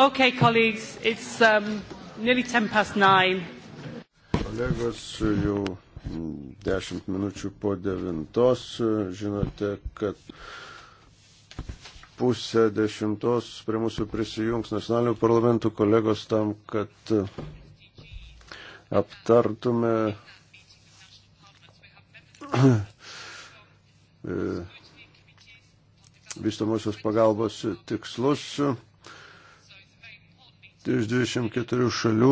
Okay, colleagues, it's um, nearly 10 past 9. Kolegos, jau 10 mm, minučių po 9. Žinote, kad pusę dešimtos prie mūsų prisijungs nacionalinių parlamentų kolegos tam, kad aptartume e, vystamosios pagalbos tikslus iš 24 šalių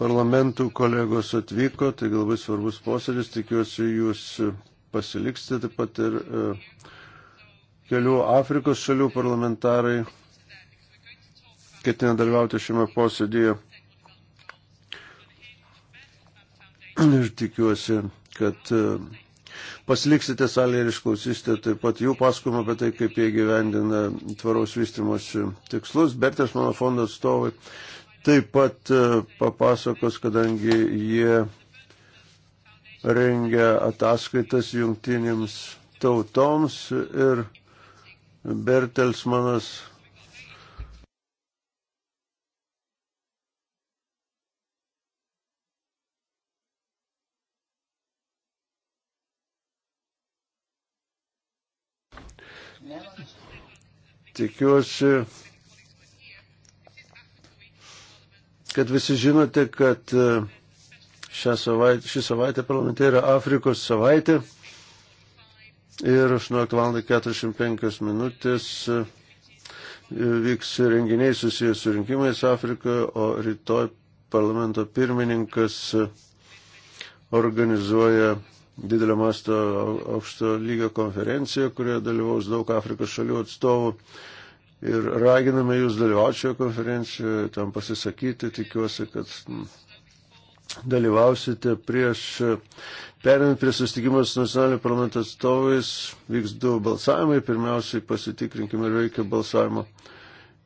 parlamentų kolegos atvyko, tai labai svarbus posėdis, tikiuosi jūs pasiliksite, taip pat ir e, kelių Afrikos šalių parlamentarai ketina dalyvauti šiame posėdėje. Ir tikiuosi, kad e, pasiliksite salėje ir išklausysite taip pat jų paskumą apie tai, kaip jie gyvendina tvaraus vystimosi tikslus. Bertės mano fondo atstovai taip pat e, papasakos, kadangi jie rengia ataskaitas jungtinėms tautoms ir Bertelsmanas Tikiuosi, kad visi žinote, kad e, šią savaitę, šį savaitę parlamente yra Afrikos savaitė ir 18.45 minutės e, vyks renginiai susijęs su rinkimais Afrikoje, o rytoj parlamento pirmininkas e, organizuoja didelio masto aukšto lygio konferencija, kurioje dalyvaus daug Afrikos šalių atstovų. Ir raginame jūs dalyvauti šioje konferencijoje, tam pasisakyti, tikiuosi, kad dalyvausite prieš, perinant prie sustikimą su nacionaliniu parlamento atstovais, vyks du balsavimai, pirmiausiai pasitikrinkime ir veikia balsavimo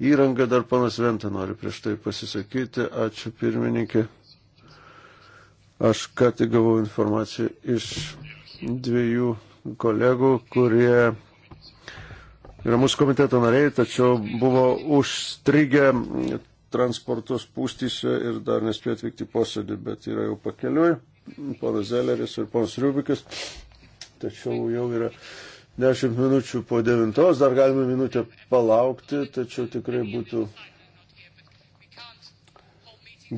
įranga, dar panas Venta nori prieš tai pasisakyti, ačiū pirmininkė. Aš ką tik gavau informaciją iš dviejų kolegų, kurie yra mūsų komiteto nariai, tačiau buvo užstrigę transportos pūstyse ir dar nespėjo atvykti posėdį, bet yra jau pakeliui, ponas Zelleris ir ponas Riubikas, tačiau jau yra 10 minučių po 9, dar galime minutę palaukti, tačiau tikrai būtų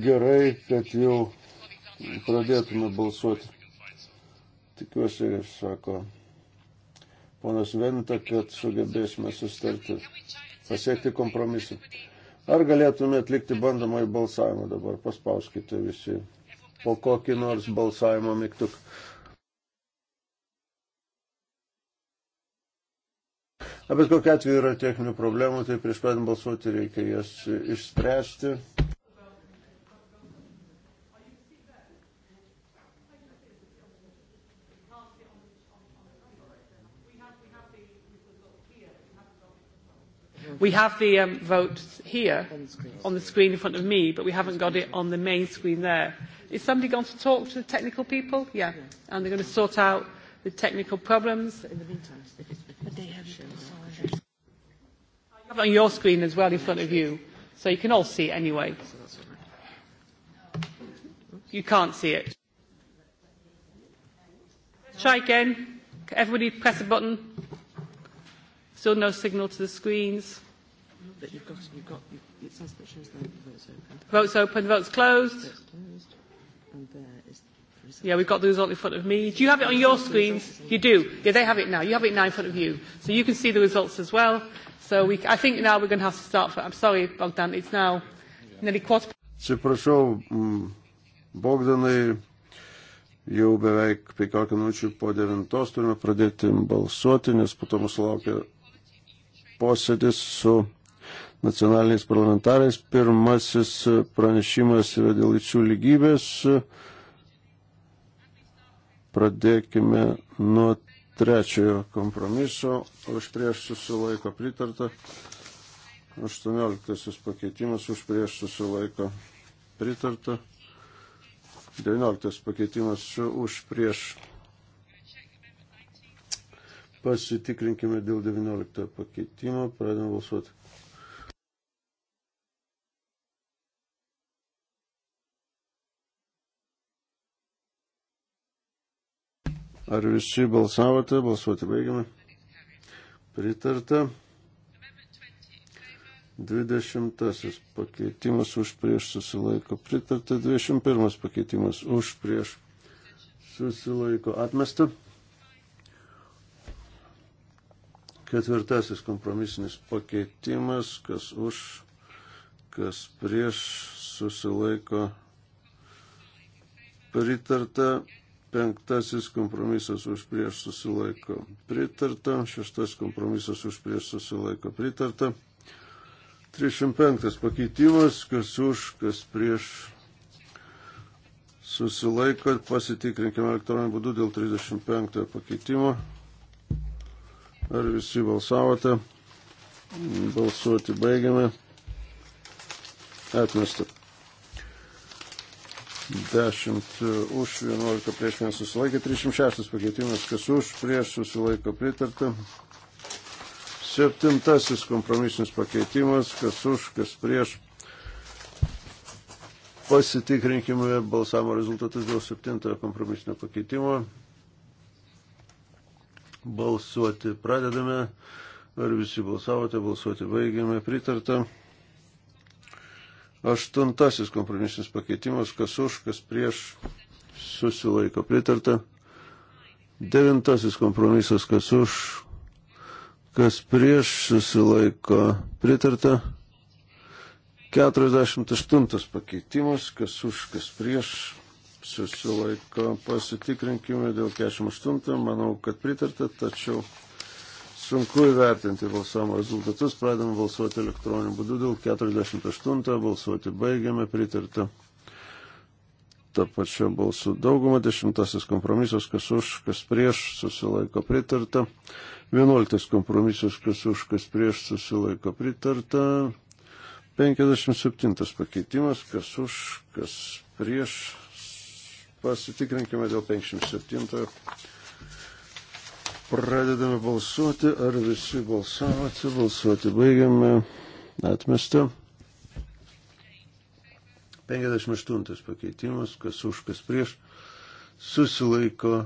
gerai, kad jau pradėtume balsuoti. Tikiuosi, sako ponas Venta, kad sugebėsime sustarti, pasiekti kompromisą. Ar galėtume atlikti bandomąjį balsavimą dabar? Paspauskite visi po kokį nors balsavimo mygtuką. Bet kokia atveju yra techninių problemų, tai prieš pat balsuoti reikia jas išspręsti. Mm. We have the um, vote here on the, screen. on the screen in front of me, but we haven't got it on the main screen there. Is somebody going to talk to the technical people? Yeah. yeah. And they're going to sort out the technical problems. But in the meantime, if it's, if it's they have it on you have it on your screen as well in front of you, so you can all see it anyway. You can't see it. Try again. Everybody press a button. Still no signal to the screens. But you've got, you've got, you've, it says that shows that the vote's open. Vote's open, vote's closed. Vote's closed. And there is the result. Yeah, we've got the result in front of me. Do you have it on your screens? You do. Yeah, they have it now. You have it now in front of you. So you can see the results as well. So we, I think now we're going to have to start. For, I'm sorry, Bogdan, it's now nearly quarter. Atsiprašau, mm, Bogdanai, jau beveik 15 minučių po 9 turime pradėti balsuoti, nes po to mūsų laukia posėdis su nacionaliniais parlamentarais. Pirmasis pranešimas yra dėl lyčių lygybės. Pradėkime nuo trečiojo kompromiso. Už prieš susilaiko pritarta. 18 pakeitimas už prieš susilaiko pritarta. 19 pakeitimas už prieš. Pasitikrinkime dėl 19 pakeitimo. Pradėm balsuoti. Ar visi balsavote? Balsuoti baigiame. Pritarta. 20 pakeitimas už prieš susilaiko. Pritarta 21 pakeitimas už prieš susilaiko. Atmesta. Ketvirtasis kompromisinis pakeitimas, kas už, kas prieš susilaiko. Pritarta Penktasis kompromisas už prieš susilaiko pritarta. Šeštas kompromisas už prieš susilaiko pritarta. 35 pakeitimas, kas už, kas prieš susilaiko ir pasitikrinkime elektroniniu būdu dėl 35 pakeitimo. Ar visi balsavote? Balsuoti baigiame. Atmesta. 10 už, 11 prieš mes susilaikė, 306 pakeitimas, kas už, prieš susilaiko pritarta. Septintasis kompromisinis pakeitimas, kas už, kas prieš. Pasitikrinkime balsavimo rezultatus dėl septintojo kompromisinio pakeitimo. Balsuoti pradedame. Ar visi balsavote, balsuoti baigiame, pritarta. Aštuntasis kompromisinis pakeitimas, kas už, kas prieš, susilaiko pritarta. Devintasis kompromisas, kas už, kas prieš, susilaiko pritarta. 48 pakeitimas, kas už, kas prieš, susilaiko. Pasitikrinkime dėl 48, manau, kad pritarta, tačiau Sunku įvertinti balsavimo rezultatus, pradėm balsuoti elektroniniu būdu, dėl 48 balsuoti baigiame, pritarta ta pačia balsų dauguma, dešimtasis kompromisas, kas už, kas prieš, susilaiko pritarta, vienuoliktas kompromisas, kas už, kas prieš, susilaiko pritarta, 57 pakeitimas, kas už, kas prieš, pasitikrinkime dėl 57. Pradedame balsuoti, ar visi balsavote, balsuoti baigiame, atmesta. 58 pakeitimas, kas už, kas prieš, susilaiko,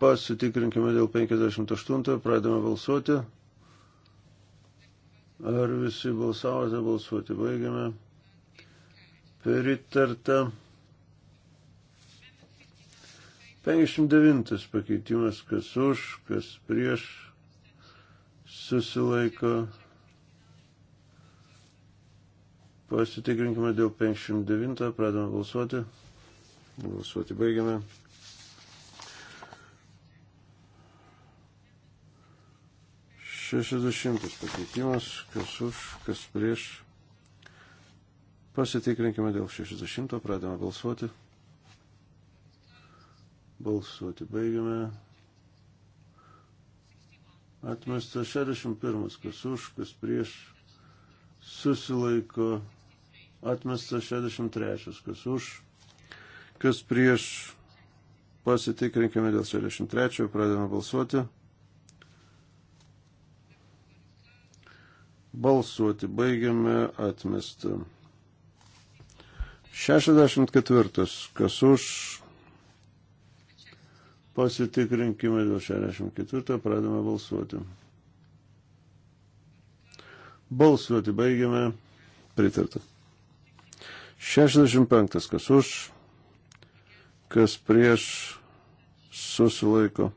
pasitikrinkime dėl 58, pradedame balsuoti, ar visi balsavote, balsuoti baigiame, pritarta. 59 pakeitimas, kas už, kas prieš, susilaiko. Pasitikrinkime dėl 59, pradame balsuoti. Balsuoti baigiame. Šešiasdešimtas pakeitimas, kas už, kas prieš. Pasitikrinkime dėl šešiasdešimto, pradame balsuoti. Balsuoti baigiame. Atmestas 61, kas už, kas prieš. Susilaiko. Atmestas 63, kas už, kas prieš. Pasitikrinkime dėl 63, pradėjome balsuoti. Balsuoti baigiame atmestą. 64. Kas už, Pasitikrinkime dėl 64, pradame balsuoti. Balsuoti baigiame. Pritarta. 65. Kas už, kas prieš susilaiko.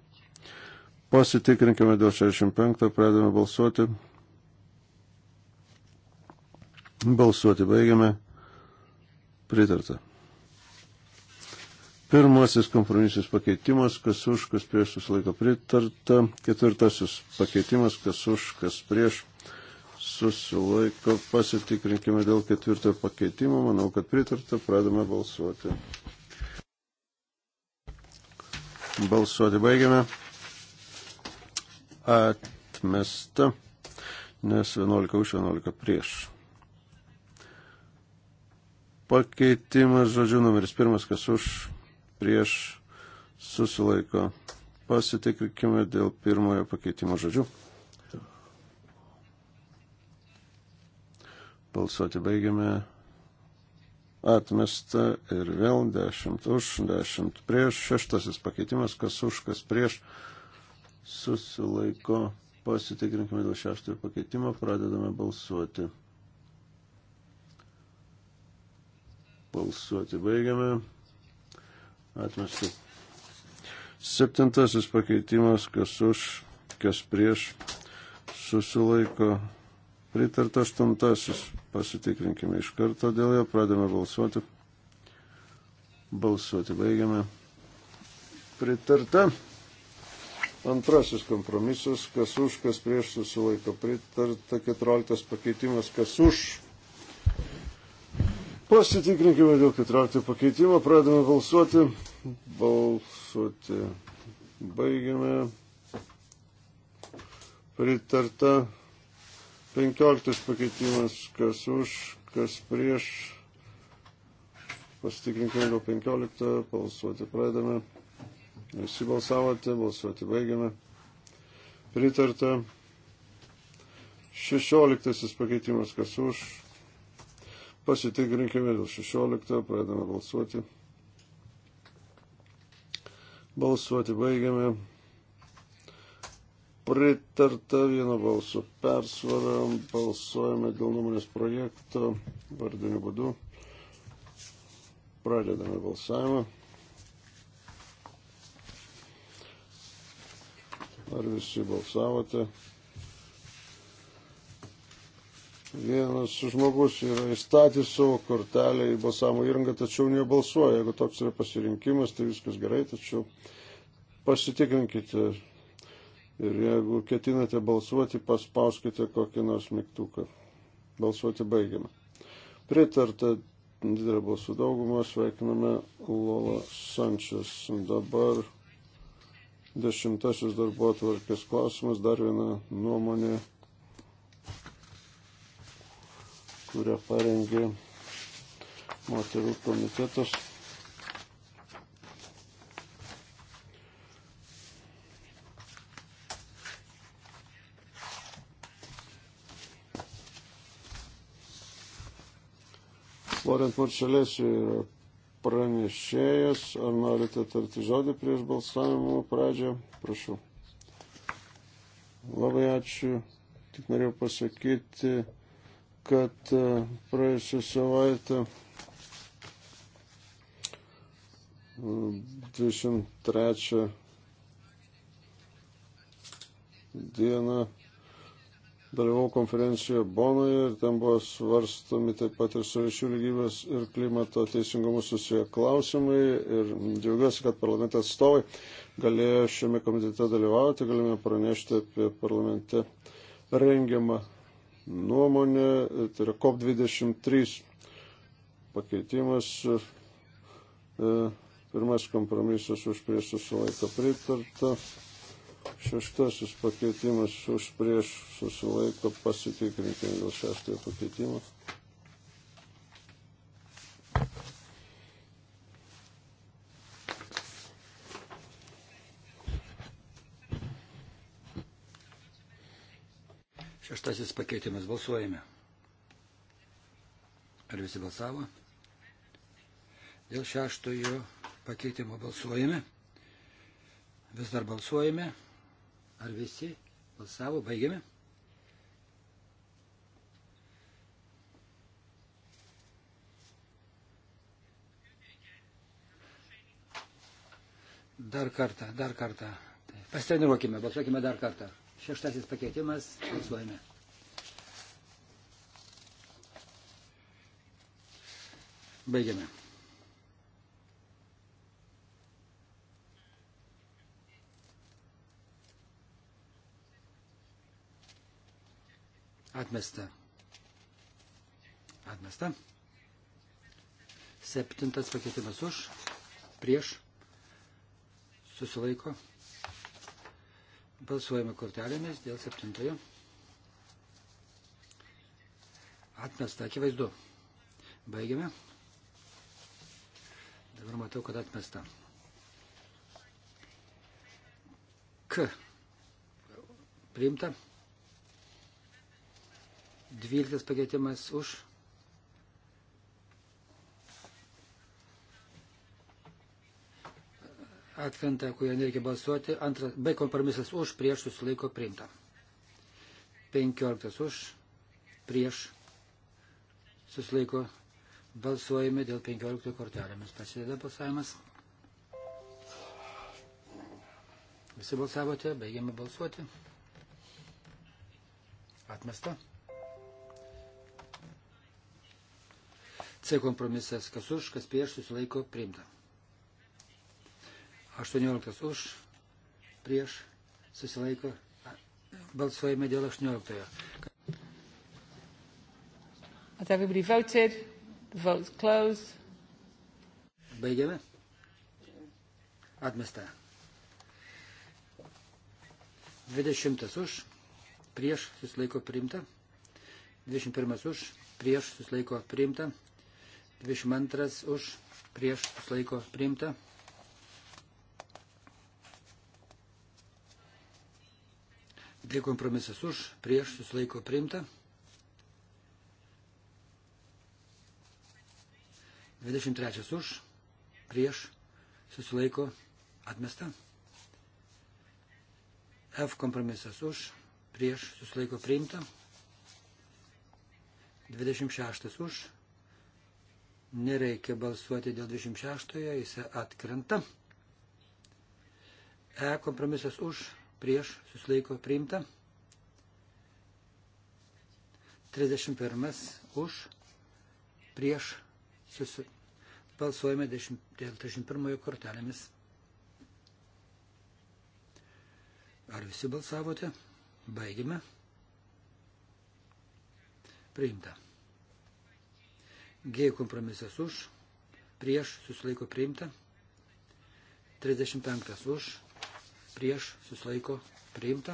Pasitikrinkime dėl 65, pradame balsuoti. Balsuoti baigiame. Pritarta. Pirmasis kompromisinis pakeitimas, kas už, kas prieš susilaiko pritarta. Ketvirtasis pakeitimas, kas už, kas prieš susilaiko. Pasitikrinkime dėl ketvirtojo pakeitimo. Manau, kad pritarta. Pradame balsuoti. Balsuoti baigiame. Atmesta, nes 11 už 11 prieš pakeitimas, žodžiu, numeris pirmas, kas už, prieš susilaiko. Pasitikrinkime dėl pirmojo pakeitimo žodžių. Balsuoti baigiame. Atmesta ir vėl 10 už, 10 prieš. Šeštasis pakeitimas, kas už, kas prieš. Susilaiko. Pasitikrinkime dėl šeštojo pakeitimo. Pradedame balsuoti. Balsuoti baigiame atmestų. Septintasis pakeitimas, kas už, kas prieš, susilaiko pritarta aštuntasis. Pasitikrinkime iš karto dėl jo, pradėme balsuoti. Balsuoti baigiame. Pritarta. Antrasis kompromisas, kas už, kas prieš susilaiko pritarta. Keturioliktas pakeitimas, kas už, Pasitikrinkime dėl 14 pakeitimo, pradedame balsuoti. Balsuoti. Baigiame. Pritarta. 15 pakeitimas, kas už, kas prieš. Pasitikrinkime dėl 15, balsuoti pradedame. Visi balsavote, balsuoti baigiame. Pritarta. 16 pakeitimas, kas už, Pasitikrinkime dėl 16, pradedame balsuoti. Balsuoti baigiame. Pritarta vieno balsų persvarą, balsuojame dėl nuomonės projekto vardiniu būdu. Pradedame balsavimą. Ar visi balsavote? Vienas žmogus yra įstatęs savo kortelę į balsavimo įrangą, tačiau nebalsuoja. Jeigu toks yra pasirinkimas, tai viskas gerai, tačiau pasitikrinkite. Ir jeigu ketinate balsuoti, paspauskite kokį nors mygtuką. Balsuoti baigiame. Pritarta didelė balsų dauguma, sveikiname Lola Sančias. Dabar dešimtasis darbo atvarkės klausimas, dar viena nuomonė kurią parengė moterų komitetas. Florent Marcelėsiu yra pranešėjas. Ar norite tarti žodį prieš balsavimo pradžią? Prašau. Labai ačiū. Tik norėjau pasakyti, kad e, praėjusią savaitę 23 e, dieną dalyvau konferencijoje Bonoje ir ten buvo svarstomi taip pat ir su ryšių lygybės ir klimato teisingumu susiję klausimai ir džiaugiuosi, kad parlamento atstovai galėjo šiame komitete dalyvauti, galime pranešti apie parlamente rengiamą nuomonė, tai yra COP23 pakeitimas, e, pirmas kompromisas už prieš susilaiką pritarta, šeštasis pakeitimas už prieš susilaiką pasitikrinkime dėl šeštojo pakeitimo. Šeštasis pakeitimas. Balsuojame. Ar visi balsavo? Dėl šeštojo pakeitimo balsuojame. Vis dar balsuojame. Ar visi balsavo? Baigiame. Dar kartą, dar kartą. Pasitreniruokime, balsuokime dar kartą. Šeštasis pakeitimas, balsuojame. Baigiame. Atmesta. Atmesta. Septintas pakeitimas už, prieš, susilaiko. Balsuojame kortelėmis dėl septintojo. Atmesta, akivaizdu. Baigiame. Dabar matau, kad atmesta. K. Priimta. Dvyliktas pakeitimas už. Atkrenta, kurio nereikia balsuoti. Antras, B kompromisas už, prieš susilaiko priimta. Penkioliktas už, prieš susilaiko priimta Balsuojame dėl 15 kortelėmis. Prasideda balsavimas. Visi balsavote, baigiame balsuoti. Atmesta. C kompromisas, kas už, kas prieš, susilaiko, priimta. 18 už, prieš, susilaiko, balsuojame dėl 18. Has everybody voted? Votes closed. Baigiame. Atmesta. 20 už, prieš susilaiko priimta. 21 už, prieš susilaiko priimta. 22 už, prieš susilaiko priimta. 2 kompromisas už, prieš susilaiko priimta. 23 už, prieš, susilaiko, atmesta. F kompromisas už, prieš, susilaiko, priimta. 26 už, nereikia balsuoti dėl 26, jis atkrenta. E kompromisas už, prieš, susilaiko, priimta. 31 už, prieš, Susi... Balsuojame 91 kortelėmis. Ar visi balsavote? Baigime. Priimta. G kompromisas už, prieš susilaiko priimta. 35 už, prieš susilaiko priimta.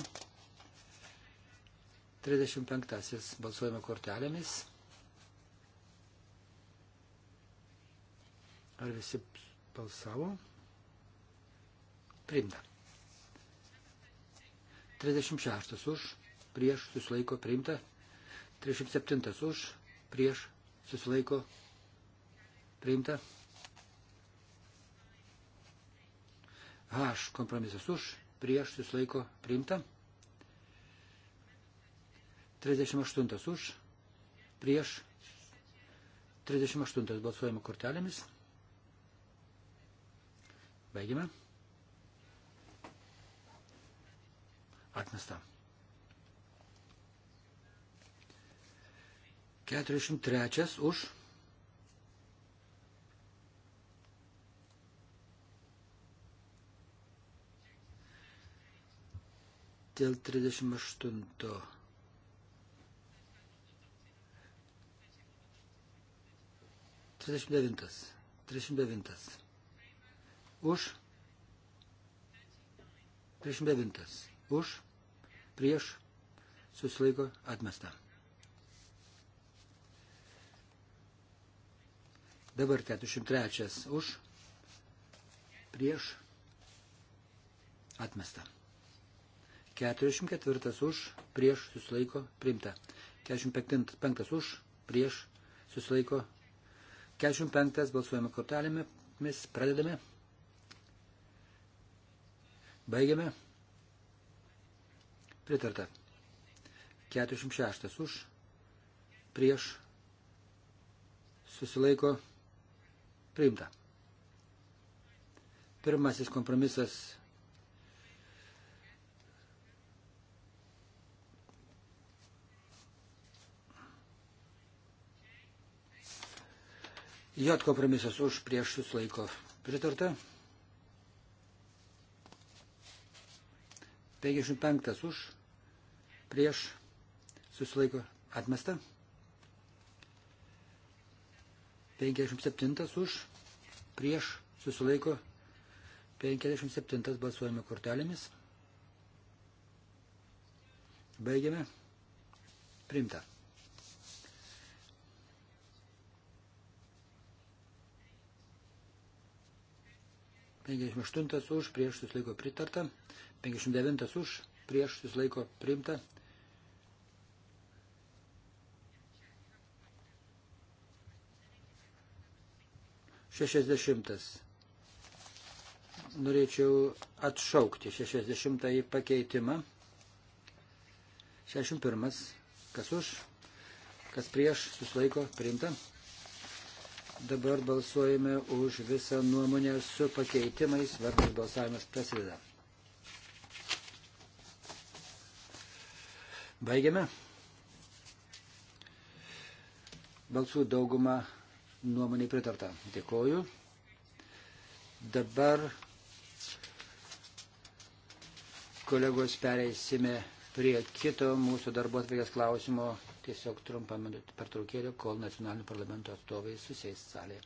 35 balsuojame kortelėmis. Ar visi balsavo? Priimta. 36 už, prieš susilaiko priimta. 37 už, prieš susilaiko priimta. H kompromisas už, prieš susilaiko priimta. 38 už, prieš 38 balsuojama kortelėmis. Baigime. Atmesta. 43 už. Dėl 38. Trisdešimt devintas. Trisdešimt devintas už, prieš devintas, už, prieš, susilaiko atmesta. Dabar 403 už, prieš, atmesta. 44 už, prieš, susilaiko, priimta. 45 už, prieš, susilaiko. 45 balsuojame kortelėmis, pradedame. Baigiame. Pritarta. 46 už. Prieš. Susilaiko. Priimta. Pirmasis kompromisas. J kompromisas už prieš susilaiko. Pritarta. 55 už, prieš, susilaiko atmesta. 57 už, prieš, susilaiko 57 balsuojame kortelėmis. Baigiame. Primta. 58 už, prieš susilaiko pritarta, 59 už, prieš susilaiko priimta. Šešiasdešimtas. Norėčiau atšaukti šešiasdešimtąjį pakeitimą. Šešiasdešimt pirmas. Kas už, kas prieš susilaiko priimta. Dabar balsuojame už visą nuomonę su pakeitimais. Vardas balsavimas prasideda. Baigiame. Balsų dauguma nuomonė pritarta. Dėkoju. Dabar kolegos pereisime prie kito mūsų darbo atvejas klausimo tiesiog trumpą pertraukėlę, kol nacionalinių parlamento atstovai susės salėje.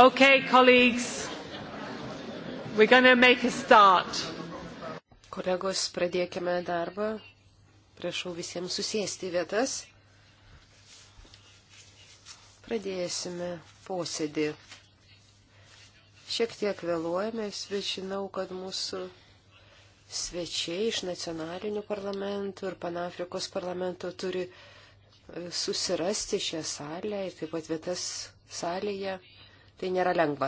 Okay, colleagues, we're gonna make a start. Kolegos, pradėkime darbą. Prašau visiems susėsti vietas. Pradėsime posėdį. Šiek tiek vėluojame, bet žinau, kad mūsų svečiai iš nacionalinių parlamentų ir Panafrikos parlamento turi susirasti šią salę ir taip pat vietas salėje. Tai nėra lengva.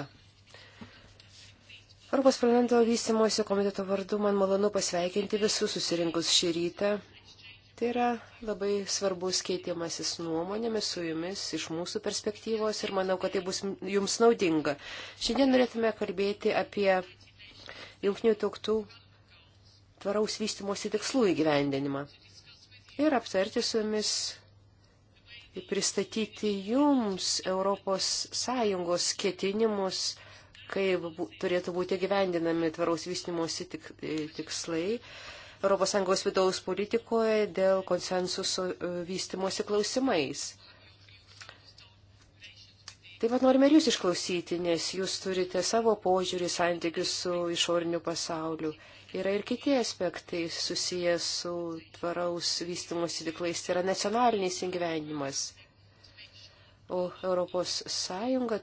Europos parlamento vystimosi komiteto vardu man malonu pasveikinti visus susirinkus šį rytą. Tai yra labai svarbus keitimasis nuomonėmis su jumis iš mūsų perspektyvos ir manau, kad tai bus jums naudinga. Šiandien norėtume kalbėti apie jungtinių tautų tvaraus vystimosi tikslų įgyvendinimą ir aptarti su jumis pristatyti jums ES ketinimus, kaip turėtų būti gyvendinami tvaraus vystimosi tik, e, tikslai. ES vidaus politikoje dėl konsensuso e, vystimosi klausimais. Taip pat norime ir jūs išklausyti, nes jūs turite savo požiūrį santykius su išoriniu pasauliu. Yra ir kiti aspektai susijęs su tvaraus vystimosi tiklais, tai yra nacionalinis įgyvenimas. O ES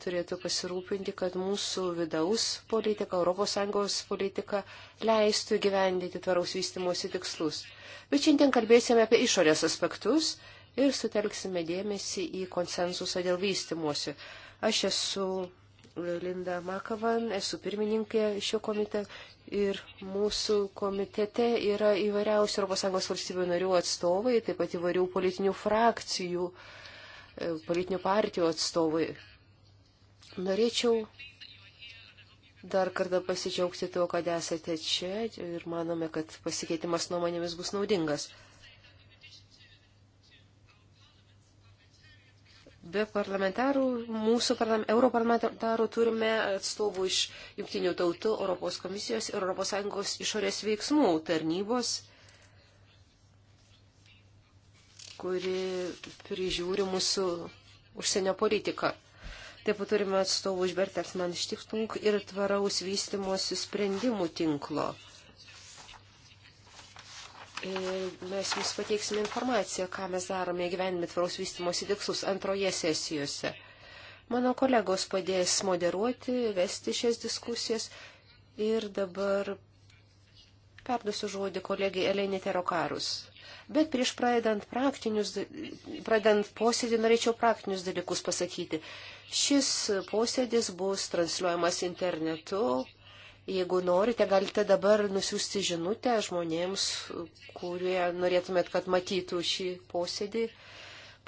turėtų pasirūpinti, kad mūsų vidaus politika, ES politika leistų įgyvendyti tvaraus vystimosi tikslus. Bet šiandien kalbėsime apie išorės aspektus ir sutelksime dėmesį į konsensusą dėl vystimosi. Aš esu e, Linda Makavan, esu pirmininkė šio komiteto ir mūsų komitete yra įvairiausių ES valstybių narių atstovai, taip pat įvairių politinių frakcijų, e, politinių partijų atstovai. Norėčiau dar kartą pasidžiaugti tuo, kad esate čia ir manome, kad pasikeitimas nuomonėmis bus naudingas. be parlamentarų, mūsų parlament, europarlamentarų turime atstovų iš Junktinių tautų, Europos komisijos ir ES išorės veiksmų tarnybos, kuri prižiūri mūsų užsienio politiką. Taip pat turime atstovų iš Bertelsmann Štiftung ir tvaraus vystimosi sprendimų tinklo. E, mes jums pateiksime informaciją, ką mes darome gyvenime tvaraus vystimosi tikslus antroje sesijose. Mano kolegos padės moderuoti, vesti šias diskusijas ir dabar perdusiu žodį kolegijai Elenė Terokarus. Bet prieš pradedant, pradedant posėdį norėčiau praktinius dalykus pasakyti. Šis posėdis bus transliuojamas internetu, Jeigu norite, galite dabar nusiųsti žinutę žmonėms, kurie norėtumėt, kad matytų šį posėdį.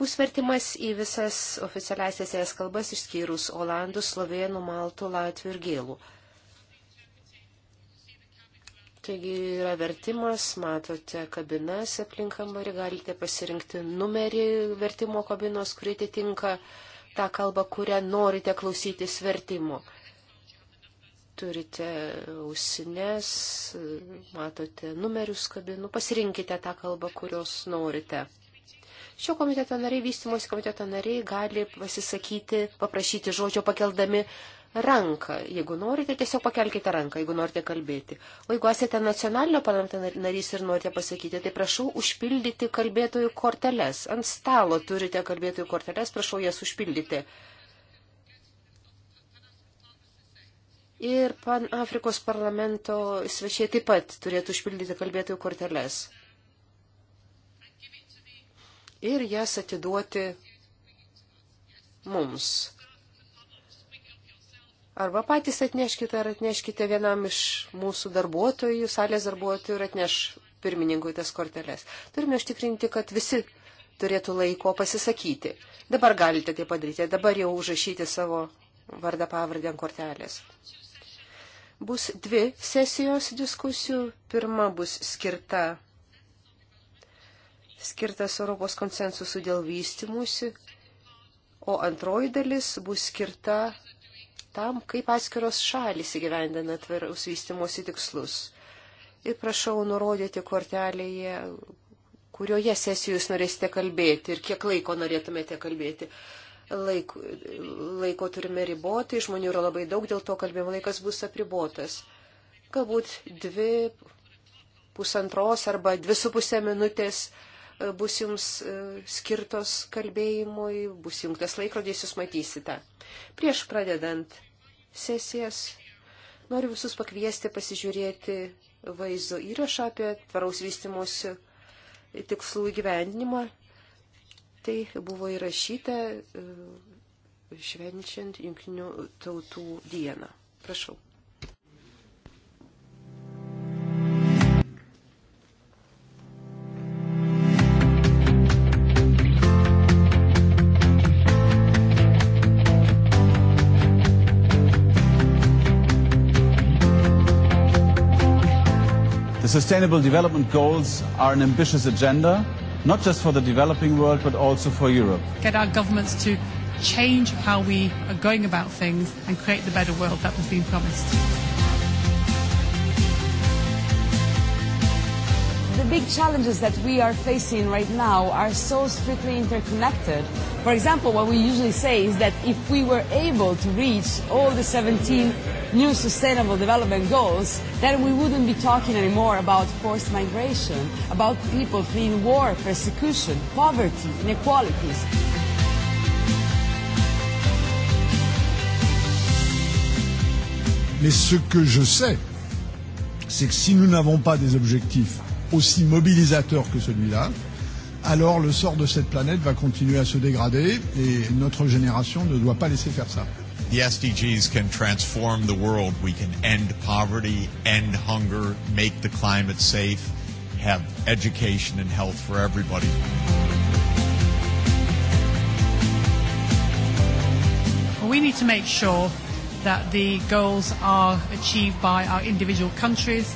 Bus vertimas į visas oficialiasias es kalbas išskyrus olandų, slovėnų, maltų, latvių ir gėlų. Taigi yra vertimas, matote kabinas aplink kambarį, galite pasirinkti numerį vertimo kabinos, kurie atitinka tą kalbą, kurią norite klausytis vertimo turite ausinės, matote numerius kabinų, pasirinkite tą kalbą, kurios norite. Šio komiteto nariai, vystimosi komiteto nariai gali pasisakyti, paprašyti žodžio pakeldami ranką. Jeigu norite, tiesiog pakelkite ranką, jeigu norite kalbėti. O jeigu esate nacionalinio parlamento narys ir norite pasakyti, tai prašau užpildyti kalbėtojų korteles. Ant stalo turite kalbėtojų korteles, prašau jas užpildyti. Ir Pan Afrikos parlamento svečiai taip pat turėtų užpildyti kalbėtojų korteles. Ir jas atiduoti mums. Arba patys atneškite ar atneškite vienam iš mūsų darbuotojų, salės darbuotojų ir atneš pirmininkui tas korteles. Turime užtikrinti, kad visi turėtų laiko pasisakyti. Dabar galite tai padaryti, dabar jau užrašyti savo vardą pavardę ant kortelės bus dvi sesijos diskusijų. Pirma bus skirta skirtas Europos konsensusų dėl vystimusi, o antroji dalis bus skirta tam, kaip atskiros šalis įgyvendina tvaraus vystimosi tikslus. Ir prašau nurodyti kortelėje, kurioje sesijų jūs norėsite kalbėti ir kiek laiko norėtumėte kalbėti laiko, laiko turime riboti, žmonių yra labai daug, dėl to kalbėjimo laikas bus apribotas. Galbūt dvi, pusantros arba dvi su pusė minutės e, bus jums e, skirtos kalbėjimui, bus jungtas laikrodys, jūs matysite. Prieš pradedant sesijas noriu visus pakviesti pasižiūrėti vaizdo įrašą apie tvaraus vystimosi tikslų įgyvendinimą Tai buvo įrašyta e, švenčiant Junktinių tautų dieną. Prašau. The Sustainable Development Goals are an ambitious agenda not just for the developing world, but also for Europe. Get our governments to change how we are going about things and create the better world that was being promised. The big challenges that we are facing right now are so strictly interconnected. For example, what we usually say is that if we were able to reach all the 17 new sustainable development goals, then we wouldn't be talking anymore about forced migration, about people fleeing war, persecution, poverty, inequalities. Mais ce que je sais, c'est que si nous n'avons pas des objectifs aussi mobilisateurs que celui-là, alors le sort de cette planète va continuer à se dégrader et notre génération ne doit pas laisser faire ça the SDGs can transform the world. We can end poverty, end hunger, make the climate safe, have education and health for everybody. We need to make sure that the goals are achieved by our individual countries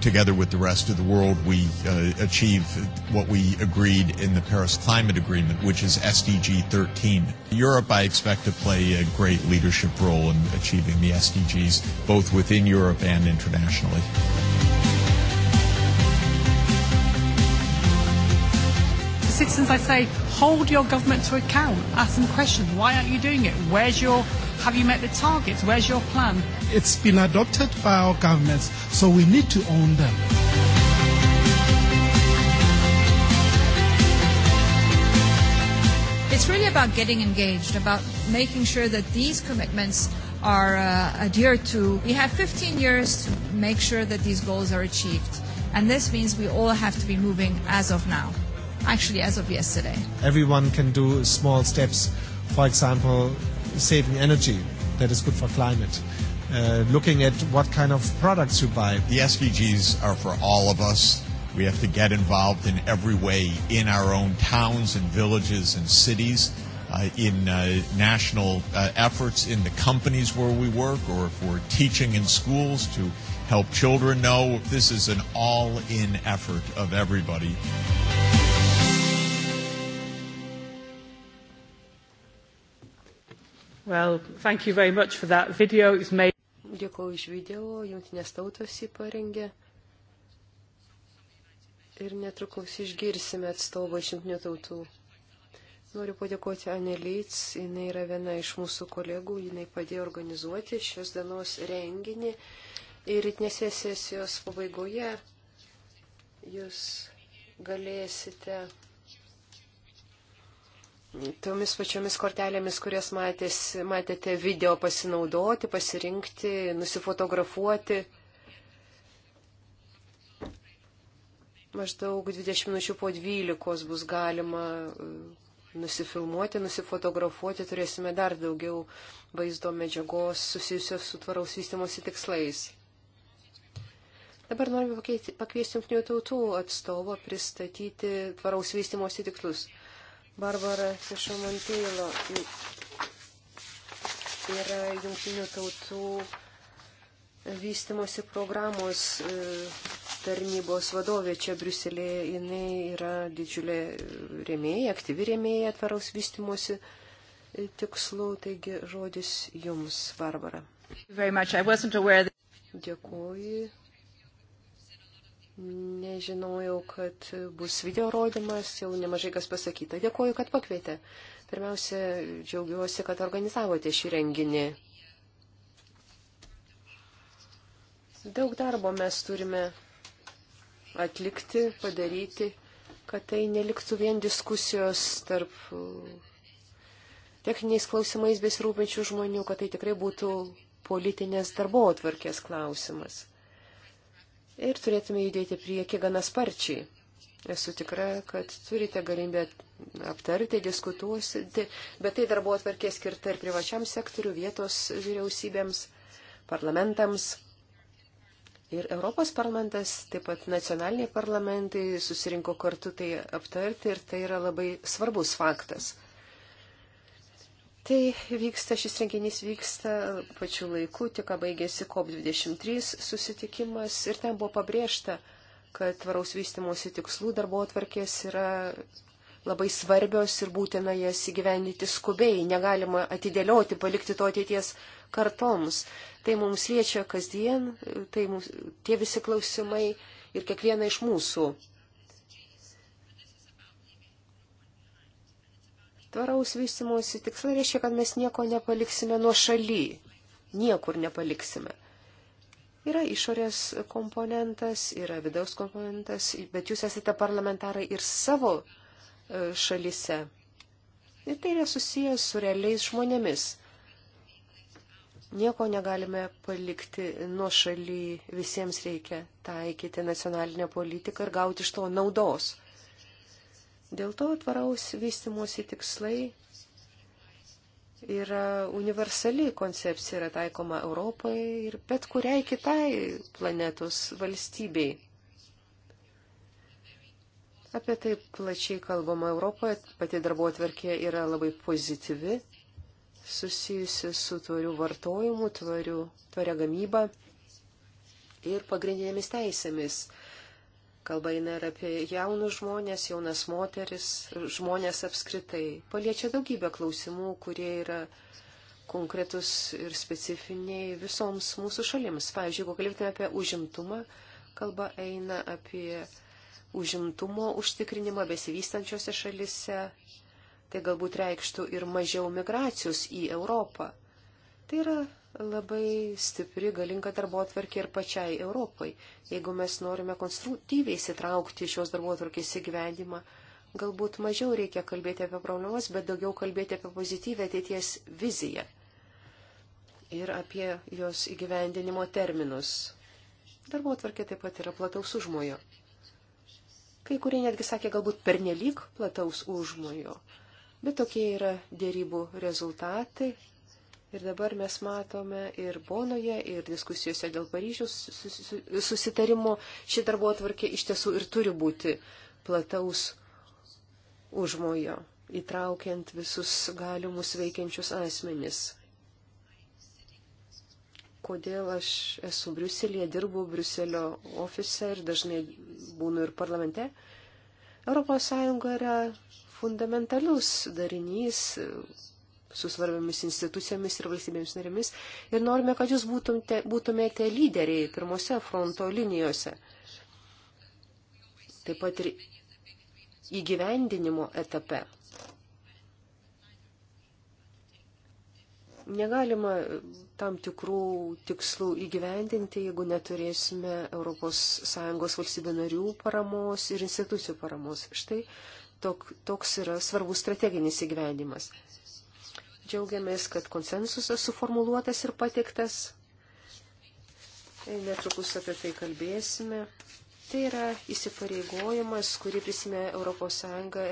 together with the rest of the world, we uh, achieve what we agreed in the Paris Climate Agreement, which is SDG 13. Europe, I expect to play a great leadership role in achieving the SDGs, both within Europe and internationally. Citizens, I say, hold your government to account. Ask them questions. Why aren't you doing it? Where's your Have you met the targets? Where's your plan? It's been adopted by our governments, so we need to own them. It's really about getting engaged, about making sure that these commitments are uh, adhered to. We have 15 years to make sure that these goals are achieved. And this means we all have to be moving as of now, actually, as of yesterday. Everyone can do small steps. For example, saving energy that is good for climate. Uh, looking at what kind of products you buy. The SDGs are for all of us. We have to get involved in every way in our own towns and villages and cities, uh, in uh, national uh, efforts in the companies where we work, or if we're teaching in schools to help children know this is an all in effort of everybody. Well, thank you very much for that video. It's made... Dėkuoju iš video, jungtinės tautos jį parengė. Ir netrukus išgirsime atstovą iš jungtinių tautų. Noriu padėkoti Anė Lyts, jinai yra viena iš mūsų kolegų, jinai padėjo organizuoti šios dienos renginį. Ir rytinėse sesijos pabaigoje jūs galėsite tomis pačiomis kortelėmis, kurias matės, matėte video pasinaudoti, pasirinkti, nusifotografuoti. Maždaug 20 minučių po 12 bus galima e, nusifilmuoti, nusifotografuoti, turėsime dar daugiau vaizdo medžiagos susijusios su tvaraus vystimosi tikslais. Dabar norime pakviesti jungtinių tautų atstovo pristatyti tvaraus vystimosi tikslus. Barbara Cišomonteilo yra jungtinių tautų vystimosi programos e, tarnybos vadovė čia Briuselėje. Jis yra didžiulė e, rėmėja, aktyvi rėmėja atvaraus vystimosi e, tikslų. Taigi žodis jums, Barbara. Dėkuoju. Nežinojau, kad bus video rodymas, jau nemažai kas pasakyta. Dėkuoju, kad pakvietė. Pirmiausia, džiaugiuosi, kad organizavote šį renginį. Daug darbo mes turime atlikti, padaryti, kad tai neliktų vien diskusijos tarp uh, techniniais klausimais besirūpinčių žmonių, kad tai tikrai būtų politinės darbo atvarkės klausimas ir turėtume judėti prieki gana sparčiai. Esu tikra, kad turite galimybę aptarti, diskutuosite, bet tai darbo atvarkė skirta ir privačiam sektoriu, vietos vyriausybėms, parlamentams. Ir Europos parlamentas, taip pat nacionaliniai parlamentai susirinko kartu tai aptarti ir tai yra labai svarbus faktas. Tai vyksta, šis renginys vyksta pačiu laiku, tik baigėsi COP23 susitikimas ir ten buvo pabrėžta, kad tvaraus vystimosi tikslų darbo atvarkės yra labai svarbios ir būtina jas įgyvendyti skubiai, negalima atidėlioti, palikti to ateities kartoms. Tai mums liečia kasdien, tai mums, tie visi klausimai ir kiekvieną iš mūsų Tvaraus vystimuisi tikslai reiškia, kad mes nieko nepaliksime nuo šaly. Niekur nepaliksime. Yra išorės komponentas, yra vidaus komponentas, bet jūs esate parlamentarai ir savo e, šalise. Ir tai yra susijęs su realiais žmonėmis. Nieko negalime palikti nuo šaly, visiems reikia taikyti nacionalinę politiką ir gauti iš to naudos. Dėl to tvaraus vystimosi tikslai yra universali koncepcija, yra taikoma Europai ir bet kuriai kitai planetos valstybei. Apie tai plačiai kalbama Europoje, pati darbo atverkė yra labai pozityvi, susijusi su tvariu vartojimu, tvariu, tvaria gamyba ir pagrindinėmis teisėmis Kalba eina ir apie jaunus žmonės, jaunas moteris, žmonės apskritai. Paliečia daugybę klausimų, kurie yra konkretus ir specifiniai visoms mūsų šalims. Pavyzdžiui, jeigu kalbėtume apie užimtumą, kalba eina apie užimtumo užtikrinimą besivystančiose šalise, tai galbūt reikštų ir mažiau migracijos į Europą. Tai yra labai stipri, galinga darbo atvarkė ir pačiai Europai. Jeigu mes norime konstruktyviai įsitraukti šios darbo atvarkės įgyvendimą, galbūt mažiau reikia kalbėti apie problemas, bet daugiau kalbėti apie pozityvę ateities viziją ir apie jos įgyvendinimo terminus. Darbo atvarkė taip pat yra plataus užmojo. Kai kurie netgi sakė galbūt pernelyg plataus užmojo, bet tokie yra dėrybų rezultatai Ir dabar mes matome ir Bonoje, ir diskusijose dėl Paryžiaus susitarimo ši darbo atvarkė iš tiesų ir turi būti plataus užmojo, įtraukiant visus galimus veikiančius asmenis. Kodėl aš esu Briuselėje, dirbu Briuselio ofise ir dažnai būnu ir parlamente? ES yra fundamentalus darinys, su svarbiamis institucijomis ir valstybėmis narėmis ir norime, kad jūs būtumte, būtumėte lyderiai pirmose fronto linijose. Taip pat ir įgyvendinimo etape. negalima tam tikrų tikslų įgyvendinti, jeigu neturėsime ES valstybių narių paramos ir institucijų paramos. Štai tok, toks yra svarbus strateginis įgyvendimas. Džiaugiamės, kad konsensusas suformuluotas ir patiktas. Netrukus apie tai kalbėsime. Tai yra įsipareigojimas, kurį prisimė ES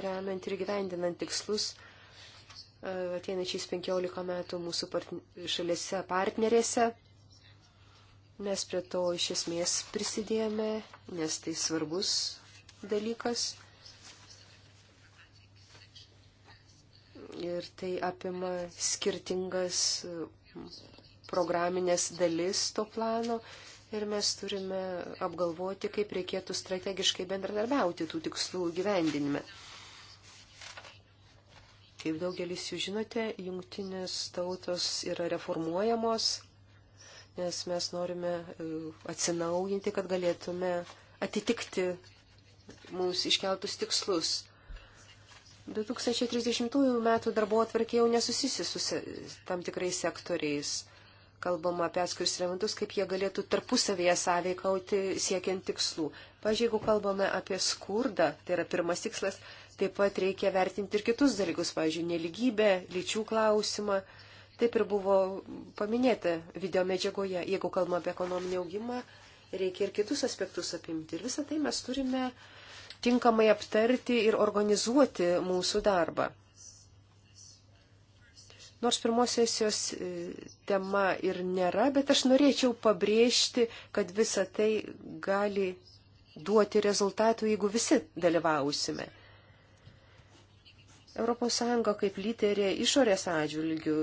remiant ir gyvendinant tikslus e, atėnačiais 15 metų mūsų partn šalėse partnerėse. Mes prie to iš esmės prisidėjome, nes tai svarbus dalykas. ir tai apima skirtingas programinės dalis to plano ir mes turime apgalvoti, kaip reikėtų strategiškai bendradarbiauti tų tikslų gyvendinime. Kaip daugelis jų žinote, jungtinės tautos yra reformuojamos, nes mes norime e, atsinaujinti, kad galėtume atitikti mums iškeltus tikslus. 2030 metų darbo atvarkė jau nesusisi su tam tikrais sektoriais. Kalbama apie atskirius elementus, kaip jie galėtų tarpusavėje sąveikauti siekiant tikslų. Pavyzdžiui, jeigu kalbame apie skurdą, tai yra pirmas tikslas, taip pat reikia vertinti ir kitus dalykus, pavyzdžiui, neligybę, lyčių klausimą. Taip ir buvo paminėta video medžiagoje. Jeigu kalbame apie ekonominį augimą, reikia ir kitus aspektus apimti. Ir visą tai mes turime uh, tinkamai aptarti ir organizuoti mūsų darbą. Nors pirmos sesijos e, tema ir nėra, bet aš norėčiau pabrėžti, kad visa tai gali duoti rezultatų, jeigu visi dalyvausime. ES kaip lyderė išorės atžvilgių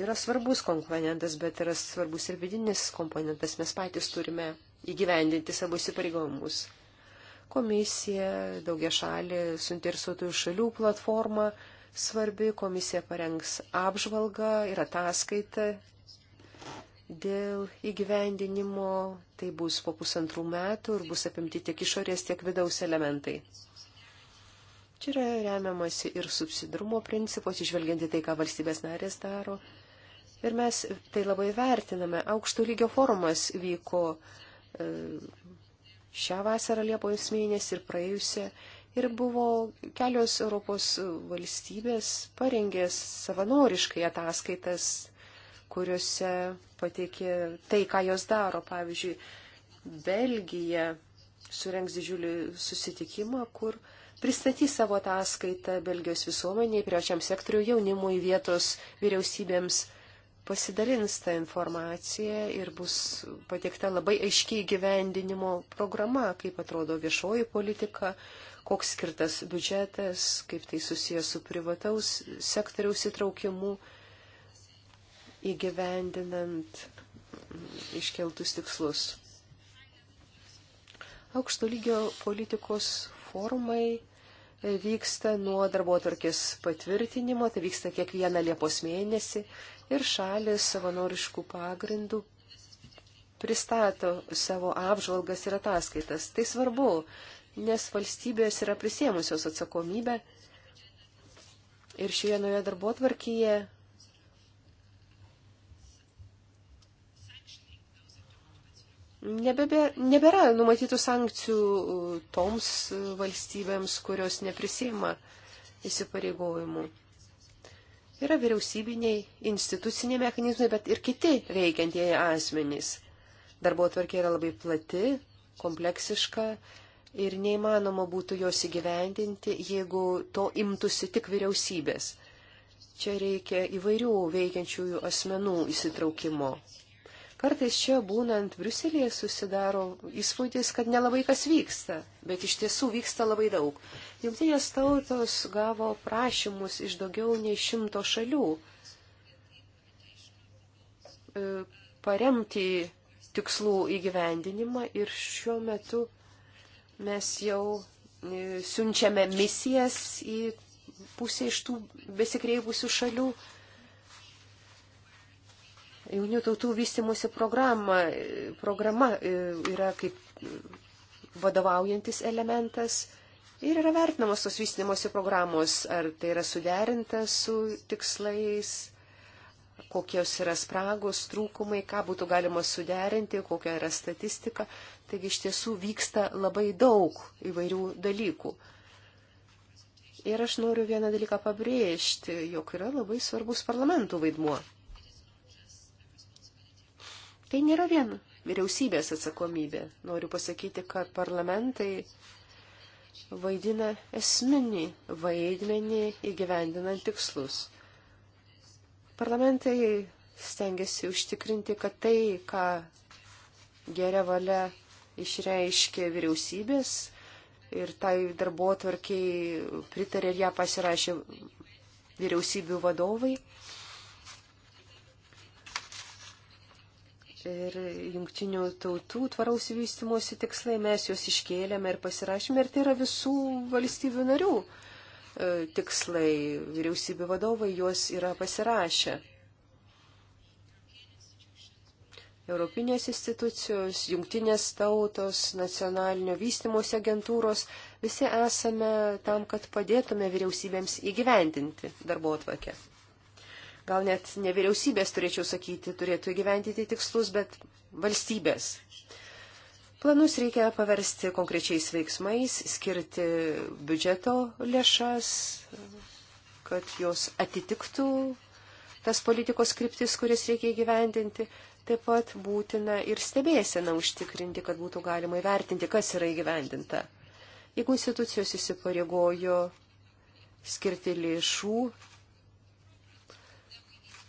yra svarbus komponentas, bet yra svarbus ir vidinis komponentas. Mes patys turime įgyvendinti savo įsipareigomus. Komisija daugia šalį suinteresuotųjų šalių platforma svarbi, komisija parengs apžvalgą ir ataskaitą dėl įgyvendinimo, tai bus po pusantrų metų ir bus apimti tiek išorės, tiek vidaus elementai. Čia yra remiamasi ir subsidrumo principos, išvelgianti tai, ką valstybės narės daro. Ir mes tai labai vertiname. Aukšto lygio forumas vyko e, šią vasarą Liepos mėnesį ir praėjusią. Ir buvo kelios Europos valstybės parengė savanoriškai ataskaitas, kuriuose pateikė tai, ką jos daro. Pavyzdžiui, Belgija surengs didžiulį susitikimą, kur pristatys savo ataskaitą Belgijos visuomeniai, privačiam sektoriu, jaunimui, vietos vyriausybėms pasidalins tą informaciją ir bus pateikta labai aiškiai gyvendinimo programa, kaip atrodo viešoji politika, koks skirtas biudžetas, kaip tai susijęs su privataus sektoriaus įtraukimu įgyvendinant iškeltus tikslus. Aukšto lygio politikos formai vyksta nuo darbo atvarkės patvirtinimo, tai vyksta kiekvieną Liepos mėnesį ir šalis savanoriškų pagrindų pristato savo apžvalgas ir ataskaitas. Tai svarbu, nes valstybės yra prisėmusios atsakomybę ir šioje naujoje darbo tvarkyje Nebebe, nebėra numatytų sankcijų toms valstybėms, kurios neprisima įsipareigojimų. Yra vyriausybiniai, instituciniai mechanizmai, bet ir kiti veikiantieji asmenys. Darbo tvarkė yra labai plati, kompleksiška ir neįmanoma būtų jos įgyvendinti, jeigu to imtųsi tik vyriausybės. Čia reikia įvairių veikiančiųjų asmenų įsitraukimo. Kartais čia būnant Bruselėje susidaro įspūdis, kad nelabai kas vyksta, bet iš tiesų vyksta labai daug. Jungtinės tautos gavo prašymus iš daugiau nei šimto šalių e, paremti tikslų įgyvendinimą ir šiuo metu mes jau e, siunčiame misijas į pusę iš tų besikreipusių šalių Jaunių tautų vystimusi programa, programa e, yra kaip vadovaujantis elementas ir yra vertinamos tos vystimosi programos, ar tai yra suderinta su tikslais, kokios yra spragos, trūkumai, ką būtų galima suderinti, kokia yra statistika. Taigi iš tiesų vyksta labai daug įvairių dalykų. Ir aš noriu vieną dalyką pabrėžti, jog yra labai svarbus parlamentų vaidmuo. Tai nėra vien vyriausybės atsakomybė. Noriu pasakyti, kad parlamentai vaidina esminį vaidmenį įgyvendinant tikslus. Parlamentai stengiasi užtikrinti, kad tai, ką geria valia išreiškė vyriausybės ir tai darbo tvarkiai pritarė ir ją pasirašė vyriausybių vadovai, ir jungtinių tautų tvaraus vystimosi tikslai, mes juos iškėlėme ir pasirašėme, ir tai yra visų valstybių narių e, tikslai, vyriausybių vadovai juos yra pasirašę. Europinės institucijos, jungtinės tautos, nacionalinio vystimosi agentūros, visi esame tam, kad padėtume vyriausybėms įgyvendinti darbo atvakę gal net ne vyriausybės, turėčiau sakyti, turėtų įgyventyti tikslus, bet valstybės. Planus reikia paversti konkrečiais veiksmais, skirti biudžeto lėšas, kad jos atitiktų tas politikos kryptis, kuris reikia įgyvendinti. Taip pat būtina ir stebėsena užtikrinti, kad būtų galima įvertinti, kas yra įgyvendinta. Jeigu institucijos įsipareigojo skirti lėšų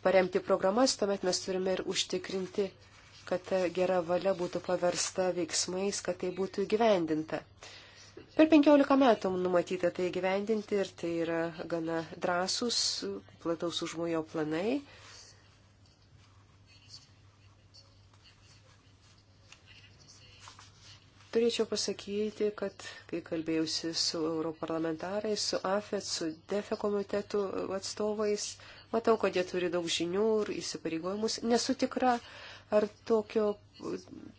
paremti programas, tuomet mes turime ir užtikrinti, kad ta gera valia būtų paversta veiksmais, kad tai būtų įgyvendinta. Per 15 metų numatyta tai įgyvendinti ir tai yra gana drąsus, plataus užmojo planai. Turėčiau pasakyti, kad kai kalbėjausi su europarlamentarais, su AFET, su DEFE komitetų atstovais, Matau, kad jie turi daug žinių ir įsipareigojimus. Nesu tikra, ar tokio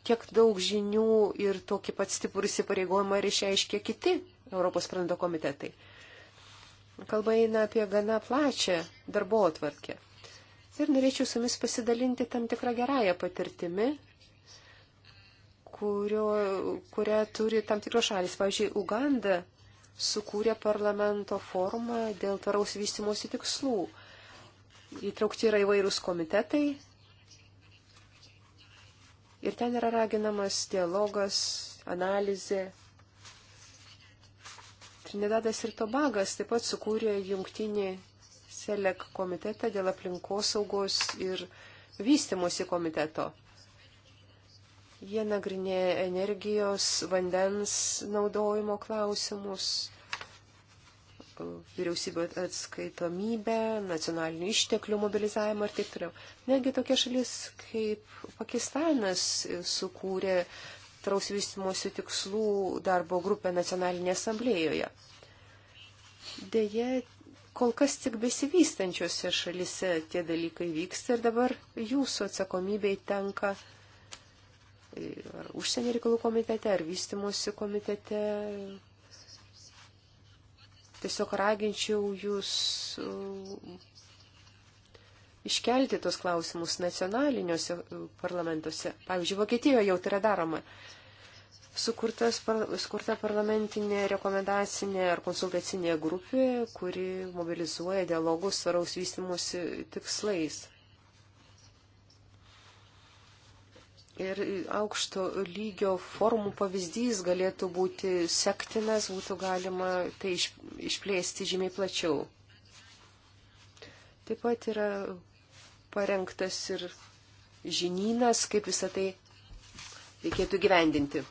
tiek daug žinių ir tokį pat stiprų įsipareigojimą ir išreiškia kiti Europos sprendimo komitetai. Kalba eina apie gana plačią darbo atvarkę. Ir norėčiau su jumis pasidalinti tam tikrą gerąją patirtimi, kurio, kurią turi tam tikros šalis. Pavyzdžiui, Uganda sukūrė parlamento formą dėl tvaraus vystimosi tikslų įtraukti yra įvairūs komitetai. Ir ten yra raginamas dialogas, analizė. Trinidadas ir Tobagas taip pat sukūrė jungtinį SELEK komitetą dėl aplinkosaugos ir vystimosi komiteto. Jie nagrinėja energijos, vandens naudojimo klausimus, vyriausybių atskaitomybę, nacionalinių išteklių mobilizavimą ir taip toliau. Negi tokia šalis kaip Pakistanas sukūrė traus vystimosi tikslų darbo grupę nacionalinėje asamblėjoje. Deja, kol kas tik besivystančiose šalise tie dalykai vyksta ir dabar jūsų atsakomybei tenka ar užsienio reikalų komitete, ar vystimosi komitete Tiesiog raginčiau jūs iškelti tos klausimus nacionaliniuose parlamentuose. Pavyzdžiui, Vokietijoje jau tai yra daroma. Sukurtas, sukurta parlamentinė rekomendacinė ar konsultacinė grupė, kuri mobilizuoja dialogus svaraus vystimus tikslais. Ir aukšto lygio formų pavyzdys galėtų būti sektinas, būtų galima tai išplėsti žymiai plačiau. Taip pat yra parengtas ir žinynas, kaip visą tai reikėtų gyvendinti.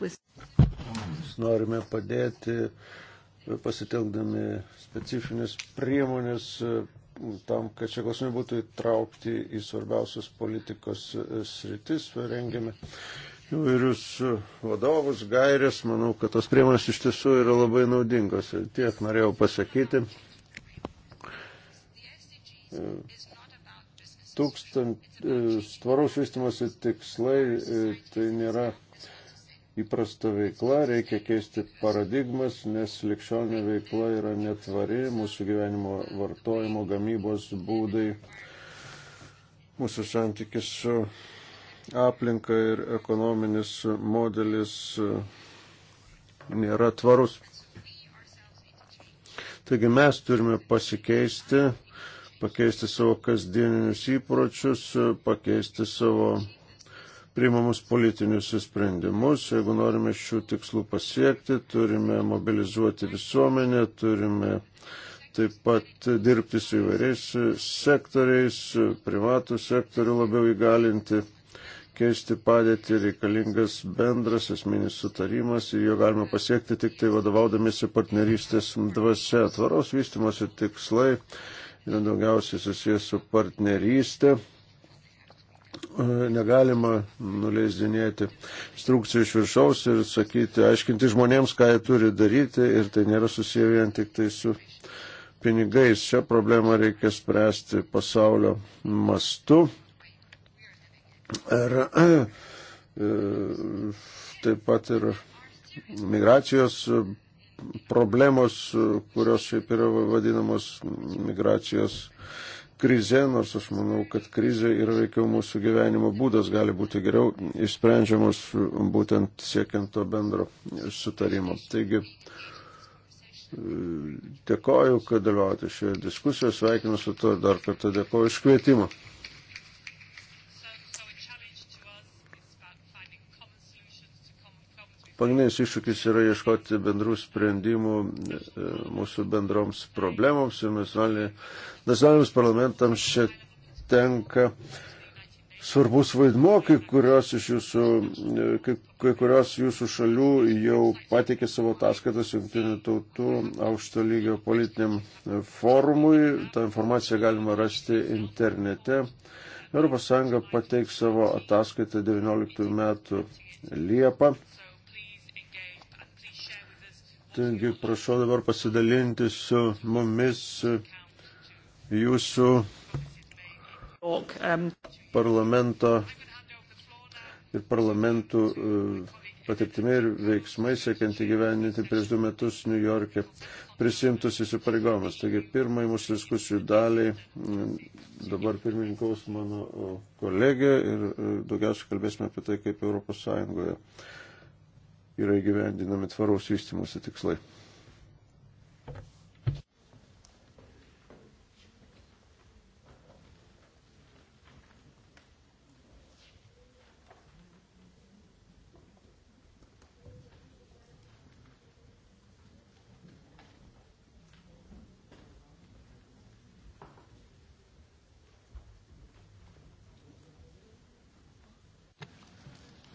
With... Mes norime padėti pasitelkdami specifinės priemonės tam, kad šie klausimai būtų įtraukti į svarbiausius politikos e, sritis, rengiame įvairius e, vadovus, gairės. Manau, kad tos priemonės iš tiesų yra labai naudingos. Ir tiek norėjau pasakyti. E, tūkstant, tvaraus vystimosi tikslai tai nėra įprasta veikla, reikia keisti paradigmas, nes likščionė veikla yra netvari, mūsų gyvenimo vartojimo, gamybos būdai, mūsų santykis su aplinka ir ekonominis modelis e, nėra tvarus. Taigi mes turime pasikeisti, pakeisti savo kasdieninius įpročius, pakeisti savo priimamus politinius sprendimus. Jeigu norime šių tikslų pasiekti, turime mobilizuoti visuomenę, turime taip pat dirbti su įvairiais sektoriais, privatų sektorių labiau įgalinti, keisti padėtį, reikalingas bendras esminis sutarimas ir jo galima pasiekti tik tai vadovaudamėsi partnerystės dvasia. Tvaraus vystimosi tikslai yra daugiausiai susijęs su partnerystė E, negalima nuleisdinėti instrukcijų iš viršaus ir sakyti, aiškinti žmonėms, ką jie turi daryti ir tai nėra susiję vien tik tai su pinigais. Šią problemą reikia spręsti pasaulio mastu. Ir e, taip pat ir migracijos problemos, kurios šiaip yra vadinamos migracijos krize, nors aš manau, kad krize yra veikiau mūsų gyvenimo būdas, gali būti geriau išsprendžiamas būtent siekiant to bendro sutarimo. Taigi, dėkoju, kad dalyvaujate šioje diskusijoje, sveikinu su to ir dar kartą dėkoju iš kvietimą. Pagrindinis iššūkis yra ieškoti bendrų sprendimų e, e, mūsų bendroms problemoms ir nacionaliniams parlamentams čia tenka svarbus vaidmo, kai kurios, iš jūsų, e, kai, kai kurios jūsų šalių jau patikė savo ataskaitas jungtinių tautų aukšto lygio politiniam forumui. Ta informacija galima rasti internete. ES pateiks savo ataskaitą 19 metų Liepą. Taigi prašau dabar pasidalinti su mumis jūsų parlamento ir parlamentų e, patirtimi ir veiksmai, siekiant įgyveninti prieš du metus New York'e prisimtus įsipareigojimus. Taigi pirmai mūsų diskusijų daliai dabar pirmininkaus mano kolegė ir e, daugiausiai kalbėsime apie tai, kaip Europos Sąjungoje yra įgyvendinami tvaraus vystimuose tikslai.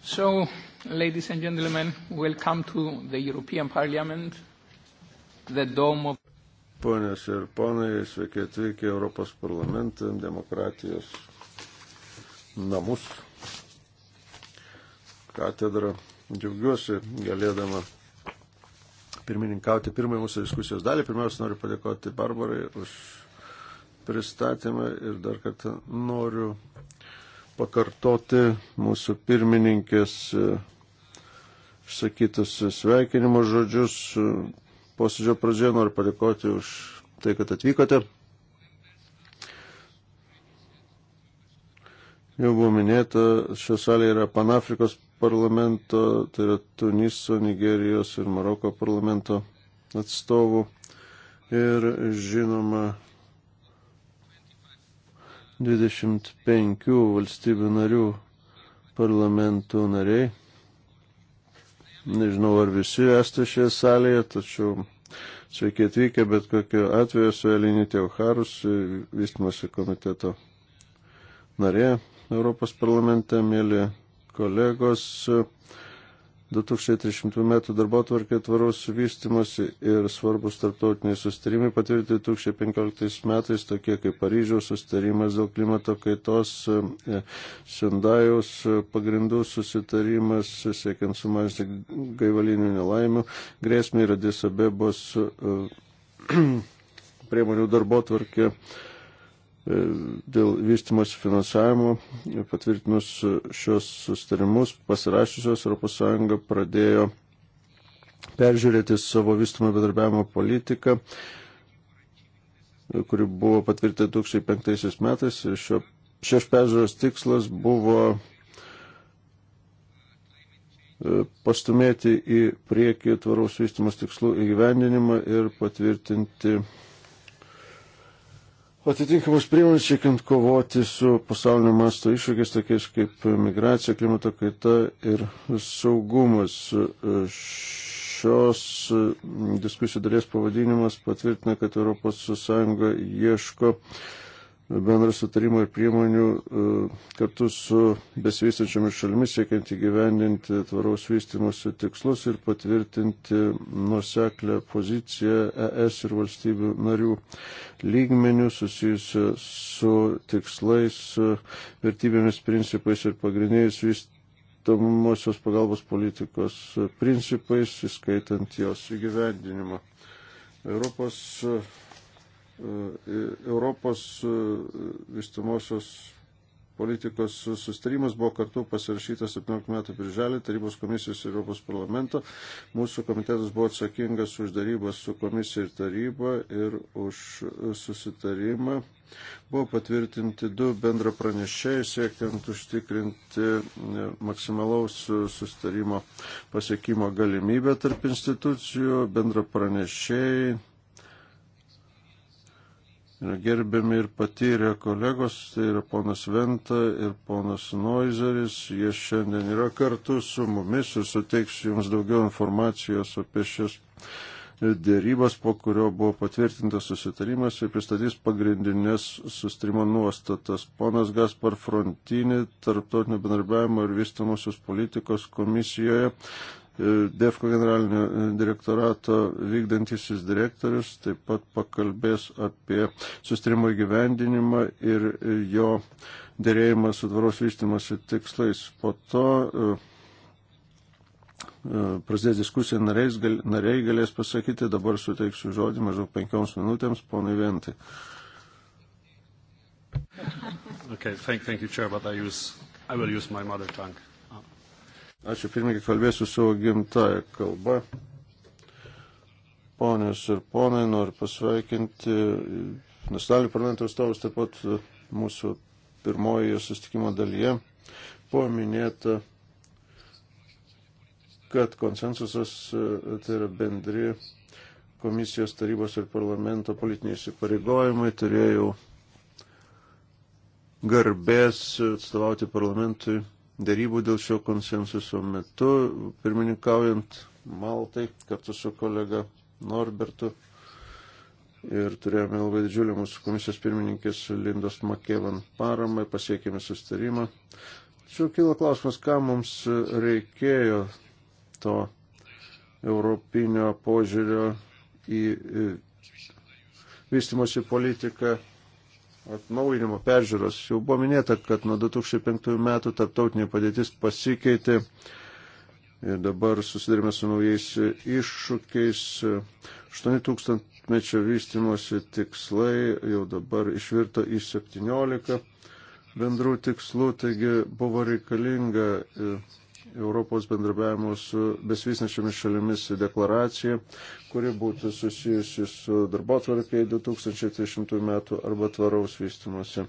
So ladies and gentlemen, welcome to the European Parliament, the dome of. Ponios ir ponai, sveiki atvykę Europos parlamentą, demokratijos namus, katedrą. Džiaugiuosi galėdama pirmininkauti pirmąją mūsų diskusijos dalį. Pirmiausia, noriu padėkoti Barbarai už pristatymą ir dar kartą noriu pakartoti mūsų pirmininkės išsakytus sveikinimo žodžius. E, posėdžio pradžioje noriu padėkoti už tai, kad atvykote. Jau buvo minėta, šio salė yra Panafrikos parlamento, tai yra Tuniso, Nigerijos ir Maroko parlamento atstovų. Ir žinoma, 25 valstybių narių parlamentų nariai. Nežinau, ar visi esate šioje salėje, tačiau sveiki atvykę, bet kokiu atveju esu Elinė Teuharus, vystimosi komiteto narė Europos parlamente, mėly kolegos. Uh, 2300 metų darbo tvarkė tvaraus vystimosi ir svarbus tarptautiniai sustarimai patvirtinti 2015 metais, tokie kaip Paryžiaus sustarimas dėl klimato kaitos, e, Sendajaus pagrindų susitarimas, siekiant sumažinti gaivalinių nelaimių, grėsmė yra disabebos e, priemonių darbo tvarkė. Uh, E, dėl vystimas finansavimo, patvirtinus šios sustarimus, pasirašysios ES pradėjo peržiūrėti savo vystimo bedarbiavimo politiką, kuri buvo patvirtinta 2005 metais ir šio, šios peržiūros tikslas buvo e, pastumėti į priekį tvaraus vystimas tikslų įgyvendinimą ir patvirtinti atitinkamas priemonės siekiant kovoti su pasaulinio masto iššūkiais, tokiais kaip migracija, klimato kaita ir saugumas. Šios diskusijų dalies pavadinimas patvirtina, kad ES ieško bendrą sutarimą ir priemonių e, kartu su besivystančiomis šalimis siekiant įgyvendinti tvaraus vystimosi tikslus ir patvirtinti nuseklę poziciją ES ir valstybių narių lygmenių susijusiu su tikslais, vertybėmis, principais ir pagrindiniais vystomosios pagalbos politikos principais, įskaitant jos įgyvendinimą. Europos E, Europos e, vystumosios politikos sustarimas buvo kartu pasirašytas 17 metų birželį tarybos komisijos ir Europos parlamento. Mūsų komitetas buvo atsakingas už darybas su komisija ir taryba ir už susitarimą. Buvo patvirtinti du bendra pranešėjai, siekiant užtikrinti e, maksimalaus sustarimo pasiekimo galimybę tarp institucijų. Bendra pranešėjai yra gerbiami ir patyrę kolegos, tai yra ponas Venta ir ponas Noizeris, jie šiandien yra kartu su mumis ir suteiksiu jums daugiau informacijos apie šias dėrybas, po kurio buvo patvirtintas susitarimas ir pristatys pagrindinės sustrimo nuostatas. Ponas Gaspar Frontini, Tarptautinio bendarbiavimo ir vystamosios politikos komisijoje DEFCO generalinio direktorato vykdantisis direktorius taip pat pakalbės apie sustrimo įgyvendinimą ir jo dėrėjimą su dvaros vystimosi tikslais. Po to e, e, prasidės diskusija, nariais, gal, nariai galės pasakyti, dabar suteiksiu žodį maždaug penkioms minutėms, ponai Ventai. Okay, thank, thank you, Chair, but I, use, I will use my mother tongue. Ačiū pirmininkai, kalbėsiu savo gimtąją kalbą. Ponios ir ponai, noriu pasveikinti nacionalinių parlamento atstovus taip pat mūsų pirmojoje sustikimo dalyje. Buvo minėta, kad konsensusas tai yra bendri komisijos tarybos ir parlamento politiniai įsipareigojimai, turėjau garbės atstovauti parlamentui darybų dėl šio konsensuso metu, pirmininkaujant Maltai kartu su kolega Norbertu. Ir turėjome labai didžiulį mūsų komisijos pirmininkės Lindos Makevan paramą, pasiekėme sustarimą. Tačiau kilo klausimas, ką mums reikėjo to europinio požiūrio į vystimosi politiką atnaujinimo peržiūros. Jau buvo minėta, kad nuo 2005 metų tarptautinė padėtis pasikeitė ir dabar susidarėme su naujais iššūkiais. 8000 mečio vystimosi tikslai jau dabar išvirto į 17 bendrų tikslų, taigi buvo reikalinga e, Europos bendrabiavimo su besvysnačiomis šalimis deklaraciją, kuri būtų susijusi su darbo tvarkiai 2030 metų arba tvaraus vystimuose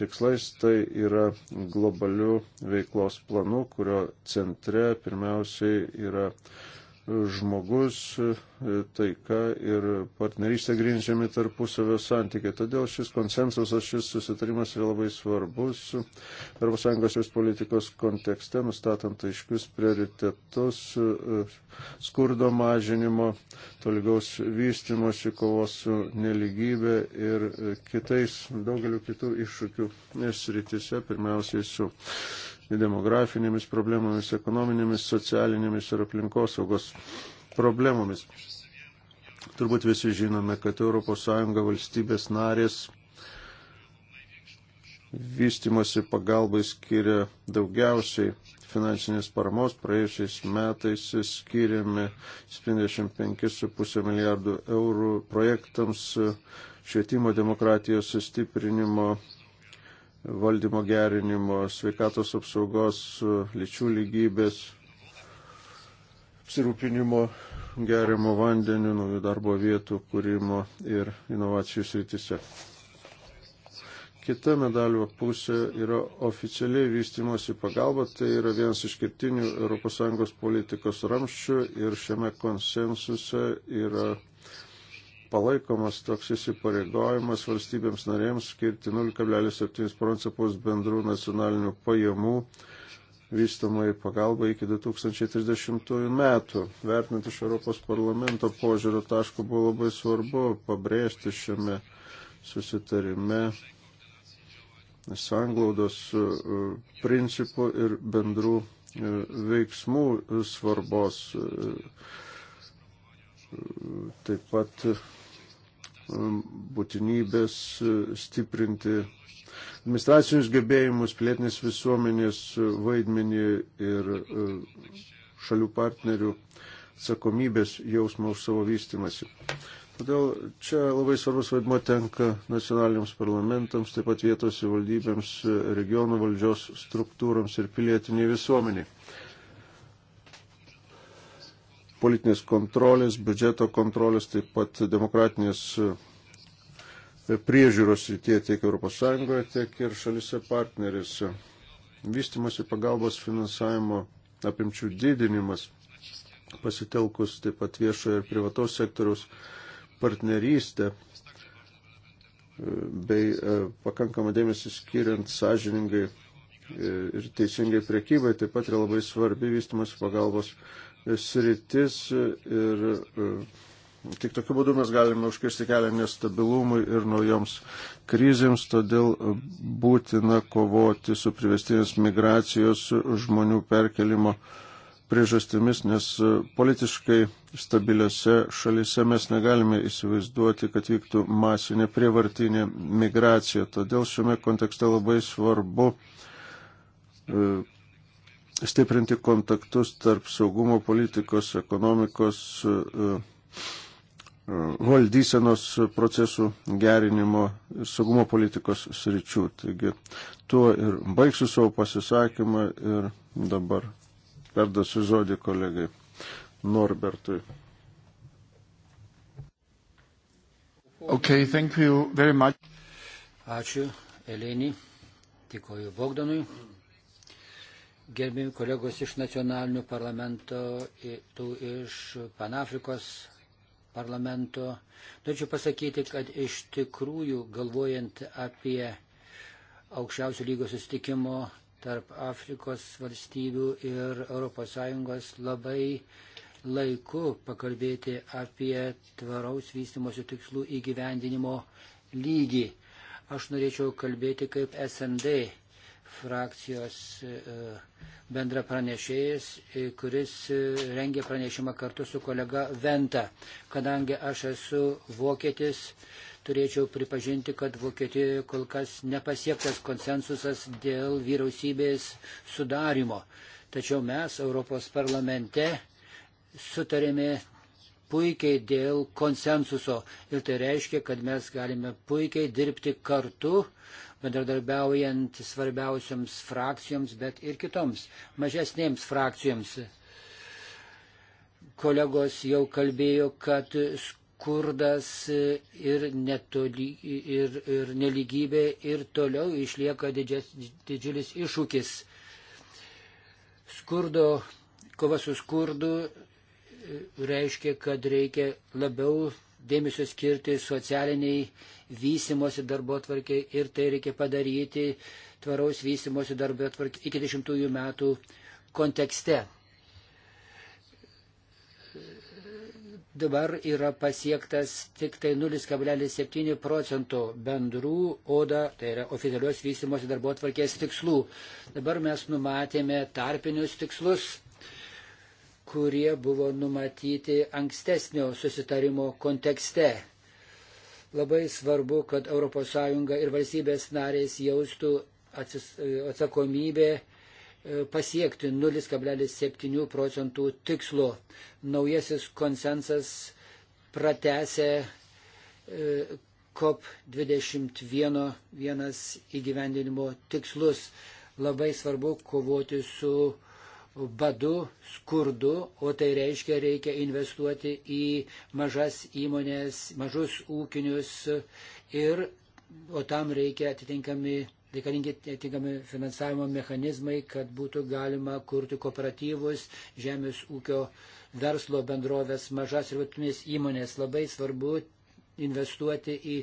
tikslais. Tai yra globalių veiklos planų, kurio centre pirmiausiai yra žmogus, e, taika ir partnerystė grindžiami tarpusavio santykiai. Todėl šis konsensusas, šis susitarimas yra labai svarbus ES jos politikos kontekste, nustatant aiškius prioritetus e, skurdo mažinimo, tolgaus vystimosi, kovos su neligybė ir e, kitais, daugeliu kitų iššūkių sritise, pirmiausiai su demografinėmis problemomis, ekonominėmis, socialinėmis ir aplinkosaugos problemomis. Turbūt visi žinome, kad ES valstybės narės vystimosi pagalbai skiria daugiausiai finansinės paramos. Praėjusiais metais skiriame 75,5 milijardų eurų projektams švietimo demokratijos sustiprinimo valdymo gerinimo, sveikatos apsaugos, lyčių lygybės, apsirūpinimo gerimo vandeniu, naujų darbo vietų kūrimo ir inovacijų srityse. Kita medalio pusė yra oficialiai vystimosi pagalba, tai yra vienas iš kertinių ES politikos ramščių ir šiame konsensuse yra palaikomas toks įsipareigojimas valstybėms narėms skirti 0,7 procentus bendrų nacionalinių pajamų vystamai pagalba iki 2030 metų. Vertinant iš Europos parlamento požiūrio taško buvo labai svarbu pabrėžti šiame susitarime sanglaudos e, principų ir bendrų e, veiksmų svarbos e, taip pat būtinybės e, stiprinti administracinius gebėjimus, plėtinės visuomenės e, vaidmenį ir e, šalių partnerių atsakomybės jausmą už savo vystimasi. Todėl čia labai svarbus vaidmo tenka nacionaliniams parlamentams, taip pat vietos įvaldybėms, regionų valdžios struktūrams ir pilietiniai visuomeniai politinės kontrolės, biudžeto kontrolės, taip pat demokratinės e, priežiūros rytie tiek ES, tiek ir šalise partnerėse. Vystimasi pagalbos finansavimo apimčių didinimas, pasitelkus taip pat viešojo ir privataus sektoriaus partnerystę e, bei e, pakankamą dėmesį skiriant sąžiningai ir teisingai priekybai, taip pat yra labai svarbi vystimas pagalbos sritis ir e, tik tokiu būdu mes galime užkirsti kelią nestabilumui ir naujoms krizėms, todėl e, būtina kovoti su privestinės migracijos žmonių perkelimo priežastimis, nes e, politiškai stabiliose šalise mes negalime įsivaizduoti, kad vyktų masinė prievartinė migracija. Todėl šiame kontekste labai svarbu stiprinti kontaktus tarp saugumo politikos, ekonomikos, e, e, valdysenos procesų gerinimo, saugumo politikos sričių. Taigi tuo ir baigsiu savo pasisakymą ir dabar perdasiu žodį kolegai Norbertui. Okay, thank you very much. Ačiū, Elenį. Tikoju Bogdanui. Mm gerbimi kolegos iš nacionalinių parlamento, tų iš Panafrikos parlamento. Norėčiau pasakyti, kad iš tikrųjų galvojant apie aukščiausių lygos susitikimo tarp Afrikos valstybių ir ES labai laiku pakalbėti apie tvaraus vystimosi tikslų įgyvendinimo lygį. Aš norėčiau kalbėti kaip SND frakcijos e, bendra pranešėjas, e, kuris e, rengė pranešimą kartu su kolega Venta. Kadangi aš esu vokietis, turėčiau pripažinti, kad Vokietijoje kol kas nepasiektas konsensusas dėl vyriausybės sudarimo. Tačiau mes Europos parlamente sutarėme puikiai dėl konsensuso ir tai reiškia, kad mes galime puikiai dirbti kartu bendradarbiaujant svarbiausioms frakcijoms, bet ir kitoms mažesnėms frakcijoms. Kolegos jau kalbėjo, kad skurdas ir, netoli, ir, ir neligybė ir toliau išlieka didžias, didžiulis iššūkis. Skurdo, kova su skurdu reiškia, kad reikia labiau dėmesio skirti socialiniai vystimosi darbo tvarkiai ir tai reikia padaryti tvaraus vystimosi darbo tvarkiai iki 10 metų kontekste. Dabar yra pasiektas tik tai 0,7 procento bendrų ODA, tai yra oficialios vystimosi darbo tvarkės tikslų. Dabar mes numatėme tarpinius tikslus kurie buvo numatyti ankstesnio susitarimo kontekste. Labai svarbu, kad ES ir valstybės narės jaustų e, atsakomybę e, pasiekti 0,7 procentų tikslo. Naujasis konsensas pratęsė COP21 e, įgyvendinimo tikslus. Labai svarbu kovoti su uh, badu, skurdu, o tai reiškia reikia investuoti į mažas įmonės, mažus ūkinius ir, o tam reikia atitinkami, reikalingi atitinkami finansavimo mechanizmai, kad būtų galima kurti kooperatyvus, žemės ūkio verslo bendrovės, mažas ir vidutinės įmonės. Labai svarbu investuoti į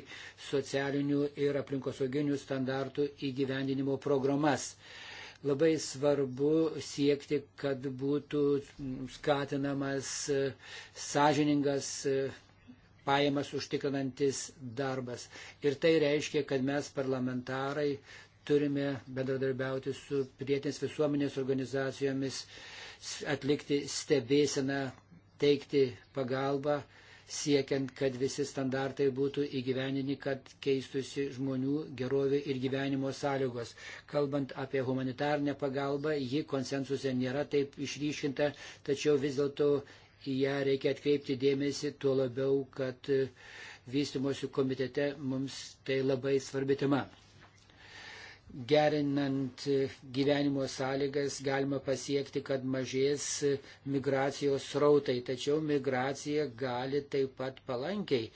socialinių ir aplinkosauginių standartų įgyvendinimo programas. Labai svarbu siekti, kad būtų skatinamas e, sąžiningas e, pajamas užtikrinantis darbas. Ir tai reiškia, kad mes parlamentarai turime bendradarbiauti su prietinės visuomenės organizacijomis, atlikti stebėseną, teikti pagalbą siekiant, kad visi standartai būtų įgyvenini, kad keistusi žmonių gerovė ir gyvenimo sąlygos. Kalbant apie humanitarnę pagalbą, ji konsensuse nėra taip išryškinta, tačiau vis dėlto į ją reikia atkreipti dėmesį, tuo labiau, kad vystimosi komitete mums tai labai svarbi tema gerinant gyvenimo sąlygas galima pasiekti, kad mažės migracijos srautai, tačiau migracija gali taip pat palankiai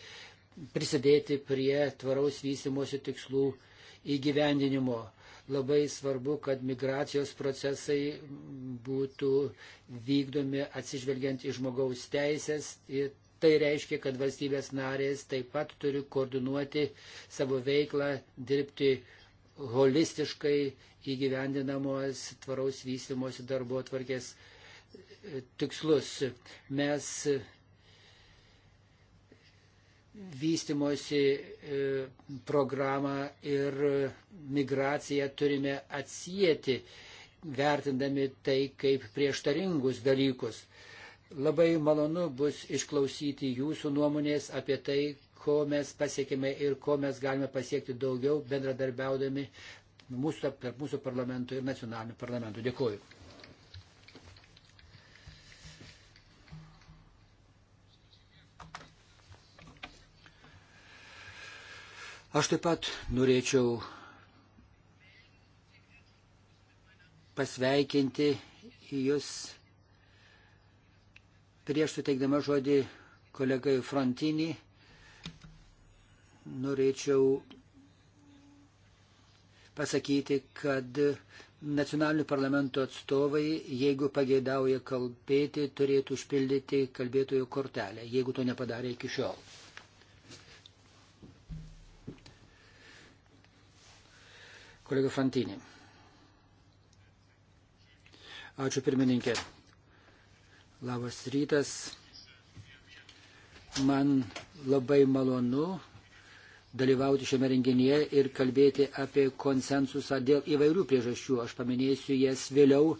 prisidėti prie tvaraus vystimosi tikslų įgyvendinimo. Labai svarbu, kad migracijos procesai būtų vykdomi atsižvelgiant į žmogaus teisės ir Tai reiškia, kad valstybės narės taip pat turi koordinuoti savo veiklą, dirbti holistiškai įgyvendinamos tvaraus vystimosi darbo atvarkės e, tikslus. Mes vystimosi e, programą ir migraciją turime atsijėti, vertindami tai kaip prieštaringus dalykus. Labai malonu bus išklausyti jūsų nuomonės apie tai, ko mes pasiekime ir ko mes galime pasiekti daugiau bendradarbiaudami mūsų, tarp mūsų parlamentų ir nacionalinių parlamentų. Dėkuoju. Aš taip pat norėčiau pasveikinti jūs prieš suteikdama žodį kolegai Frontinį norėčiau pasakyti, kad nacionalinių parlamento atstovai, jeigu pageidauja kalbėti, turėtų užpildyti kalbėtojo kortelę, jeigu to nepadarė iki šiol. Kolega Fantinė. Ačiū pirmininkė. Labas rytas. Man labai malonu dalyvauti šiame renginyje ir kalbėti apie konsensusą dėl įvairių priežasčių. Aš paminėsiu jas vėliau.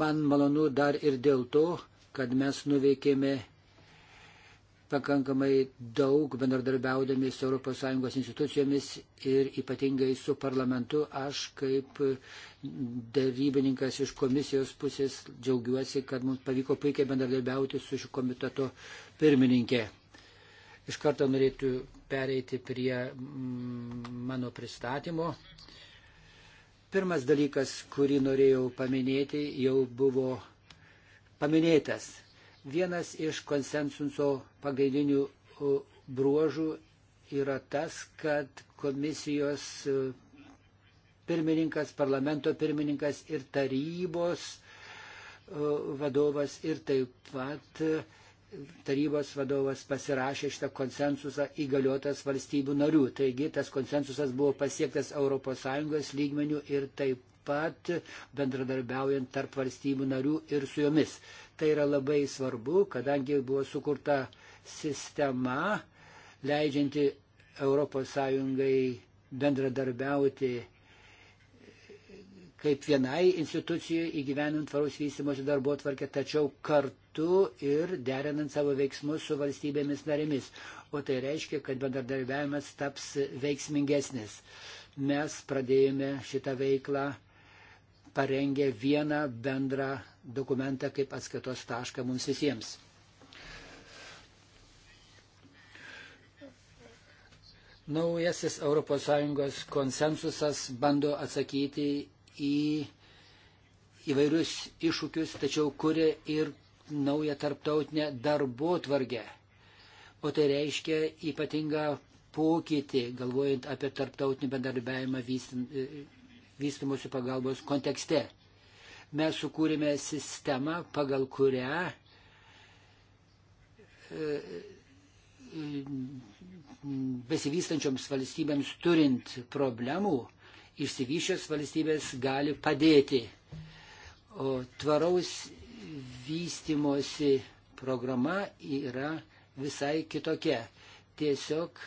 Man malonu dar ir dėl to, kad mes nuveikėme pakankamai daug bendradarbiaudami su ES institucijomis ir ypatingai su parlamentu. Aš kaip darybininkas iš komisijos pusės džiaugiuosi, kad mums pavyko puikiai bendradarbiauti su šių komiteto pirmininkė. Iš karto norėtų pereiti prie mm, mano pristatymo. Pirmas dalykas, kurį norėjau paminėti, jau buvo paminėtas. Vienas iš konsensuso pagrindinių bruožų yra tas, kad komisijos pirmininkas, parlamento pirmininkas ir tarybos vadovas ir taip pat uh, tarybos vadovas pasirašė šitą konsensusą įgaliotas valstybių narių. Taigi tas konsensusas buvo pasiektas ES lygmenių ir taip pat bendradarbiaujant tarp valstybių narių ir su jomis. Tai yra labai svarbu, kadangi buvo sukurta sistema leidžianti ES bendradarbiauti kaip vienai institucijai įgyvenant tvaraus vystimosi darbo atvarkę, tačiau kartu metu ir derinant savo veiksmus su valstybėmis narėmis. O tai reiškia, kad bendradarbiavimas taps veiksmingesnis. Mes pradėjome šitą veiklą parengę vieną bendrą dokumentą kaip atskaitos tašką mums visiems. Naujasis ES konsensusas bando atsakyti į įvairius iššūkius, tačiau kuria ir naują tarptautinę darbo tvarkę. O tai reiškia ypatingą pokytį, galvojant apie tarptautinį bendarbiavimą e, vystimosi pagalbos kontekste. Mes sukūrėme sistemą, pagal kurią e, besivystančioms valstybėms turint problemų, išsivyščios valstybės gali padėti. O tvaraus vystimosi programa yra visai kitokia. Tiesiog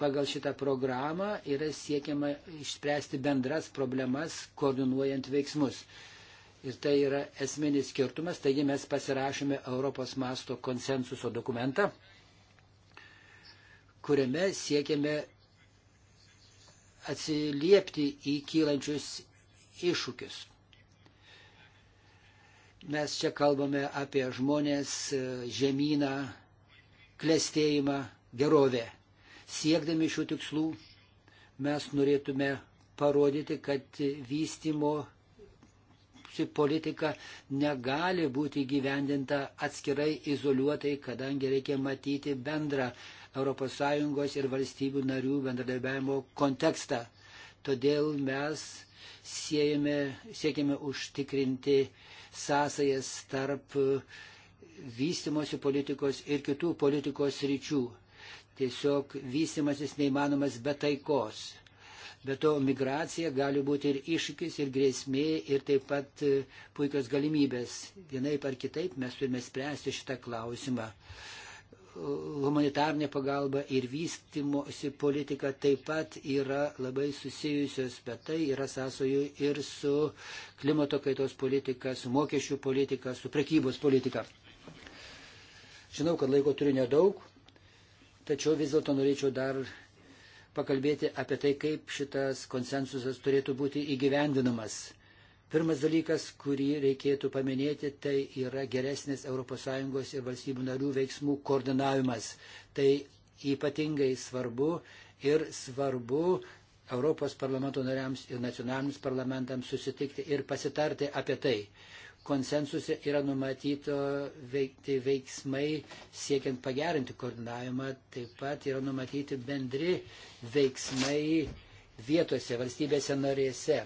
pagal šitą programą yra siekiama išspręsti bendras problemas, koordinuojant veiksmus. Ir tai yra esminis skirtumas, taigi mes pasirašėme Europos masto konsensuso dokumentą, kuriame siekiame atsiliepti į kylančius iššūkius. Mes čia kalbame apie žmonės, e, žemyną, klėstėjimą, gerovę. Siekdami šių tikslų mes norėtume parodyti, kad vystimo politika negali būti gyvendinta atskirai, izoliuotai, kadangi reikia matyti bendrą ES ir valstybių narių bendradarbiavimo kontekstą. Todėl mes siejame, siekime užtikrinti sąsajas tarp e, vystimosi politikos ir kitų politikos ryčių. Tiesiog vystimasis neįmanomas be taikos. Be to, migracija gali būti ir iššūkis, ir grėsmė, ir taip pat e, puikios galimybės. Vienaip ar kitaip mes turime spręsti šitą klausimą. Uh, humanitarnė pagalba ir vystimosi politika taip pat yra labai susijusios, bet tai yra sąsojų ir su klimato kaitos politika, su mokesčių politika, su prekybos politika. Žinau, kad laiko turiu nedaug, tačiau vis dėlto norėčiau dar pakalbėti apie tai, kaip šitas konsensusas turėtų būti įgyvendinamas. Pirmas dalykas, kurį reikėtų paminėti, tai yra geresnis ES ir valstybių narių veiksmų koordinavimas. Tai ypatingai svarbu ir svarbu Europos parlamento nariams ir nacionaliniams parlamentams susitikti ir pasitarti apie tai konsensuose yra numatyto veikti veiksmai siekiant pagerinti koordinavimą, taip pat yra numatyti bendri veiksmai vietose, valstybėse narėse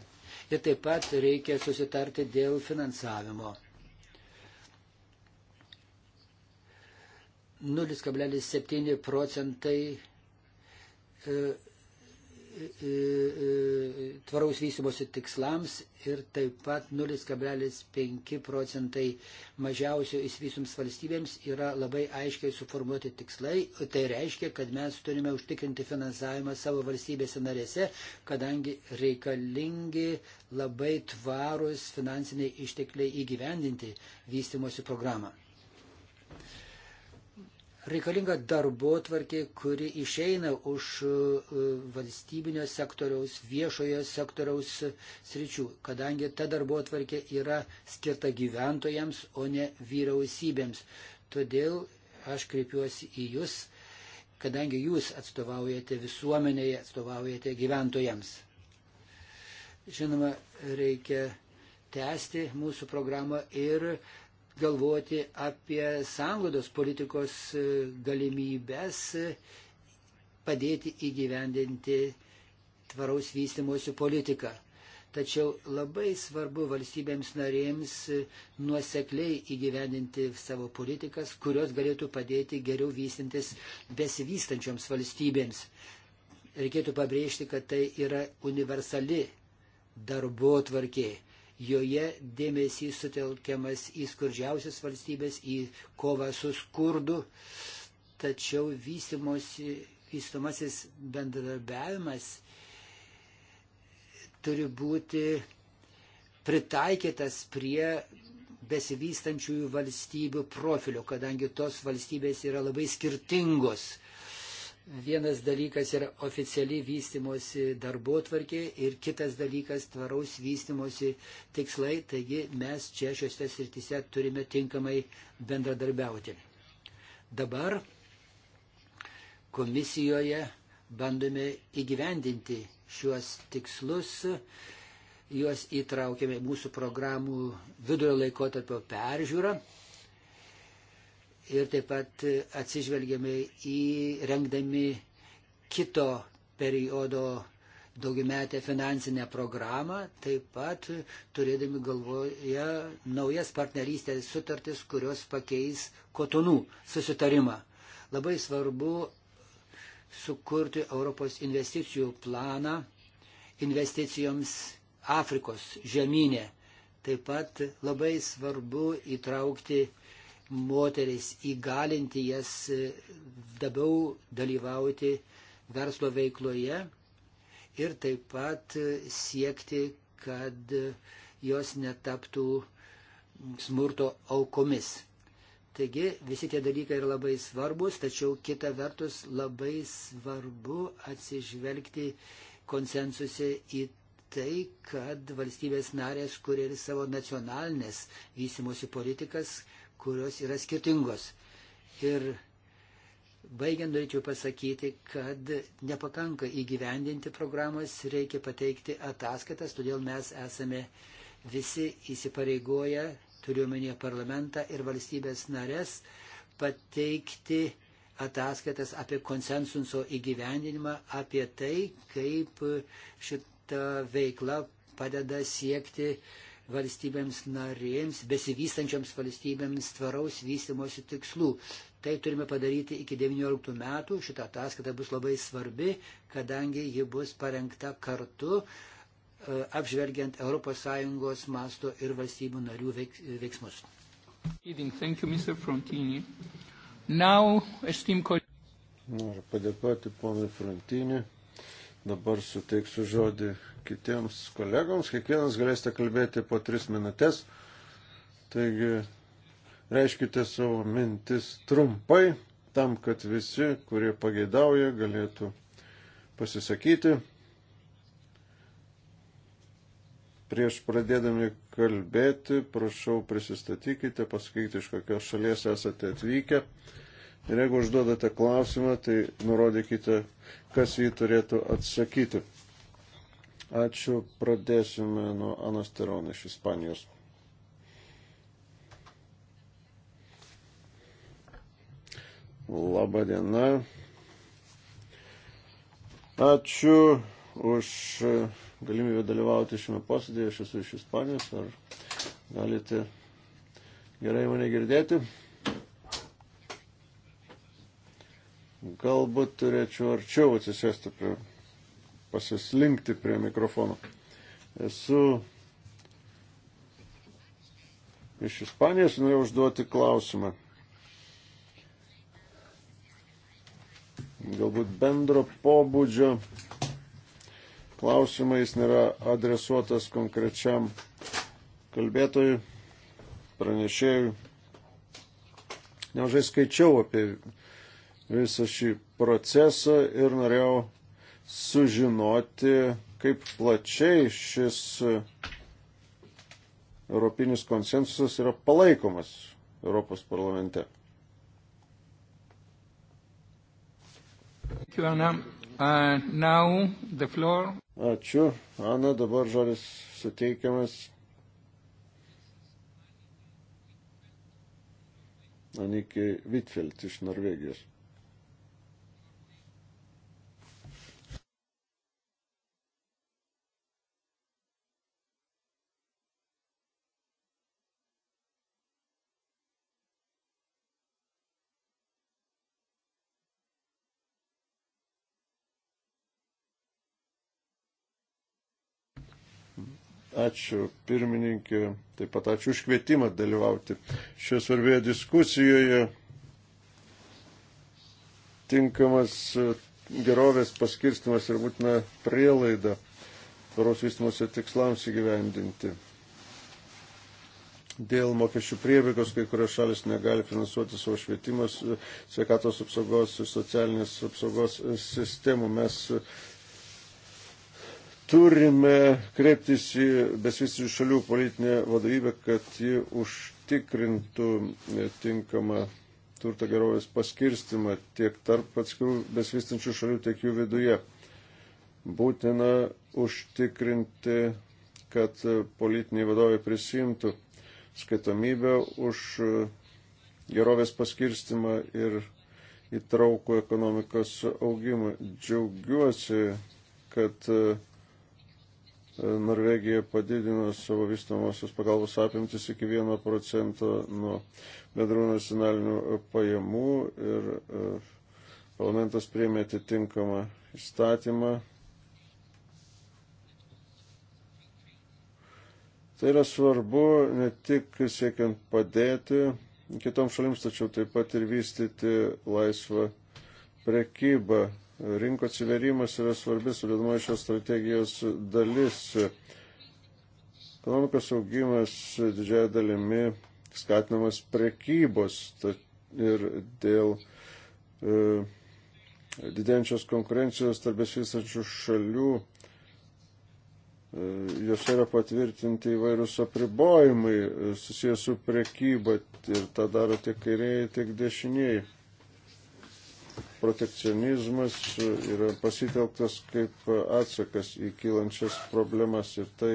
ir taip pat reikia susitarti dėl finansavimo. 0,7 procentai e, tvaraus vystimosi tikslams ir taip pat 0,5 procentai mažiausio įsivysims valstybėms yra labai aiškiai suformuoti tikslai. Tai reiškia, kad mes turime užtikrinti finansavimą savo valstybėse narėse, kadangi reikalingi labai tvarus finansiniai ištekliai įgyvendinti vystimosi programą reikalinga darbo tvarkė, kuri išeina už e, valstybinio sektoriaus, viešojo sektoriaus sričių, kadangi ta darbo tvarkė yra skirta gyventojams, o ne vyriausybėms. Todėl aš kreipiuosi į Jūs, kadangi Jūs atstovaujate visuomenėje, atstovaujate gyventojams. Žinoma, reikia tęsti mūsų programą ir galvoti apie sąngodos politikos e, galimybės e, padėti įgyvendinti tvaraus vystimosi politiką. Tačiau labai svarbu valstybėms narėms e, nuosekliai įgyvendinti savo politikas, kurios galėtų padėti geriau vystintis besivystančioms valstybėms. Reikėtų pabrėžti, kad tai yra universali darbo tvarkė. Joje dėmesys sutelkiamas į skurdžiausias valstybės, į kovą su skurdu. Tačiau vystomasis bendradarbiavimas turi būti pritaikytas prie besivystančiųjų valstybių profilio, kadangi tos valstybės yra labai skirtingos. Vienas dalykas yra oficiali vystimosi darbo tvarkė ir kitas dalykas tvaraus vystimosi tikslai, taigi mes čia šiuose srityse turime tinkamai bendradarbiauti. Dabar komisijoje bandome įgyvendinti šiuos tikslus, juos įtraukėme į mūsų programų vidurio laikotarpio peržiūrą ir taip pat atsižvelgiame į rengdami kito periodo daugiametę finansinę programą, taip pat turėdami galvoje naujas partnerystės sutartis, kurios pakeis kotonų susitarimą. Labai svarbu sukurti Europos investicijų planą investicijoms Afrikos žemynė. Taip pat labai svarbu įtraukti moteris, įgalinti jas e, labiau dalyvauti verslo veikloje ir taip pat e, siekti, kad e, jos netaptų smurto aukomis. Taigi visi tie dalykai yra labai svarbus, tačiau kita vertus labai svarbu atsižvelgti konsensusi į tai, kad valstybės narės, kurie ir savo nacionalinės vystimosi politikas, kurios yra skirtingos. Ir baigiant norėčiau pasakyti, kad nepakanka įgyvendinti programas, reikia pateikti ataskaitas, todėl mes esame visi įsipareigoję, turiuomenėje parlamentą ir valstybės narės, pateikti ataskaitas apie konsensuso įgyvendinimą, apie tai, kaip šita veikla padeda siekti uh, valstybėms narėms, besivystančioms valstybėms tvaraus vystimosi tikslų. Tai turime padaryti iki 19 metų. Šitą ataskaitą bus labai svarbi, kadangi ji bus parengta kartu e, apžvelgiant ES masto ir valstybių narių veiksmus. Noriu padėkoti ponui Frontinį. Dabar suteiksiu žodį kitiems kolegoms. Kiekvienas galėsite kalbėti po tris minutės. Taigi, reiškite savo mintis trumpai, tam, kad visi, kurie pageidauja, galėtų pasisakyti. Prieš pradėdami kalbėti, prašau prisistatykite, pasakykite, iš kokios šalies esate atvykę. Ir jeigu užduodate klausimą, tai nurodykite, kas jį turėtų atsakyti. Ačiū. Pradėsime nuo Anasteron iš Ispanijos. Labą dieną. Ačiū už galimybę dalyvauti šiame posėdėje. Aš esu iš Ispanijos. Ar galite gerai mane girdėti? Galbūt turėčiau arčiau atsisėsti prie pasislinkti prie mikrofono. Esu iš Ispanijos, norėjau užduoti klausimą. Galbūt bendro pobūdžio klausimais nėra adresuotas konkrečiam kalbėtojui, pranešėjui. Nemažai skaičiau apie visą šį procesą ir norėjau sužinoti, kaip plačiai šis europinis konsensusas yra palaikomas Europos parlamente. Ačiū, Ana. Uh, now the floor. Ačiū, Ana. Dabar žodis suteikiamas Anikė Vitfeld iš Norvegijos. Ačiū pirmininkė, taip pat ačiū už kvietimą dalyvauti šioje svarbioje diskusijoje. Tinkamas e, gerovės paskirstimas ir būtina prielaida tvaros vystimuose tikslams įgyvendinti. Dėl mokesčių priebėgos kai kurios šalis negali finansuoti savo švietimas, e, sveikatos apsaugos ir socialinės apsaugos e, sistemų. Mes turime kreiptis į besvisių šalių politinę vadovybę, kad ji užtikrintų tinkamą turto gerovės paskirstimą tiek tarp atskirų besvystančių šalių, tiek jų viduje. Būtina užtikrinti, kad politiniai vadovai prisimtų skaitomybę už gerovės paskirstimą ir įtraukų ekonomikos augimą. Džiaugiuosi, kad uh, Norvegija padidino savo vystamosios pagalbos apimtis iki 1 procento nuo bendrų nacionalinių pajamų ir e, parlamentas priemė atitinkamą įstatymą. Tai yra svarbu ne tik siekiant padėti kitoms šalims, tačiau taip pat ir vystyti laisvą prekybą Rinko atsiverimas yra svarbi sudėdamoji šios strategijos dalis. Ekonomikos augimas didžiai dalimi skatinamas prekybos ir dėl e, didėjančios konkurencijos tarp besivystančių šalių e, jose yra patvirtinti įvairūs apribojimai e, susijęs su prekyba ir tą daro tiek kairieji, tiek dešinieji. Protekcionizmas yra pasitelktas kaip atsakas į kylančias problemas ir tai,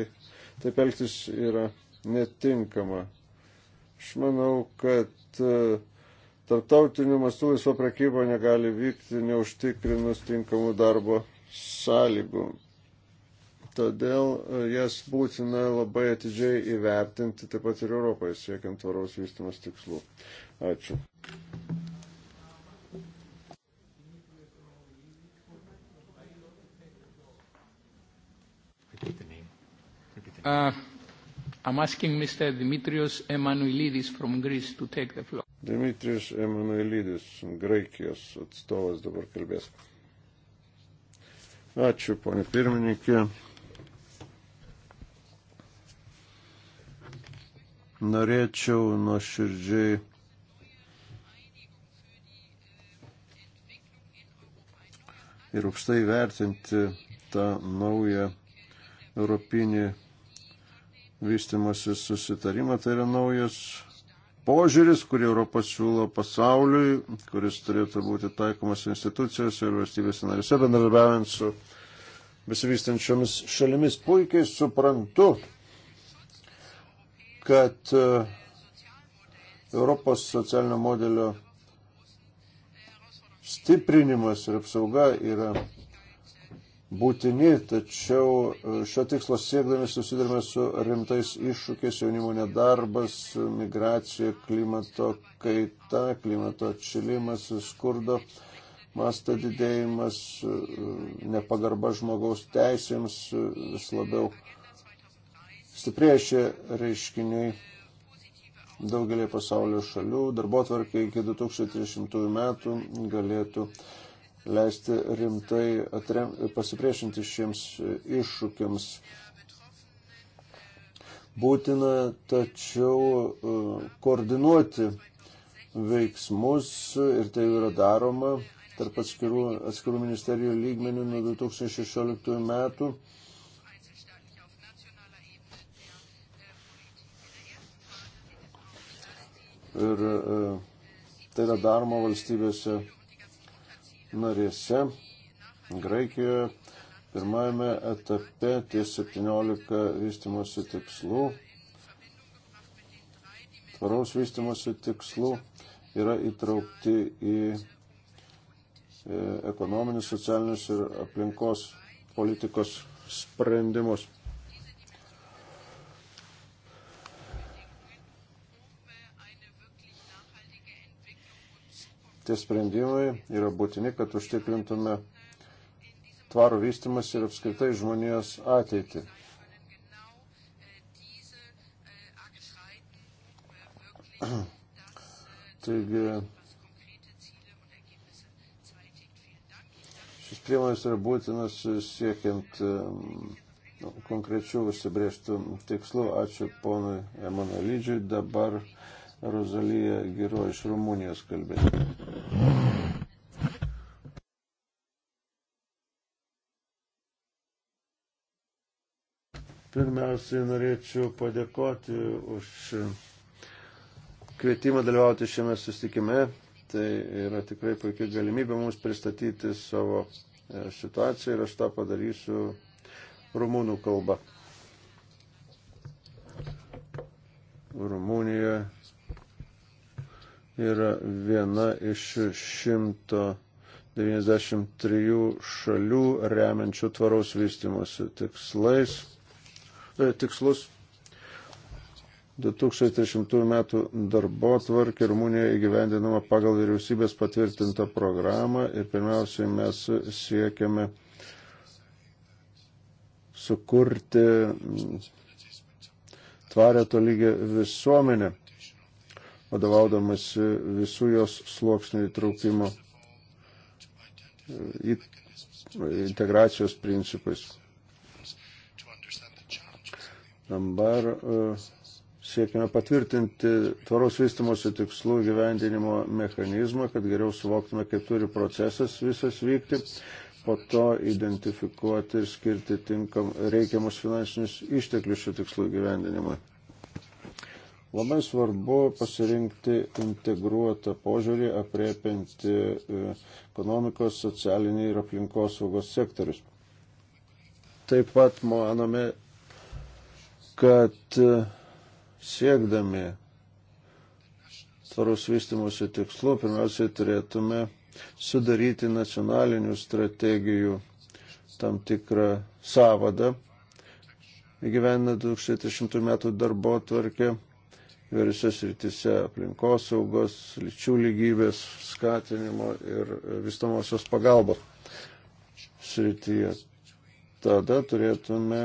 taip elgtis yra netinkama. Aš manau, kad e, tarptautiniu mastu laisva prekyba negali vykti neužtikrinus tinkamų darbo sąlygų. Todėl e, jas būtina labai atidžiai įvertinti, taip pat ir Europoje, siekiant tvaraus vystimas tikslų. Ačiū. Uh, I'm asking Mr. Dimitrios Emanuelidis from Greece to take the floor. Dimitrios Emanuelidis, Graikijos atstovas dabar kalbės. Ačiū, ponė pirmininkė. Norėčiau nuoširdžiai ir aukštai vertinti tą naują europinį vystimosi susitarimą. Tai yra naujas požiūris, kurį Europos siūlo pasauliui, kuris turėtų būti taikomas institucijose ir valstybės narise, bendradarbiaujant su besivystančiomis šalimis. Puikiai suprantu, kad e, Europos socialinio modelio stiprinimas ir apsauga yra būtini, tačiau e, šio tikslo siekdami susidurime su rimtais iššūkiais jaunimo nedarbas, migracija, klimato kaita, klimato atšilimas, skurdo masto didėjimas, e, nepagarba žmogaus teisėms e, vis labiau stiprėja šie reiškiniai daugelį pasaulio šalių. Darbotvarkė iki 2030 metų galėtų leisti rimtai atrem, pasipriešinti šiems iššūkiams. Būtina tačiau e, koordinuoti veiksmus ir tai yra daroma tarp atskirų, atskirų ministerijų lygmenių nuo 2016 metų. Ir e, tai yra daroma valstybėse narėse, Graikijoje, pirmajame etape tie 17 vystimosi tikslų, tvaraus vystimosi tikslų yra įtraukti į e, ekonominius, socialinius ir aplinkos politikos sprendimus. tie sprendimai yra būtini, kad užtikrintume tvarų vystimas ir apskritai žmonijos ateitį. Taigi, šis priemonės yra būtinas siekiant nu, konkrečių užsibrėžtų tikslų. Ačiū ponui Emanuelydžiui. Dabar Rozalija Giro iš Rumunijos kalbėti. Pirmiausiai norėčiau padėkoti už kvietimą dalyvauti šiame sustikime. Tai yra tikrai puikia galimybė mums pristatyti savo e, situaciją ir aš tą padarysiu rumūnų kalba. Rumunija yra viena iš 193 šalių remiančių tvaraus vystimosi tikslais. E, tikslus 2030 metų darbo tvarkė Rumunija įgyvendinama pagal vyriausybės patvirtintą programą ir pirmiausiai mes siekiame sukurti tvarę tolygę visuomenę, vadovaudamas visų jos sluoksnių įtraukimo integracijos principais. Dabar e, siekime patvirtinti tvaros vystimosi tikslų gyvendinimo mechanizmą, kad geriau suvoktume, kaip turi procesas visas vykti, po to identifikuoti ir skirti tinkam reikiamus finansinius išteklius šių tikslų gyvendinimui. Labai svarbu pasirinkti integruotą požiūrį, apriepinti e, ekonomikos, socialinį ir aplinkosaugos sektorius. Taip pat manome kad e, siekdami tvarus vystimosi tikslų pirmiausiai turėtume sudaryti nacionalinių strategijų tam tikrą savadą, įgyvena 2030 metų darbo tvarkė įvairiose srityse aplinkos saugos, lyčių lygybės, skatinimo ir vystamosios pagalbos srityje. Tada turėtume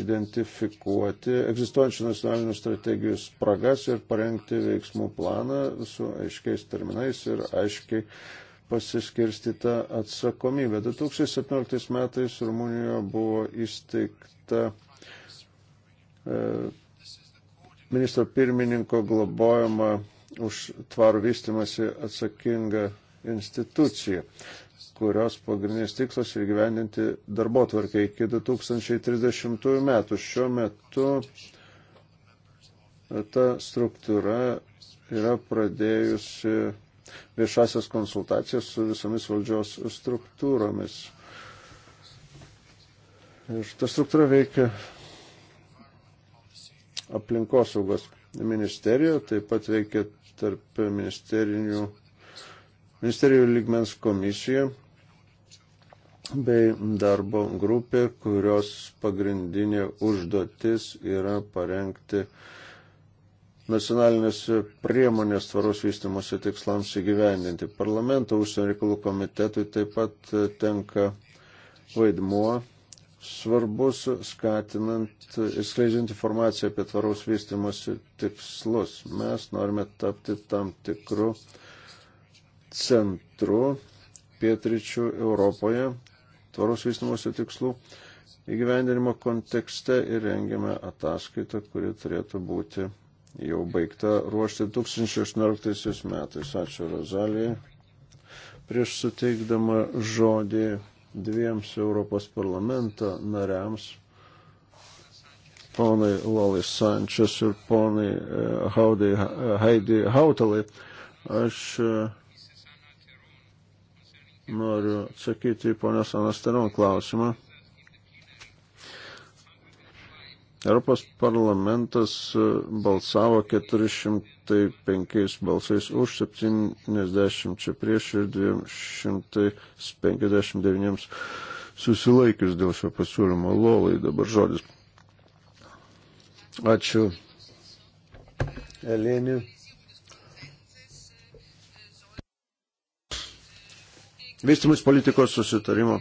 identifikuoti egzistuojančių nacionalinių strategijų spragas ir parengti veiksmų planą su aiškiais terminais ir aiškiai pasiskirstyta atsakomybė. 2017 metais Rumunijoje buvo įsteigta e, ministro pirmininko globojama už tvarų vystimasi atsakinga institucija kurios pagrindinis tikslas ir gyvendinti darbo tvarkę iki 2030 metų. Šiuo metu ta struktūra yra pradėjusi viešasias konsultacijas su visomis valdžios struktūromis. Ir ta struktūra veikia aplinkosaugos ministerija, taip pat veikia tarp ministerijų ministerijų lygmens komisija, bei darbo grupė, kurios pagrindinė užduotis yra parengti nacionalinės priemonės tvaros vystimosi tikslams įgyvendinti. Parlamento užsienio reikalų komitetui taip pat tenka vaidmuo svarbus skatinant ir skleidžiant informaciją apie tvaraus vystimosi tikslus. Mes norime tapti tam tikru centru pietričių Europoje, tvaros vystimuose tikslų įgyvendinimo kontekste ir rengiame ataskaitą, kuri turėtų būti jau baigta ruošti 2018 metais. Ačiū Rozalijai. Prieš suteikdama žodį dviems Europos parlamento nariams, ponai Lolis Sančias ir ponai e, Haudai, Haidi Hautalai, aš e, Noriu atsakyti į ponios Anastaron klausimą. Europos parlamentas e, balsavo 405 balsais už 70 prieš ir 259 susilaikius dėl šio pasiūlymo. Lolai dabar žodis. Ačiū. Eleni. vystimus politikos susitarimo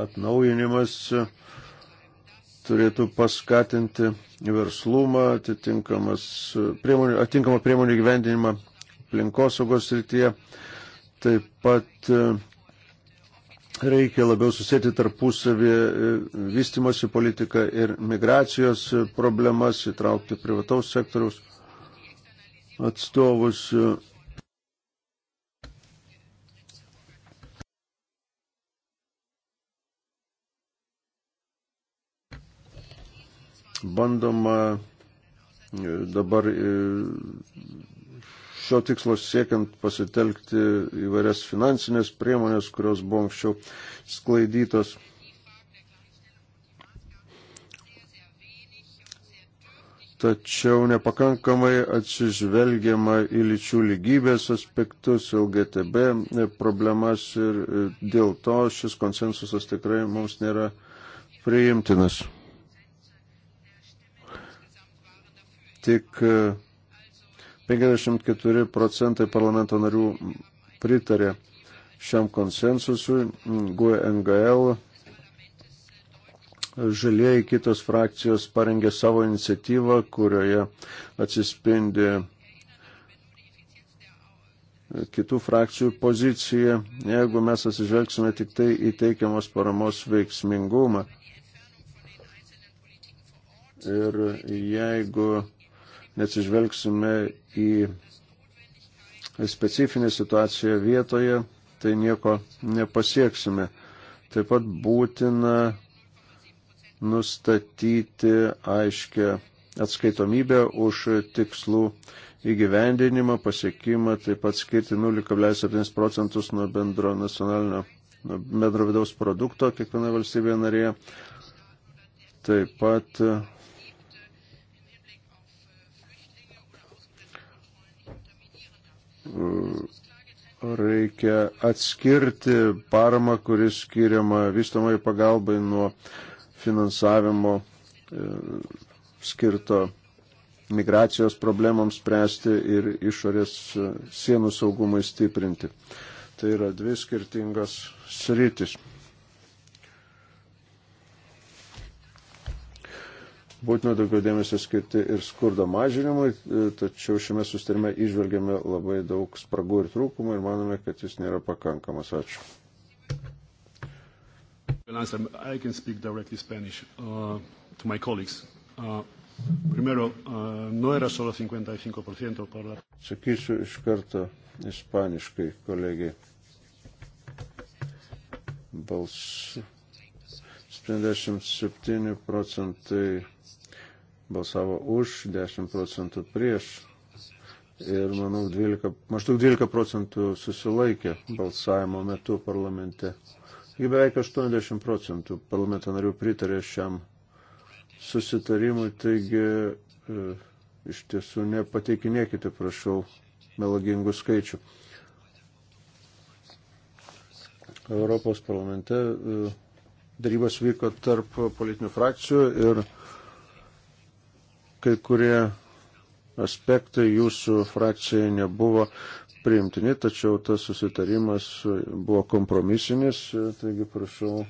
atnaujinimas turėtų paskatinti verslumą, atitinkamą priemonių, priemonių gyvendinimą aplinkosaugos srityje. Taip pat e, reikia labiau susėti tarpusavį e, vystimosi politiką ir migracijos e, problemas, įtraukti privataus sektoriaus atstovus bandoma e, dabar e, šio tikslo siekiant pasitelkti įvairias finansinės priemonės, kurios buvo anksčiau sklaidytos. Tačiau nepakankamai atsižvelgiama į lyčių lygybės aspektus, LGTB e, problemas ir dėl to šis konsensusas tikrai mums nėra priimtinas. tik 54 e, procentai parlamento narių pritarė šiam konsensusui, GUNGL, e žalieji kitos frakcijos parengė savo iniciatyvą, kurioje atsispindi kitų frakcijų pozicija, jeigu mes atsižvelgsime tik tai į teikiamos paramos veiksmingumą. Ir jeigu neatsižvelgsime į specifinę situaciją vietoje, tai nieko nepasieksime. Taip pat būtina nustatyti aiškę atskaitomybę už tikslų įgyvendinimą, pasiekimą, taip pat skirti 0,7 procentus nuo bendro nacionalinio, nuo bendro vidaus produkto kiekvienoje valstybėje narėje. Taip pat reikia atskirti paramą, kuris skiriama vystomai pagalbai nuo finansavimo e, skirto migracijos problemams spręsti ir išorės e, sienų saugumui stiprinti. Tai yra dvi skirtingos sritis. būtina daugiau dėmesio skirti ir skurdo mažinimui, e, tačiau šiame sustarime išvelgiame labai daug spragų ir trūkumų ir manome, kad jis nėra pakankamas. Ačiū. I can speak directly Spanish uh, to my colleagues. Uh, primero, uh, no era solo 55% para... Sakysiu iš karto ispaniškai, kolegiai. Balsu. 77 procentai balsavo už, 10 procentų prieš ir, manau, 12, maždaug 12 procentų susilaikė balsavimo metu parlamente. Taigi beveik 80 procentų parlamento narių pritarė šiam susitarimui, taigi e, iš tiesų nepateikinėkite, prašau, melagingų skaičių. Europos parlamente e, darybas vyko tarp politinių frakcijų ir kai kurie aspektai jūsų frakcijai nebuvo priimtini, tačiau tas susitarimas buvo kompromisinis, taigi prašau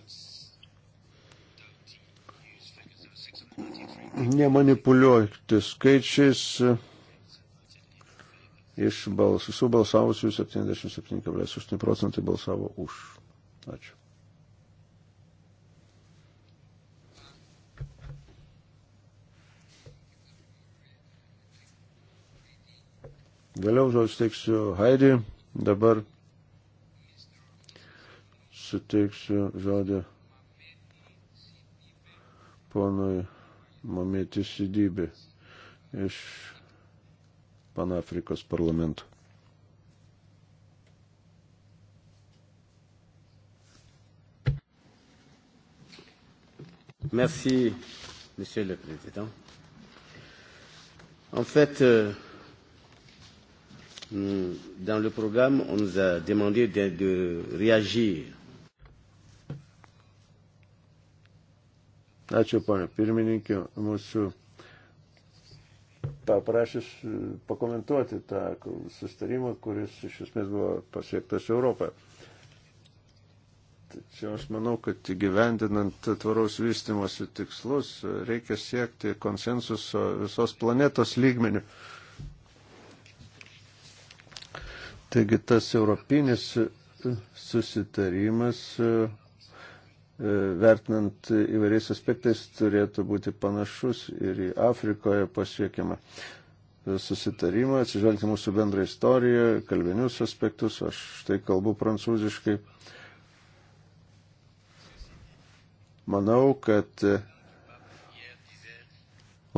nemanipuliuoti skaičiais. Iš balsų, subalsavusių 77,8 procentai balsavo už. Ačiū. Vėliau žodžiu teiksiu Haidį, dabar suteiksiu žodį ponui Mamėtis Sidybė iš Panafrikos parlamento. Merci, Monsieur le Président. En fait, euh, Dans le programme, on nous a demandé de, de réagir. Ačiū, ponė pirmininkė, mūsų paprašys e, pakomentuoti tą sustarimą, kuris iš esmės buvo pasiektas Europoje. Tačiau aš manau, kad gyvendinant tvaraus vystimosi tikslus reikia siekti konsensuso visos planetos lygmenių. Taigi tas europinis susitarimas, e, e, vertinant įvairiais aspektais, turėtų būti panašus ir į Afrikoje pasiekiamą susitarimą, atsižvelgti mūsų bendrą istoriją, kalbinius aspektus, aš tai kalbu prancūziškai. Manau, kad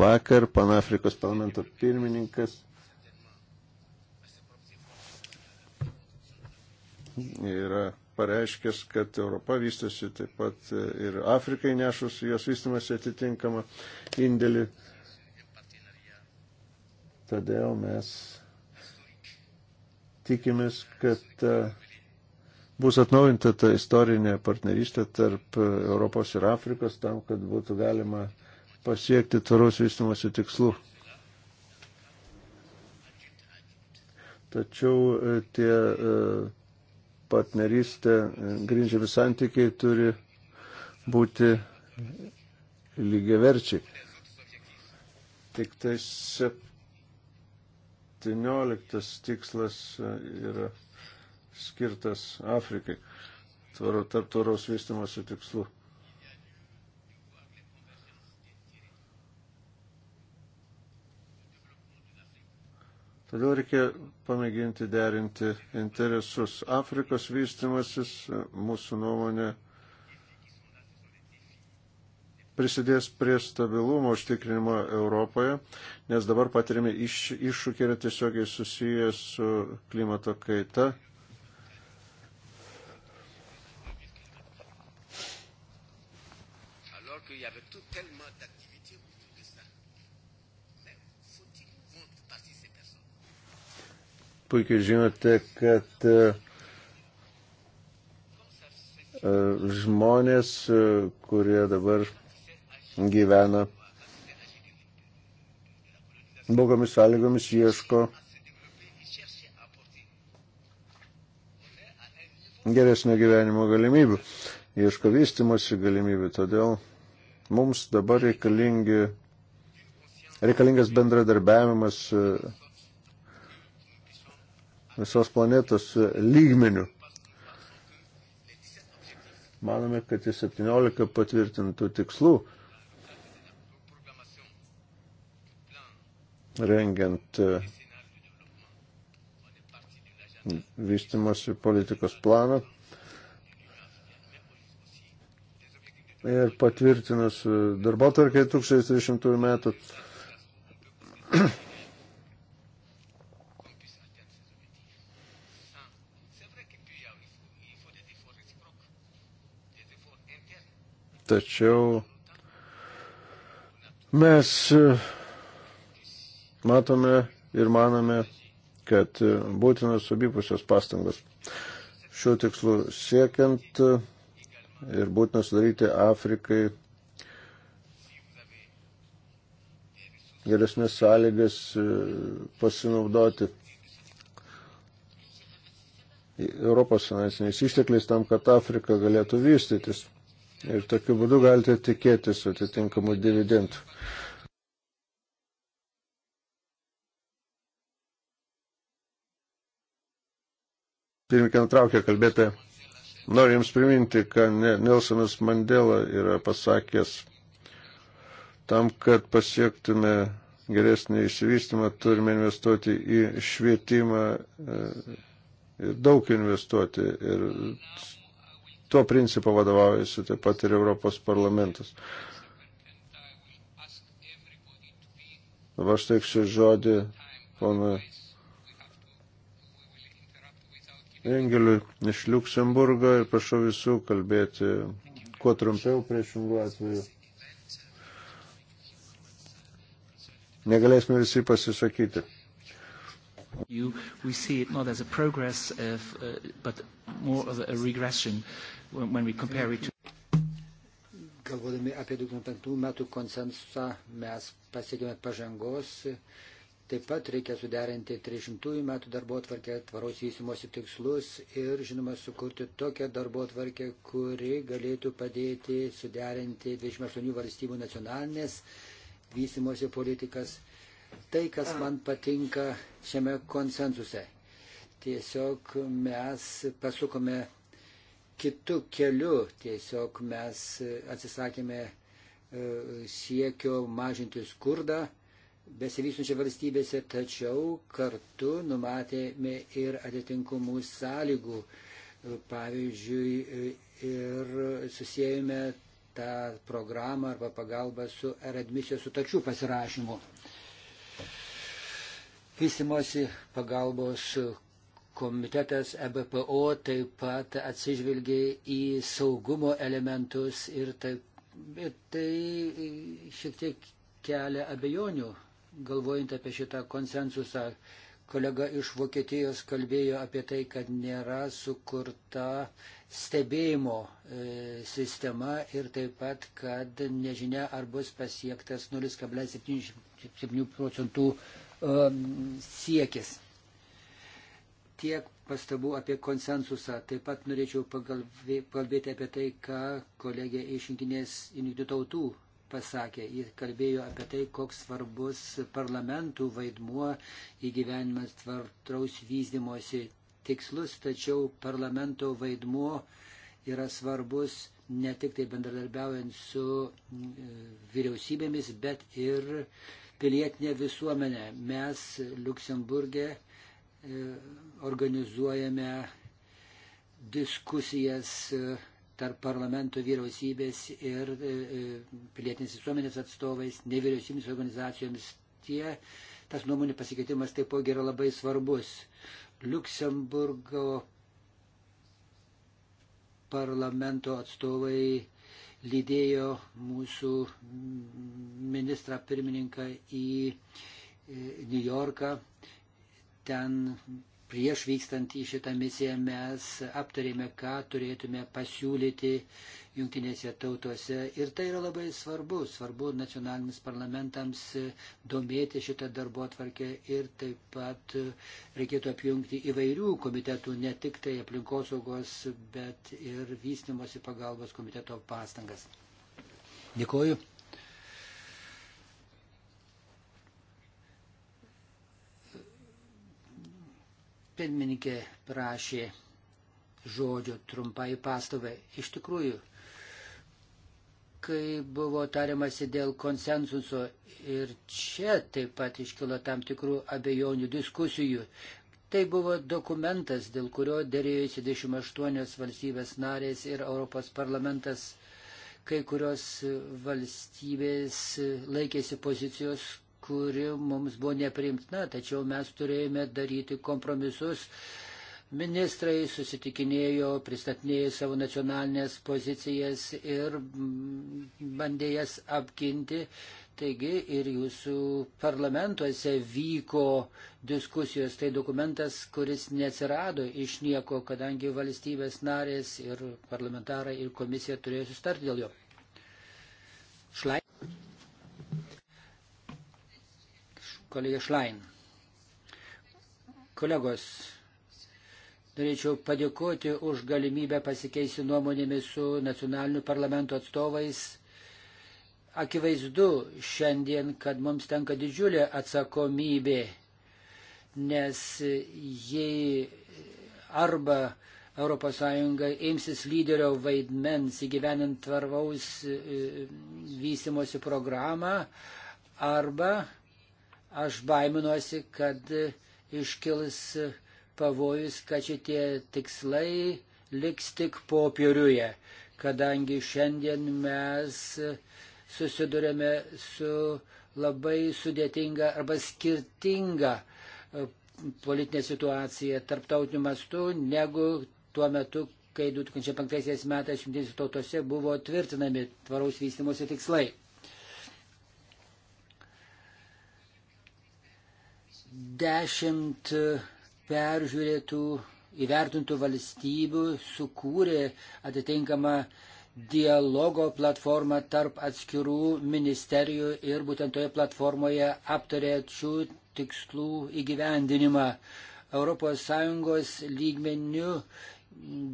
vakar Panafrikos parlamento pirmininkas yra pareiškęs, kad Europa vystosi taip pat ir Afrikai nešus jos vystimasi atitinkamą indėlį. Todėl mes tikimės, kad e, bus atnaujinta ta istorinė partnerystė tarp Europos ir Afrikos tam, kad būtų galima pasiekti tvaros vystimosi tikslų. Tačiau e, tie e, partnerystė, grindžiami santykiai turi būti lygiaverčiai. Tik tai 17 tikslas e, yra skirtas Afrikai, tvaro tarp tvaraus vystimosi tikslų. Todėl reikia pamėginti derinti interesus. Afrikos vystimasis, mūsų nuomonė, prisidės prie stabilumo užtikrinimo Europoje, nes dabar patirimi iš, iššūkiai yra tiesiogiai susijęs su klimato kaita, puikiai žinote, kad e, e, žmonės, e, kurie dabar gyvena blogomis sąlygomis, ieško geresnio gyvenimo galimybių, ieško vystimosi galimybių. Todėl mums dabar reikalingi, reikalingas bendradarbiavimas visos planetos lygmenių. Manome, kad į 17 patvirtintų tikslų rengiant e, vystimosi politikos planą ir patvirtinus darbo tarkai 1300 metų Tačiau mes e, matome ir manome, kad e, būtinas abipusios pastangos šiuo tikslu siekiant e, ir būtina sudaryti Afrikai geresnės sąlygas pasinaudoti Europos finansiniais ištekliais tam, kad Afrika galėtų vystytis ir tokiu būdu galite tikėtis atitinkamų dividendų. Pirmininkė nutraukė kalbėtoją. Noriu Jums priminti, kad Nelsonas Mandela yra pasakęs, tam, kad pasiektume geresnį išsivystymą, turime investuoti į švietimą e, ir daug investuoti. Ir Tuo principu vadovaujasi taip pat ir Europos parlamentas. Dabar aš teiksiu žodį ponui Engeliui iš Luxemburgo ir prašau visų kalbėti kuo trumpiau priešingų atveju. Negalėsime visi pasisakyti. You, we see it not as a progress, uh, uh but more of a regression. Uh, when we compare it to galvodami apie 2005 metų konsensusą mes pasiekėme pažangos. Taip pat reikia suderinti 300 metų darbo atvarkę, tvaros įsimosi tikslus ir, žinoma, sukurti tokią darbo atvarkę, kuri galėtų padėti suderinti 28 valstybių nacionalinės vysimosi politikas. Tai, kas man patinka šiame konsensuse. Tiesiog mes pasukome kitų kelių. Tiesiog mes atsisakėme e, siekio mažinti skurdą besivystančiose valstybėse, tačiau kartu numatėme ir atitinkamų sąlygų. E, pavyzdžiui, e, ir susijėjome tą programą arba pagalbą su eradmisijos sutačių pasirašymu. Vystimosi pagalbos komitetas EBPO taip pat atsižvelgė į saugumo elementus ir taip, bet tai šiek tiek kelia abejonių, galvojant apie šitą konsensusą. Kolega iš Vokietijos kalbėjo apie tai, kad nėra sukurta stebėjimo e, sistema ir taip pat, kad nežinia, ar bus pasiektas 0,77 procentų e, siekis tiek pastabų apie konsensusą. Taip pat norėčiau pakalbėti apie tai, ką kolegė iš Jungtinės Jungtinių tautų pasakė. Jis kalbėjo apie tai, koks svarbus parlamentų vaidmuo įgyvenimas tvartraus vyzdimosi tikslus, tačiau parlamento vaidmuo yra svarbus ne tik tai bendradarbiaujant su e, vyriausybėmis, bet ir pilietinė visuomenė. Mes Luksemburgė E, organizuojame diskusijas e, tarp parlamento vyriausybės ir e, pilietinės visuomenės atstovais, nevyriausybės organizacijoms. Tie, tas nuomonė pasikeitimas taipogi yra labai svarbus. Luksemburgo parlamento atstovai lydėjo mūsų ministrą pirmininką į Niujorką ten prieš vykstant į šitą misiją mes aptarėme, ką turėtume pasiūlyti jungtinėse tautose. Ir tai yra labai svarbu, svarbu nacionalinis parlamentams domėti šitą darbo atvarkę ir taip pat reikėtų apjungti įvairių komitetų, ne tik tai aplinkosaugos, bet ir vystimosi pagalbos komiteto pastangas. Dėkuoju. pirmininkė prašė žodžio trumpai pastovai. Iš tikrųjų, kai buvo tariamasi dėl konsensuso ir čia taip pat iškilo tam tikrų abejonių diskusijų. Tai buvo dokumentas, dėl kurio dėrėjosi 28 valstybės narės ir Europos parlamentas. Kai kurios valstybės laikėsi pozicijos, kuri mums buvo nepriimtina, tačiau mes turėjome daryti kompromisus. Ministrai susitikinėjo, pristatinėjo savo nacionalinės pozicijas ir mm, bandė jas apginti. Taigi ir jūsų parlamentuose vyko diskusijos, tai dokumentas, kuris neatsirado iš nieko, kadangi valstybės narės ir parlamentarai ir komisija turėjo sustarti dėl jo. Šlai. kolegė Šlain. Kolegos, norėčiau padėkoti už galimybę pasikeisti nuomonėmis su nacionaliniu parlamento atstovais. Akivaizdu šiandien, kad mums tenka didžiulė atsakomybė, nes jei arba ES imsis lyderio vaidmens įgyvenint tvarvaus e, e, vystimosi programą, arba Aš baiminuosi, kad iškils pavojus, kad šitie tikslai liks tik popieriuje, kadangi šiandien mes susidurėme su labai sudėtinga arba skirtinga e, politinė situacija tarptautiniu mastu negu tuo metu, kai 2005 metais jungtinėse tautose buvo tvirtinami tvaraus vystimosi tikslai. dešimt peržiūrėtų įvertintų valstybių sukūrė atitinkamą dialogo platformą tarp atskirų ministerijų ir būtent toje platformoje aptarė šių tikslų įgyvendinimą. ES lygmenių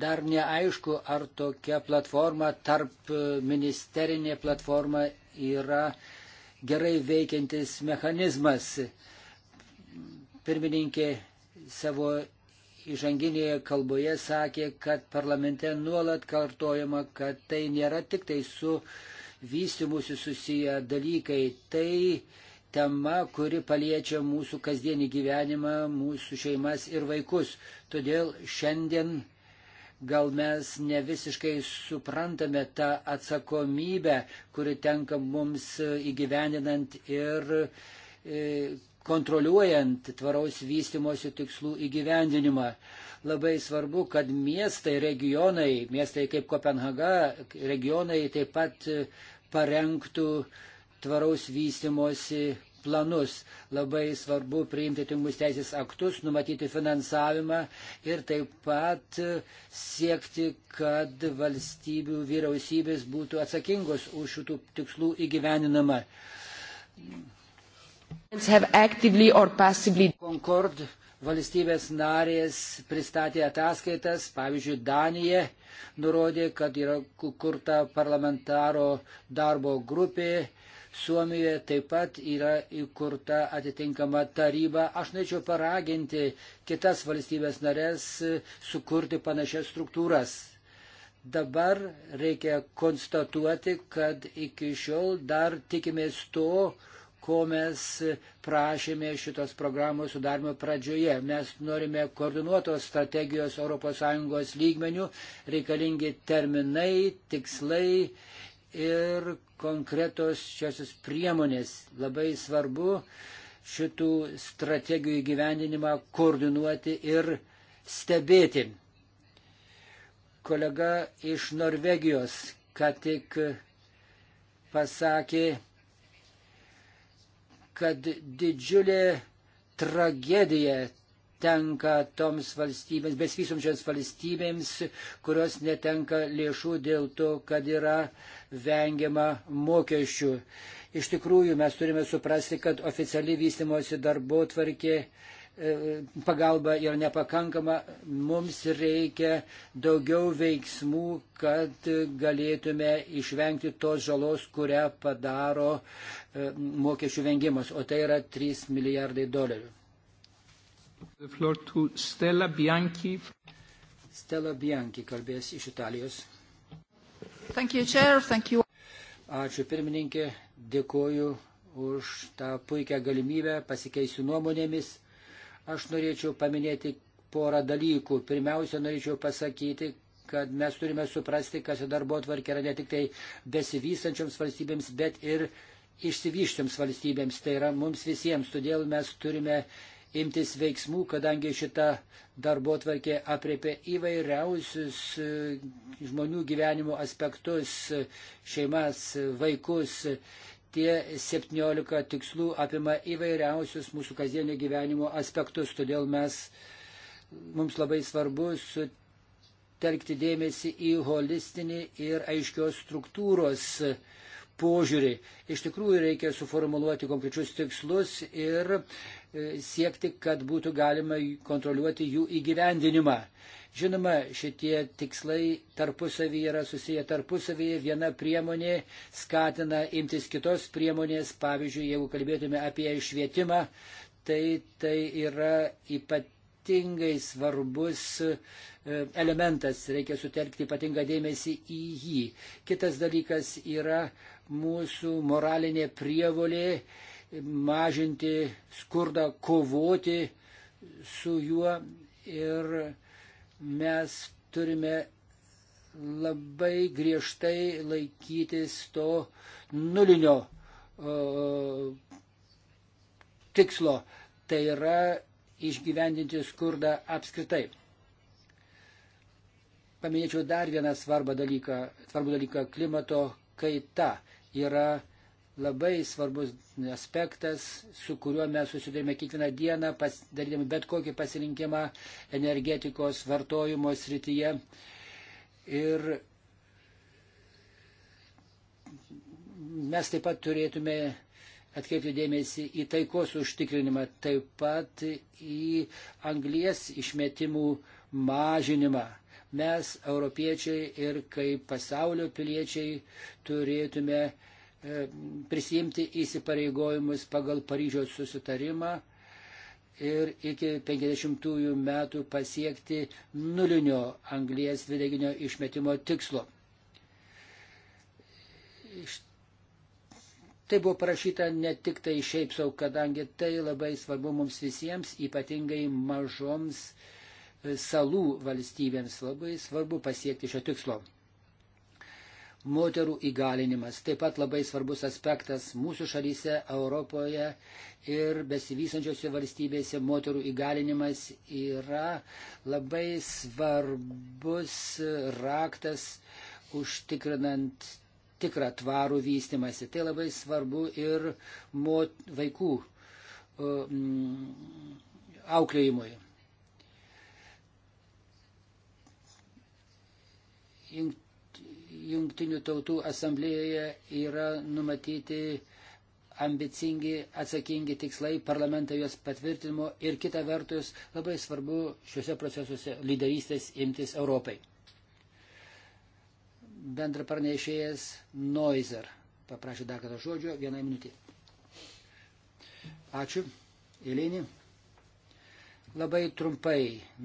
dar neaišku, ar tokia platforma tarp ministerinė platforma yra gerai veikiantis mechanizmas pirmininkė savo įžanginėje kalboje sakė, kad parlamente nuolat kartojama, kad tai nėra tik tai su vystimusi susiję dalykai. Tai tema, kuri paliečia mūsų kasdienį gyvenimą, mūsų šeimas ir vaikus. Todėl šiandien gal mes ne visiškai suprantame tą atsakomybę, kuri tenka mums įgyvendinant ir e, kontroliuojant tvaraus vystimosi tikslų įgyvendinimą. Labai svarbu, kad miestai, regionai, miestai kaip Kopenhaga, regionai taip pat parengtų tvaraus vystimosi planus. Labai svarbu priimti tingus teisės aktus, numatyti finansavimą ir taip pat siekti, kad valstybių vyriausybės būtų atsakingos už šitų tikslų įgyveninimą Concord valstybės narės pristatė ataskaitas, pavyzdžiui, Danija nurodė, kad yra kurta parlamentaro darbo grupė, Suomijoje taip pat yra įkurta atitinkama taryba. Aš norėčiau paraginti kitas valstybės narės sukurti panašias struktūras. Dabar reikia konstatuoti, kad iki šiol dar tikimės to, ko mes prašėme šitos programos sudarimo pradžioje. Mes norime koordinuotos strategijos ES lygmenių, reikalingi terminai, tikslai ir konkretos šiosios priemonės. Labai svarbu šitų strategijų įgyvendinimą koordinuoti ir stebėti. Kolega iš Norvegijos, ką tik pasakė, kad didžiulė tragedija tenka toms valstybėms, besvysumčiams valstybėms, kurios netenka lėšų dėl to, kad yra vengiama mokesčių. Iš tikrųjų, mes turime suprasti, kad oficiali vystimosi darbo tvarkė E, pagalba yra nepakankama, mums reikia daugiau veiksmų, kad galėtume išvengti tos žalos, kurią padaro e, mokesčių vengimas, o tai yra 3 milijardai dolerių. Stella Bianchi. Stella Bianchi kalbės iš Italijos. Thank you, Chair. Thank you. Ačiū pirmininkė, dėkoju už tą puikią galimybę pasikeisti nuomonėmis Aš norėčiau paminėti porą dalykų. Pirmiausia, norėčiau pasakyti, kad mes turime suprasti, kad darbo tvarkė yra ne tik tai besivystančioms valstybėms, bet ir išsivyščioms valstybėms. Tai yra mums visiems. Todėl mes turime imtis veiksmų, kadangi šita darbo tvarkė apriepia įvairiausius e, žmonių gyvenimo aspektus, šeimas, vaikus tie 17 tikslų apima įvairiausius mūsų kasdienio gyvenimo aspektus, todėl mes, mums labai svarbu sutelkti dėmesį į holistinį ir aiškios struktūros požiūrį. Iš tikrųjų reikia suformuluoti konkrečius tikslus ir e, siekti, kad būtų galima kontroliuoti jų įgyvendinimą. Žinoma, šitie tikslai tarpusavyje yra susiję tarpusavyje, viena priemonė skatina imtis kitos priemonės, pavyzdžiui, jeigu kalbėtume apie švietimą, tai tai yra ypatingai svarbus e, elementas, reikia sutelkti ypatingą dėmesį į jį. Kitas dalykas yra mūsų moralinė prievolė mažinti skurdą, kovoti su juo ir mes turime labai griežtai laikytis to nulinio o, tikslo, tai yra išgyvendinti skurdą apskritai. Paminėčiau dar vieną svarbą dalyką, svarbų dalyką - klimato kaita yra labai svarbus aspektas, su kuriuo mes susidurime kiekvieną dieną, pas, darydami bet kokį pasirinkimą energetikos vartojimo srityje. Ir mes taip pat turėtume atkreipti dėmesį į taikos užtikrinimą, taip pat į anglies išmetimų mažinimą mes, europiečiai ir kaip pasaulio piliečiai, turėtume E, prisijimti įsipareigojimus pagal Paryžiaus susitarimą ir iki 50 metų pasiekti nulinio anglijas dvideginio išmetimo tikslo. Tai buvo parašyta ne tik tai šiaip savo, kadangi tai labai svarbu mums visiems, ypatingai mažoms e, salų valstybėms labai svarbu pasiekti šio tikslo moterų įgalinimas. Taip pat labai svarbus aspektas mūsų šalyse, Europoje ir besivysančiose valstybėse moterų įgalinimas yra labai svarbus raktas užtikrinant tikrą tvarų vystimąsi. Tai labai svarbu ir mot, vaikų um, auklėjimui. Jungti Jungtinių tautų asamblėje yra numatyti ambicingi, atsakingi tikslai, parlamentai juos patvirtinimo ir kita vertus labai svarbu šiuose procesuose lyderystės imtis Europai. Bendra pranešėjas Noizer paprašė dar kartą žodžio, vieną minutį. Ačiū, Elinį. Labai trumpai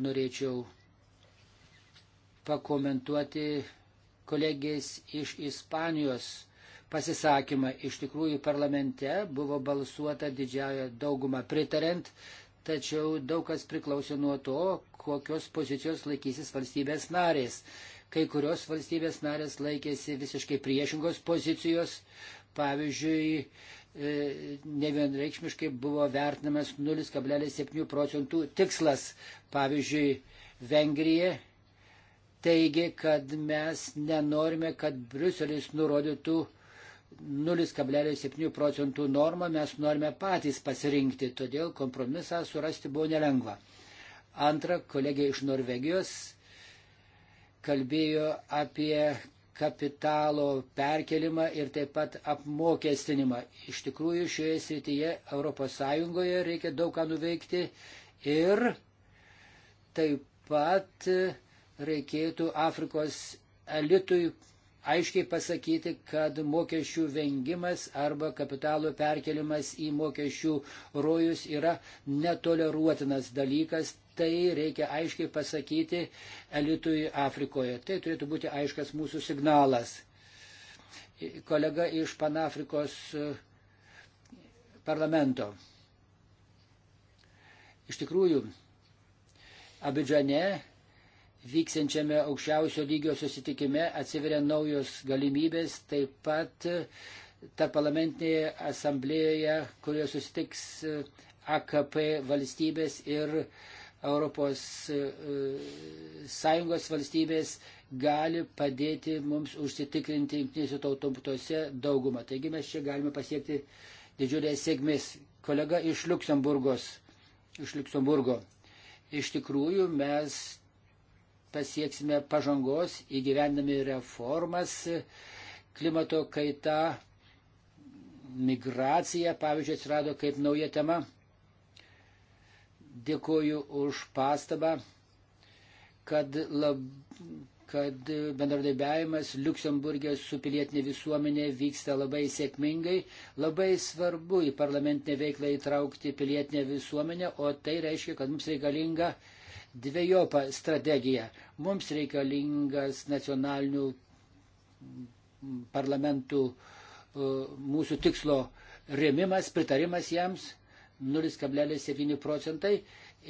norėčiau pakomentuoti kolegės iš Ispanijos pasisakymą. Iš tikrųjų parlamente buvo balsuota didžiąją daugumą pritarent, tačiau daug kas priklausė nuo to, kokios pozicijos laikysis valstybės narės. Kai kurios valstybės narės laikėsi visiškai priešingos pozicijos. Pavyzdžiui, e, nevienreikšmiškai buvo vertinamas 0,7 procentų tikslas. Pavyzdžiui, Vengrija teigia, kad mes nenorime, kad Bruselis nurodytų 0,7 procentų normą, mes norime patys pasirinkti, todėl kompromisą surasti buvo nelengva. Antra, kolegė iš Norvegijos kalbėjo apie kapitalo perkelimą ir taip pat apmokestinimą. Iš tikrųjų, šioje srityje ES reikia daug ką nuveikti ir taip pat reikėtų Afrikos elitui aiškiai pasakyti, kad mokesčių vengimas arba kapitalo perkelimas į mokesčių rojus yra netoleruotinas dalykas. Tai reikia aiškiai pasakyti elitui Afrikoje. Tai turėtų būti aiškas mūsų signalas. Kolega iš Panafrikos e, parlamento. Iš tikrųjų, Abidžane vyksiančiame aukščiausio lygio susitikime atsiveria naujos galimybės, taip pat e, ta parlamentinėje asamblėje, kurioje susitiks e, AKP valstybės ir Europos e, Sąjungos valstybės gali padėti mums užsitikrinti jungtinėse tautose daugumą. Taigi mes čia galime pasiekti didžiulės sėkmės. Kolega iš Luxemburgos, iš Luxemburgo. Iš tikrųjų mes pasieksime pažangos įgyvendami reformas, klimato kaita, migracija, pavyzdžiui, atsirado kaip nauja tema. Dėkuoju už pastabą, kad, lab, kad bendradarbiavimas Luksemburgė su pilietinė visuomenė vyksta labai sėkmingai. Labai svarbu į parlamentinę veiklą įtraukti pilietinę visuomenę, o tai reiškia, kad mums reikalinga uh, dviejopą strategiją. Mums reikalingas nacionalinių parlamentų e, mūsų tikslo rėmimas, pritarimas jiems 0,7 procentai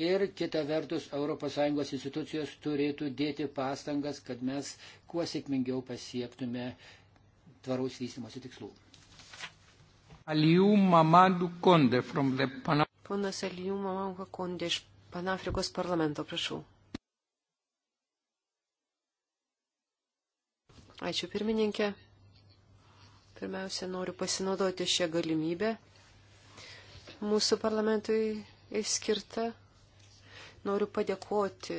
ir kita vertus ES institucijos turėtų dėti pastangas, kad mes kuo sėkmingiau pasiektume tvaraus vystimosi tikslų. Aliu Mamadou Konde from the Pana. Ponas Aliu Mamadou Konde iš Panafrikos parlamento, prašau. Ačiū pirmininkė. Pirmiausia, noriu pasinaudoti šią galimybę. Mūsų parlamentui išskirta. Noriu padėkoti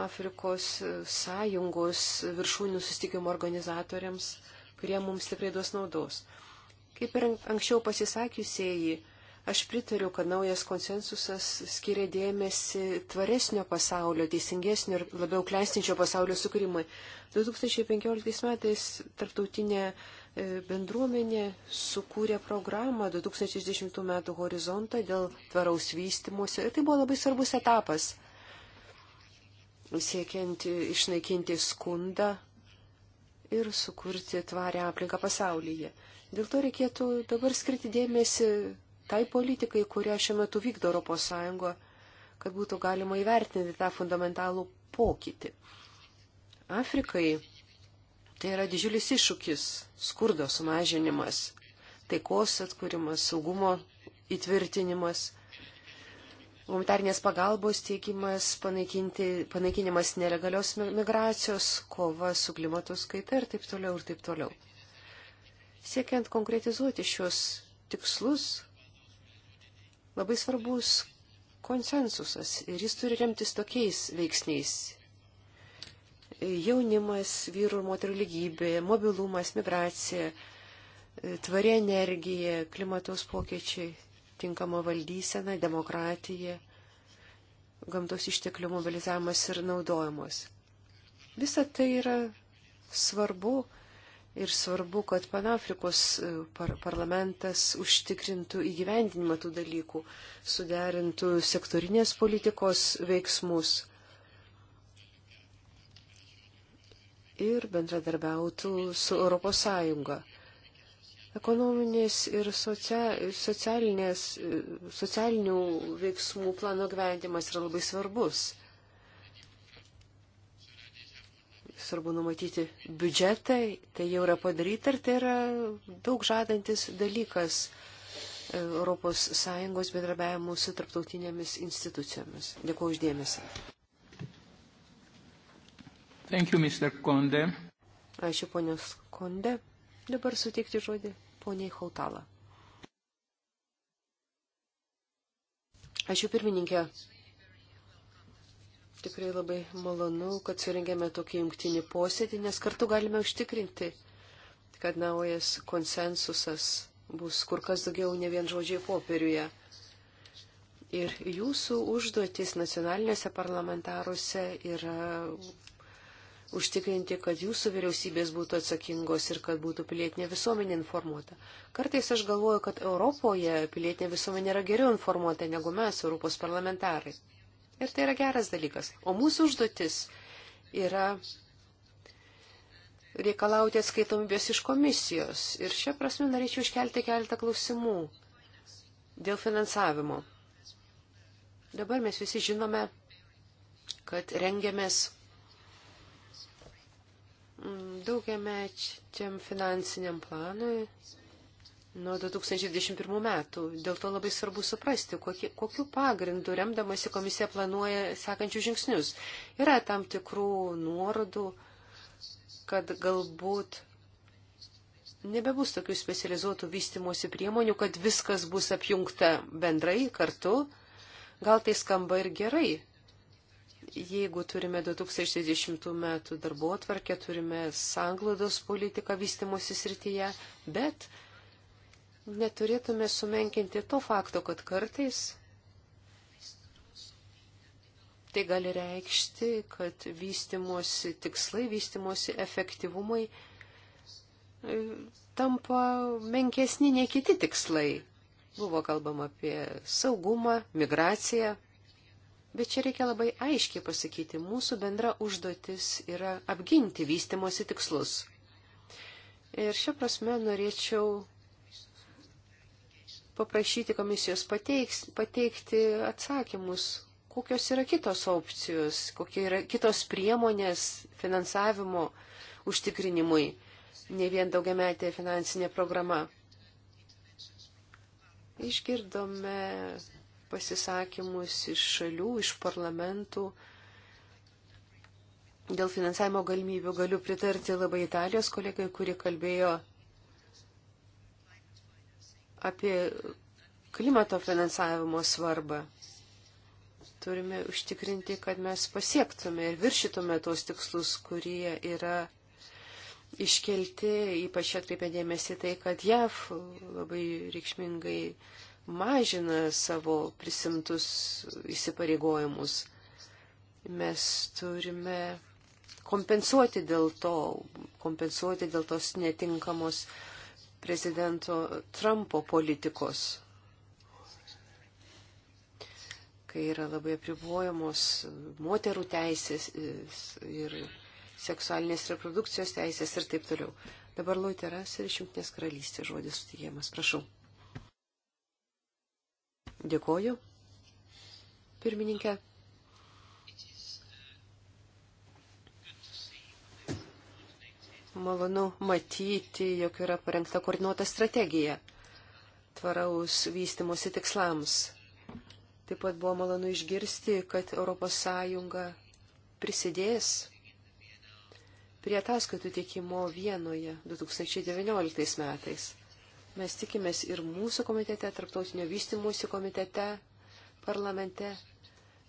Afrikos sąjungos viršūnių sustikimo organizatoriams, kurie mums tikrai duos naudos. Kaip ir anksčiau pasisakiusieji, Aš pritariu, kad naujas konsensusas skiria dėmesį tvaresnio pasaulio, teisingesnio ir labiau klestinčio pasaulio sukūrimui. 2015 metais tarptautinė e, bendruomenė sukūrė programą 2010 metų horizontą dėl tvaraus vystimuose ir tai buvo labai svarbus etapas siekiant išnaikinti skundą ir sukurti tvarę aplinką pasaulyje. Dėl to reikėtų dabar skirti dėmesį tai politikai, kurią šiuo metu vykdo ES, kad būtų galima įvertinti tą fundamentalų pokytį. Afrikai tai yra didžiulis iššūkis - skurdo sumažinimas, taikos atkūrimas, saugumo įtvirtinimas humanitarnės pagalbos teikimas, panaikinimas nelegalios migracijos, kova su klimatos kaita ir taip toliau ir taip toliau. Siekiant konkretizuoti šios tikslus, labai svarbus konsensusas ir jis turi remtis tokiais veiksniais. Jaunimas, vyrų ir moterų lygybė, mobilumas, migracija, tvari energija, klimatos pokyčiai, tinkama valdysena, demokratija, gamtos išteklių mobilizavimas ir naudojimas. Visa tai yra svarbu Ir svarbu, kad Panafrikos e, par parlamentas užtikrintų įgyvendinimą tų dalykų, suderintų sektorinės politikos veiksmus ir bendradarbiautų su ES. Ekonominės ir socialinės, e, socialinių veiksmų plano gyvendimas yra labai svarbus. svarbu numatyti biudžetai, tai jau yra padaryta ir tai yra daug žadantis dalykas ES bendrabiavimu su tarptautinėmis institucijomis. Dėkuoju uždėmesi. Thank you, Mr. Konde. Ačiū, ponios Konde. Dabar suteikti žodį poniai Hautala. Ačiū, pirmininkė tikrai labai malonu, kad surengėme tokį jungtinį posėdį, nes kartu galime užtikrinti, kad naujas konsensusas bus kur kas daugiau ne vien žodžiai popieriuje. Ir jūsų užduotis nacionalinėse parlamentaruose yra užtikrinti, kad jūsų vyriausybės būtų atsakingos ir kad būtų pilietinė visuomenė informuota. Kartais aš galvoju, kad Europoje pilietinė visuomenė yra geriau informuota negu mes, Europos parlamentarai. Ir tai yra geras dalykas. O mūsų užduotis yra reikalauti atskaitomybės iš komisijos. Ir šią prasme norėčiau iškelti keletą klausimų dėl finansavimo. Dabar mes visi žinome, kad rengiamės daugiamečiam finansiniam planui nuo 2021 metų. Dėl to labai svarbu suprasti, kokie, kokiu pagrindu remdamasi komisija planuoja sekančius žingsnius. Yra tam tikrų nuorodų, kad galbūt nebebus tokių specializuotų vystimosi priemonių, kad viskas bus apjungta bendrai kartu. Gal tai skamba ir gerai. Jeigu turime 2060 metų darbo atvarkę, turime sanglaudos politiką vystimosi srityje, bet neturėtume sumenkinti to fakto, kad kartais tai gali reikšti, kad vystimosi tikslai, vystimosi efektyvumai e, tampa menkesni nei kiti tikslai. Buvo kalbama apie saugumą, migraciją, bet čia reikia labai aiškiai pasakyti, mūsų bendra užduotis yra apginti vystimosi tikslus. Ir šią prasme norėčiau paprašyti komisijos pateiks, pateikti atsakymus, kokios yra kitos opcijos, kokie yra kitos priemonės finansavimo užtikrinimui, ne vien daugiametė finansinė programa. Išgirdome pasisakymus iš šalių, iš parlamentų. Dėl finansavimo galimybių galiu pritarti labai Italijos kolegai, kuri kalbėjo apie klimato finansavimo svarbą. Turime užtikrinti, kad mes pasiektume ir viršytume tos tikslus, kurie yra iškelti, ypač atkreipia dėmesį tai, kad JAV labai reikšmingai mažina savo prisimtus įsipareigojimus. Mes turime kompensuoti dėl to, kompensuoti dėl tos netinkamos uh, prezidento Trumpo politikos, kai yra labai apribojamos moterų teisės ir seksualinės reprodukcijos teisės ir taip toliau. Dabar Loiteras ir iš Junktinės karalystės žodis suteikiamas. Prašau. Dėkoju. Pirmininkė. malonu matyti, jog yra parengta koordinuota strategija tvaraus vystimosi tikslams. Taip pat buvo malonu išgirsti, kad ES prisidės prie ataskaitų tiekimo Vienoje 2019 metais. Mes tikimės ir mūsų komitete, tarptautinio vystimusi komitete, parlamente.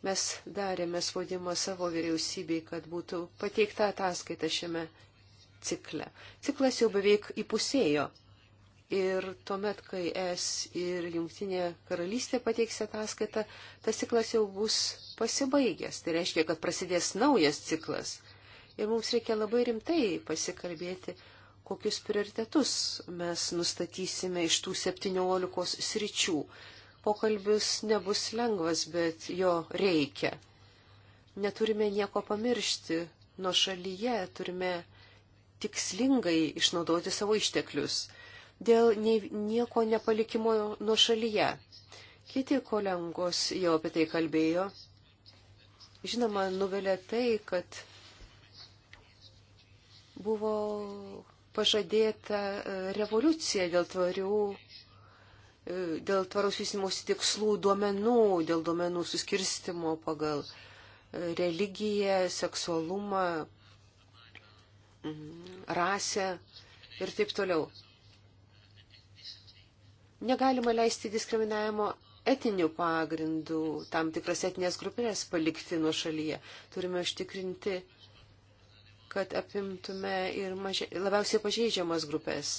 Mes darėme spaudimą savo vyriausybei, kad būtų pateikta ataskaita šiame, cikle. Ciklas jau beveik įpusėjo. Ir tuomet, kai es ir Junktinė karalystė pateiks ataskaitą, tas ciklas jau bus pasibaigęs. Tai reiškia, kad prasidės naujas ciklas. Ir mums reikia labai rimtai pasikalbėti, kokius prioritetus mes nustatysime iš tų septyniolikos sričių. Pokalbis nebus lengvas, bet jo reikia. Neturime nieko pamiršti, nuo šalyje turime tikslingai išnaudoti savo išteklius, dėl nieko nepalikimo nuo šalyje. Kiti kolegos jau apie tai kalbėjo. Žinoma, nuvelia tai, kad buvo pažadėta e, revoliucija dėl tvarių e, dėl tvaros vystimosi tikslų duomenų, dėl duomenų suskirstimo pagal e, religiją, seksualumą, rasę ir taip toliau. Negalima leisti diskriminavimo etinių pagrindų, tam tikras etinės grupės palikti nuo šalyje. Turime užtikrinti, kad apimtume ir mažia, labiausiai pažeidžiamas grupės.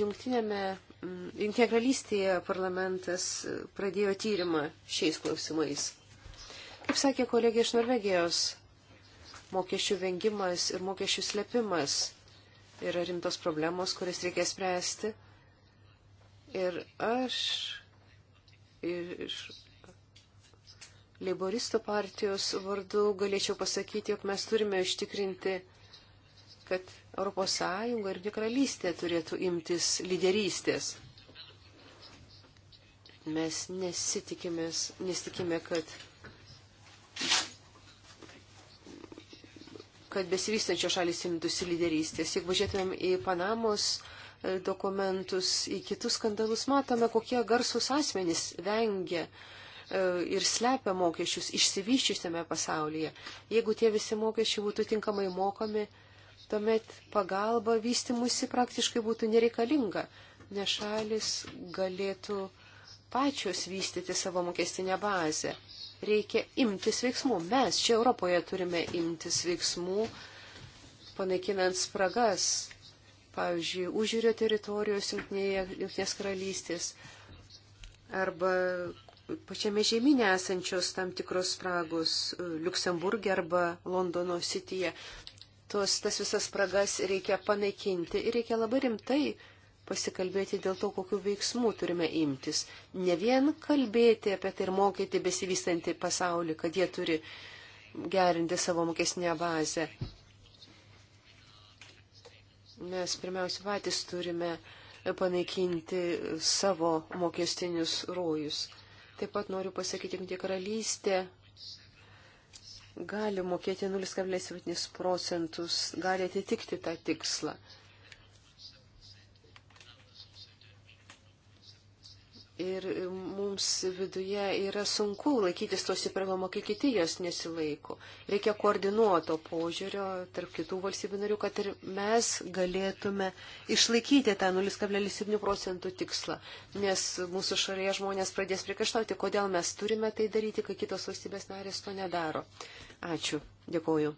Jungtinėme, mm, Jungtinė karalystėje parlamentas pradėjo tyrimą šiais klausimais. Kaip sakė kolegė iš Norvegijos, mokesčių vengimas ir mokesčių slėpimas yra rimtos problemos, kurias reikia spręsti. Ir aš iš Leiboristų partijos vardu galėčiau pasakyti, jog mes turime ištikrinti, kad ES ir karalystė turėtų imtis lyderystės. Mes nesitikime, kad kad besivystančios šalis imtųsi lyderystės. Jeigu žiūrėtumėm į Panamos e, dokumentus, į kitus skandalus, matome, kokie garsus asmenys vengia e, ir slepia mokesčius išsivyščiusiame pasaulyje. Jeigu tie visi mokesčiai būtų tinkamai mokami, tuomet pagalba vystimusi praktiškai būtų nereikalinga, nes šalis galėtų pačios vystyti savo mokestinę bazę reikia imtis veiksmų. Mes čia Europoje turime imtis veiksmų, panaikinant spragas, pavyzdžiui, užjūrio teritorijos jungtinės karalystės arba pačiame žemynė esančios tam tikros spragos e, Luksemburgė arba Londono sityje. Tos, tas visas spragas reikia panaikinti ir reikia labai rimtai pasikalbėti dėl to, kokiu veiksmu turime imtis. Ne vien kalbėti apie tai ir mokyti besivystantį pasaulį, kad jie turi gerinti savo mokesnę bazę. Mes pirmiausia patys turime panaikinti savo mokestinius rojus. Taip pat noriu pasakyti, kad karalystė gali mokėti 0,7 procentus, gali atitikti tą tikslą. Ir mums viduje yra sunku laikytis tos įpravimo, kai kiti jos nesilaiko. Reikia koordinuoto požiūrio tarp kitų valstybių narių, kad ir mes galėtume išlaikyti tą 0,7 procentų tikslą. Nes mūsų šalyje žmonės pradės priekaštauti, kodėl mes turime tai daryti, kai kitos valstybės narės to nedaro. Ačiū. Dėkuoju.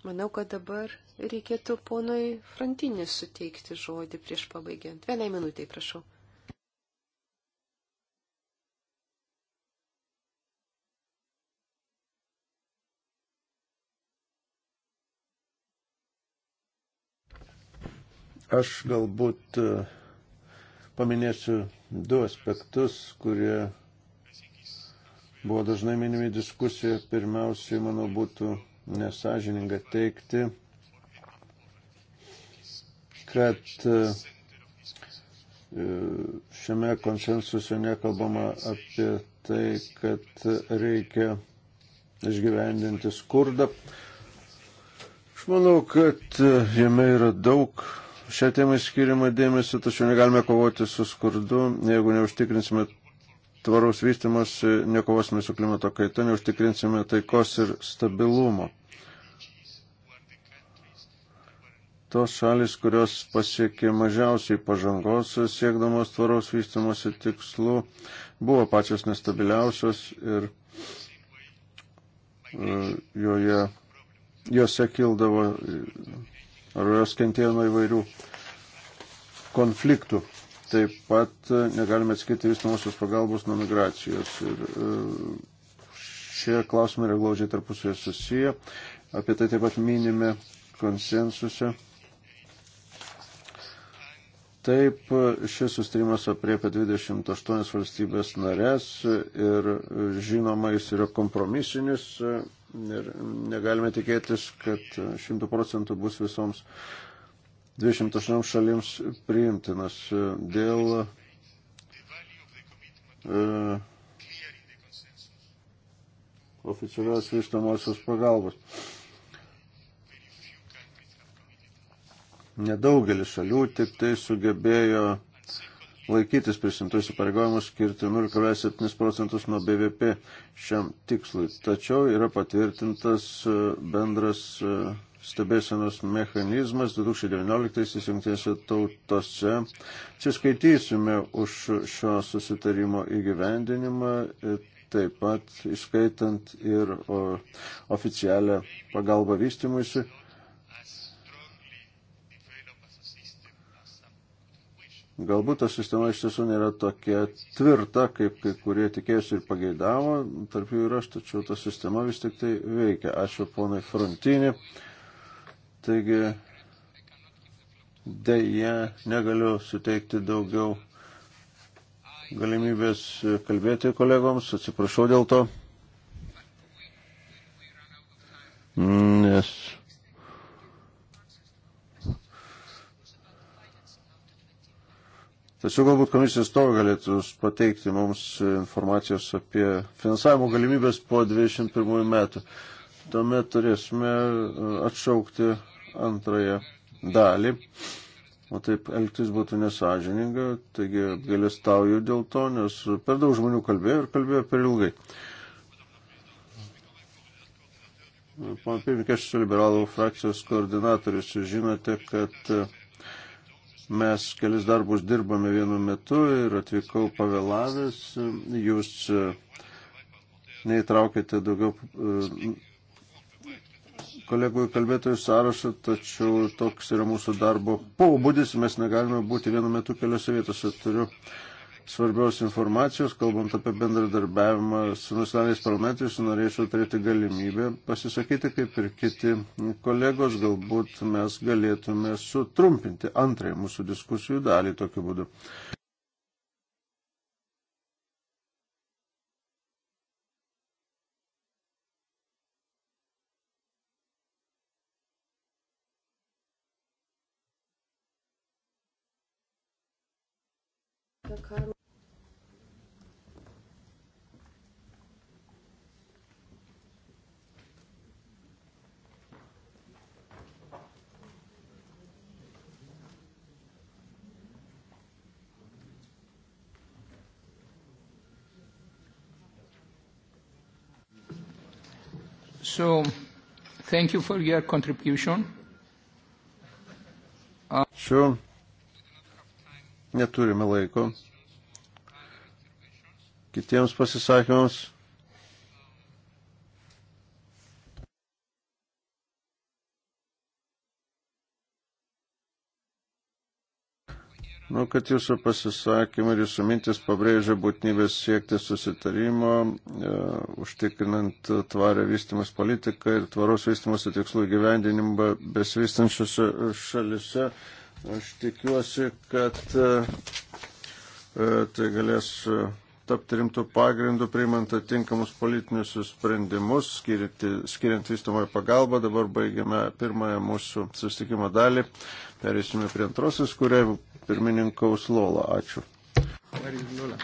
Manau, kad dabar reikėtų ponui Frantinis suteikti žodį prieš pabaigiant. Vienai minutiai, prašau. Aš galbūt e, paminėsiu du aspektus, kurie buvo dažnai minimi diskusija. Pirmiausiai, manau, būtų nesažininga teikti, kad e, šiame konsensuse nekalbama apie tai, kad reikia išgyvendinti skurdą. Aš manau, kad e, jame yra daug šią temą skiriama dėmesio, tačiau negalime kovoti su skurdu, jeigu neužtikrinsime tvaraus vystimas, e, nekovosime su klimato kaita, neužtikrinsime taikos ir stabilumo. Tos šalis, kurios pasiekė mažiausiai pažangos e, siekdamos tvaraus vystimosi tikslų, buvo pačios nestabiliausios ir e, joje, jose kildavo ar jos kentėjo nuo įvairių konfliktų taip pat e, negalime atskirti vystamosios pagalbos nuo migracijos. Ir e, šie klausimai yra glaudžiai tarpusavėje susiję. Apie tai taip pat minime konsensuse. Taip, šis sustarimas apriepia 28 valstybės narės ir žinoma, jis yra kompromisinis ir negalime tikėtis, kad 100 procentų bus visoms 28 šalims priimtinas dėl e, oficialios vystamosios pagalbos. Nedaugelis šalių tik tai sugebėjo laikytis prisimtų įsipareigojimų skirti 0,7 procentus nuo BVP šiam tikslui. Tačiau yra patvirtintas e, bendras e, stebėsenos mechanizmas 2019 jungtinėse tautose. Atsiskaitysime už šio susitarimo įgyvendinimą, taip pat įskaitant ir o, oficialią pagalbą vystimuisi. Galbūt ta sistema iš tiesų nėra tokia tvirta, kaip kai kurie tikėjosi ir pageidavo, tarp jų ir aš, tačiau ta sistema vis tik tai veikia. Ačiū ponai Frontinį. Taigi dėje negaliu suteikti daugiau galimybės kalbėti kolegoms, atsiprašau dėl to, nes Tačiau galbūt komisijos to galėtų pateikti mums informacijos apie finansavimo galimybės po 21 metų. Tuomet turėsime atšaukti antrąją dalį. O taip elgtis būtų nesažininga, taigi apgailestauju dėl to, nes per daug žmonių kalbėjo ir kalbėjo per ilgai. Pana pirmininkė, aš esu liberalų frakcijos koordinatorius. Žinote, kad mes kelis darbus dirbame vienu metu ir atvykau pavėlavęs. Jūs neįtraukite daugiau kolegų ir kalbėtojų sąrašą, tačiau toks yra mūsų darbo pobūdis, mes negalime būti vienu metu keliose vietose. Turiu svarbios informacijos, kalbant apie bendradarbiavimą su nacionaliniais parlamentais, norėčiau turėti galimybę pasisakyti, kaip ir kiti kolegos, galbūt mes galėtume sutrumpinti antrąją mūsų diskusijų dalį tokiu būdu. So, thank you for your contribution. Ačiū. Neturime laiko kitiems pasisakymams. kad jūsų pasisakymai ir jūsų mintis pabrėžia būtinybės siekti susitarimo, e, užtikrinant tvarę vystimus politiką ir tvaros vystimus tikslų gyvendinimą besivystančiose šalise. Aš tikiuosi, kad e, e tai galės tapti rimtų pagrindų, priimant atinkamus politinius sprendimus, skirti, skiriant vystamąją pagalbą. Dabar baigiame pirmąją mūsų susitikimo dalį. Perėsime prie antrosios, kuriai pirmininkaus Lola. Ačiū. Lola.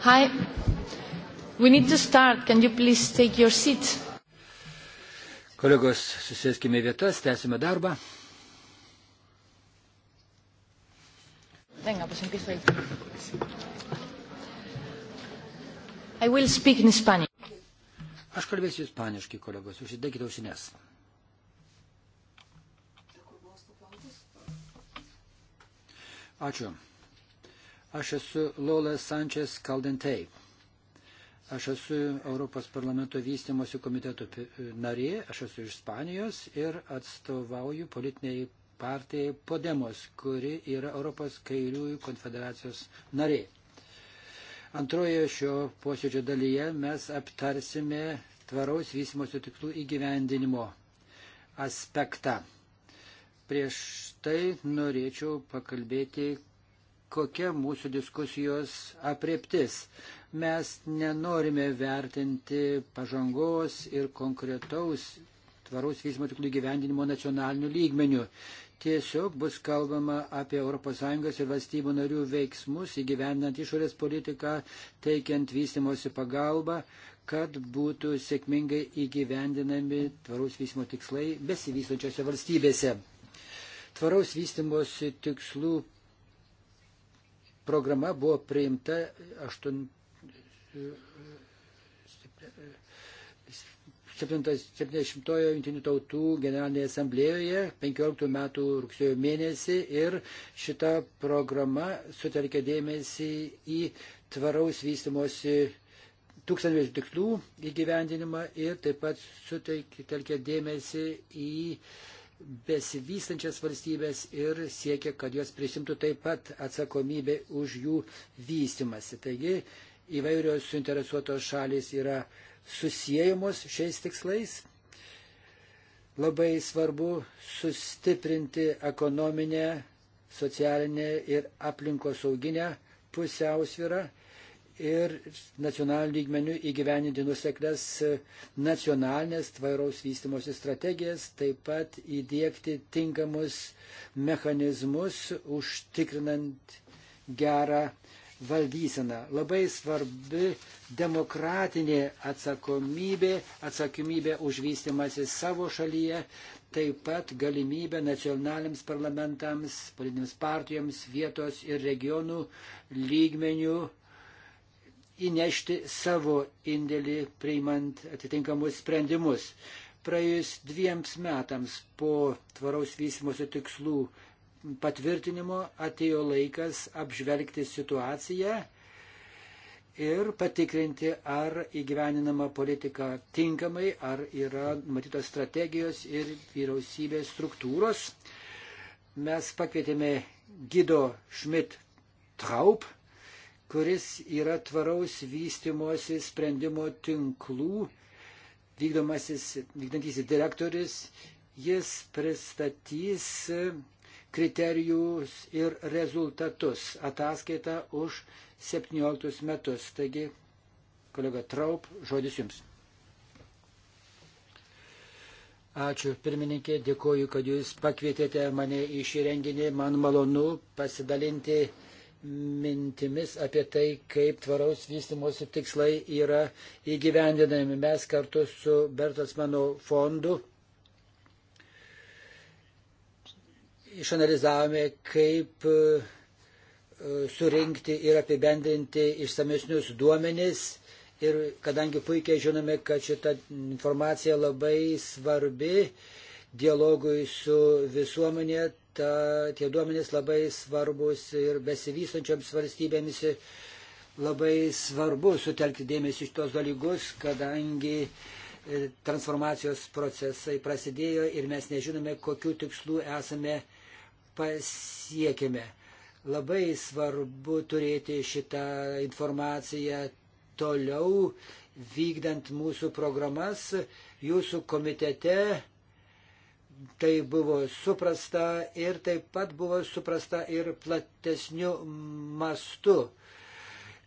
Hi. We need to start. Can you please take your seat? Kolegos, susėskime vietas, tęsime darbą. Venga, pues empiezo ahí. I will speak in Spanish. Aš kalbėsiu ispaniškai, kolegos, užsidėkite ausines. Ačiū. Aš esu Lola Sanchez Caldentei. Aš esu Europos parlamento vystimosi komiteto narė, aš esu iš Ispanijos ir atstovauju politiniai partijai Podemos, kuri yra Europos kairiųjų konfederacijos narė. Antroje šio posėdžio dalyje mes aptarsime tvaraus vystimosi tikslų įgyvendinimo aspektą. Prieš tai norėčiau pakalbėti, kokia mūsų diskusijos apriptis. Mes nenorime vertinti pažangos ir konkretaus tvaraus vystymo tiklų gyvendinimo nacionaliniu lygmeniu. Tiesiog bus kalbama apie ES ir valstybių narių veiksmus įgyvendinant išorės politiką, teikiant vystimosi pagalbą, kad būtų sėkmingai įgyvendinami tvaraus vystimo tikslai besivystančiose valstybėse. Tvaraus vystimosi tikslų programa buvo priimta 8, 70 jungtinių tautų generalinėje asamblėjoje 15 metų rugsėjo mėnesį ir šita programa sutelkė dėmesį į tvaraus vystimosi tūkstantmečio tikslų įgyvendinimą ir taip pat sutelkė dėmesį į besivystančias valstybės ir siekia, kad jos prisimtų taip pat atsakomybę už jų vystimasi. Taigi įvairios suinteresuotos šalis yra susijęjamos šiais tikslais. Labai svarbu sustiprinti ekonominę, socialinę ir aplinkosauginę pusiausvyrą ir nacionaliniu lygmeniu įgyveninti nusekles e, nacionalinės tvaraus vystimosi strategijas, taip pat įdėkti tinkamus mechanizmus, užtikrinant gerą valdyseną. Labai svarbi demokratinė atsakomybė, atsakomybė už vystimąsi savo šalyje, taip pat galimybę nacionaliniams parlamentams, politinėms partijoms, vietos ir regionų lygmenių įnešti savo indėlį priimant atitinkamus sprendimus. Praėjus dviems metams po tvaraus vystimosi tikslų patvirtinimo atėjo laikas apžvelgti situaciją ir patikrinti, ar įgyveninama politika tinkamai, ar yra matytos strategijos ir vyriausybės struktūros. Mes pakvietėme Gido Schmidt Traup kuris yra tvaraus vystimosi sprendimo tinklų vykdantysis direktorius. Jis pristatys kriterijus ir rezultatus ataskaitą už 17 metus. Taigi, kolega Traup, žodis jums. Ačiū pirmininkė, dėkoju, kad jūs pakvietėte mane į šį renginį. Man malonu pasidalinti mintimis apie tai, kaip tvaraus vystimosi tikslai yra įgyvendinami. Mes kartu su Bertasmano fondu išanalizavome, kaip e, surinkti ir apibendrinti išsamesnius duomenis. Ir kadangi puikiai žinome, kad šita informacija labai svarbi dialogui su visuomenė, ta, tie duomenys labai svarbus ir besivystančioms valstybėmis labai svarbu sutelkti dėmesį iš tos dalykus, kadangi e, transformacijos procesai prasidėjo ir mes nežinome, kokiu tikslu esame pasiekime. Labai svarbu turėti šitą informaciją toliau, vykdant mūsų programas. Jūsų komitete tai buvo suprasta ir taip pat buvo suprasta ir platesniu mastu.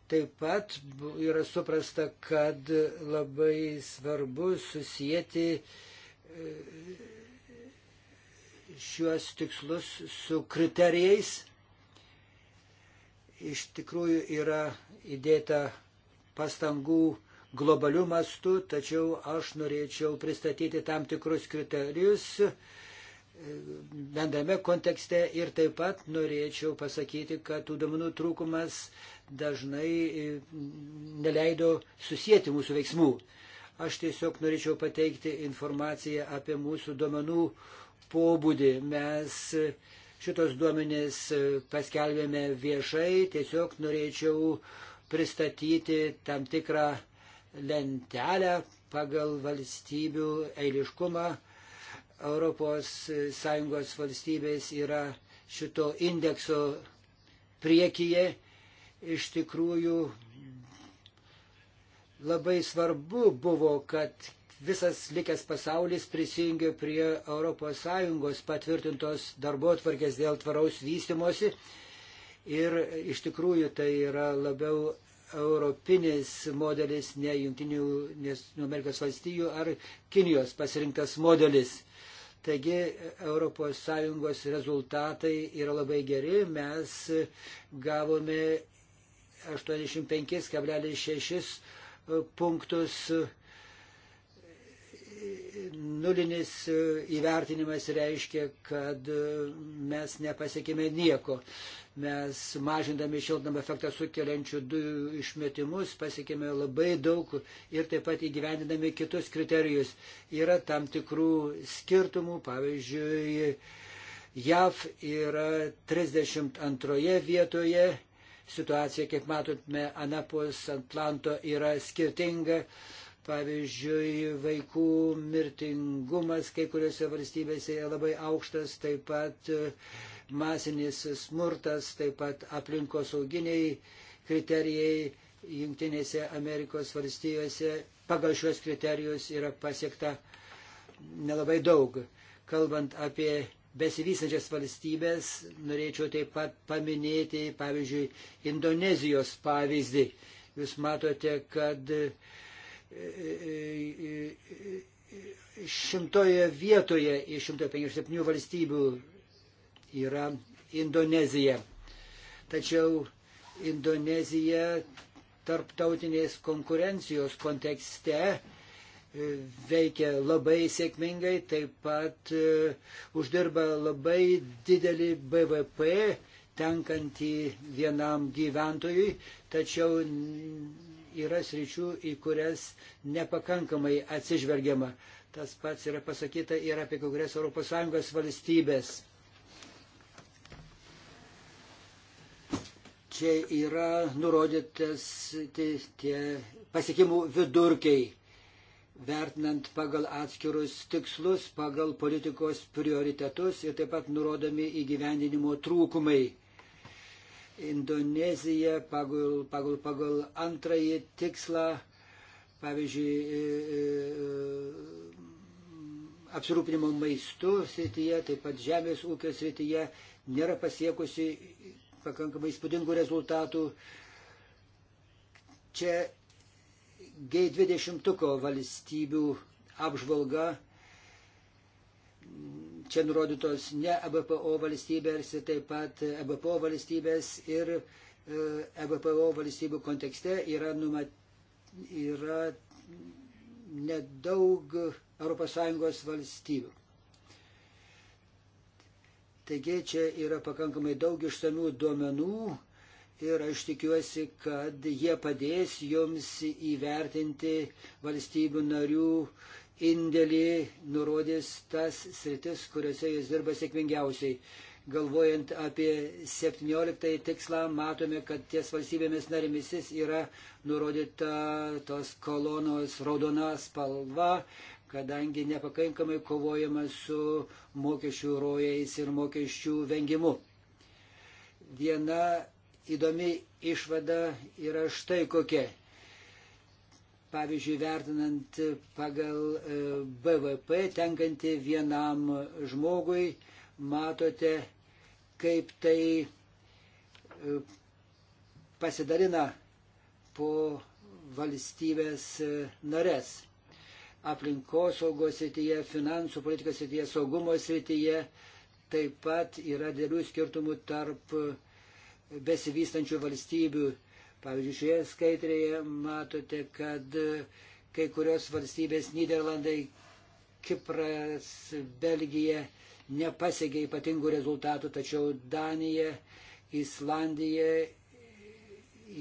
Taip pat yra suprasta, kad labai svarbu susijęti e, šiuos tikslus su kriterijais. Iš tikrųjų yra įdėta pastangų globalių mastų, tačiau aš norėčiau pristatyti tam tikrus kriterijus bendrame kontekste ir taip pat norėčiau pasakyti, kad tų duomenų trūkumas dažnai e, neleido susijęti mūsų veiksmų. Aš tiesiog norėčiau pateikti informaciją apie mūsų duomenų pobūdį. Mes šitos duomenys e, paskelbėme viešai, tiesiog norėčiau pristatyti tam tikrą lentelę pagal valstybių eiliškumą. ES valstybės yra šito indekso priekyje. Iš tikrųjų labai svarbu buvo, kad visas likęs pasaulis prisijungė prie ES patvirtintos darbo atvarkės dėl tvaraus vystimosi. Ir iš tikrųjų tai yra labiau europinis modelis, ne Junktinių Amerikos valstijų ar Kinijos pasirinktas modelis. Taigi ES rezultatai yra labai geri, mes gavome 85,6 punktus nulinis e, įvertinimas reiškia, kad e, mes nepasiekime nieko. Mes mažindami šiltnamą efektą sukeliančių dujų išmetimus pasiekime labai daug ir taip pat įgyvendinami kitus kriterijus. Yra tam tikrų skirtumų, pavyzdžiui, JAV yra 32 vietoje. Situacija, kaip matome, Anapus Atlanto yra skirtinga. Pavyzdžiui, vaikų mirtingumas kai kuriuose valstybėse yra labai aukštas, taip pat e, masinis smurtas, taip pat aplinkosauginiai kriterijai Junktinėse Amerikos valstijose pagal šios kriterijus yra pasiekta nelabai daug. Kalbant apie besivysančias valstybės, norėčiau taip pat paminėti, pavyzdžiui, Indonezijos pavyzdį. Jūs matote, kad šimtoje vietoje iš 157 valstybių yra Indonezija. Tačiau Indonezija tarptautinės konkurencijos kontekste e, veikia labai sėkmingai, taip pat e, uždirba labai didelį BVP tenkantį vienam gyventojui, tačiau yra sričių, į kurias nepakankamai atsižvelgiama. Tas pats yra pasakyta ir apie kai kurias ES valstybės. Čia yra nurodytas tie, tie pasiekimų vidurkiai vertinant pagal atskirus tikslus, pagal politikos prioritetus ir taip pat nurodomi įgyvendinimo trūkumai. Indonezija pagal, pagal, pagal antrąjį tikslą, pavyzdžiui, e, e, e, apsirūpinimo maistu srityje, taip pat žemės ūkio srityje nėra pasiekusi pakankamai įspūdingų rezultatų. Čia G20 valstybių apžvalga čia nurodytos ne EBPO valstybės, taip pat EBPO valstybės ir EBPO e valstybių kontekste yra, numat, yra nedaug ES valstybių. Taigi čia yra pakankamai daug išsamių duomenų ir aš tikiuosi, kad jie padės jums įvertinti valstybių narių indėlį nurodys tas sritis, kuriuose jis dirba sėkmingiausiai. Galvojant apie 17 tikslą, matome, kad ties valstybėmis narėmisis yra nurodyta tos kolonos raudona spalva, kadangi nepakankamai kovojama su mokesčių rojais ir mokesčių vengimu. Viena įdomi išvada yra štai kokia pavyzdžiui, vertinant pagal e, BVP tenkantį vienam žmogui, matote, kaip tai e, pasidalina po valstybės e, narės. Aplinkosaugos srityje, finansų politikos srityje, saugumo srityje taip pat yra dėlių skirtumų tarp besivystančių valstybių Pavyzdžiui, šioje skaitrėje matote, kad e, kai kurios valstybės Niderlandai, Kipras, Belgija nepasiekė ypatingų rezultatų, tačiau Danija, Islandija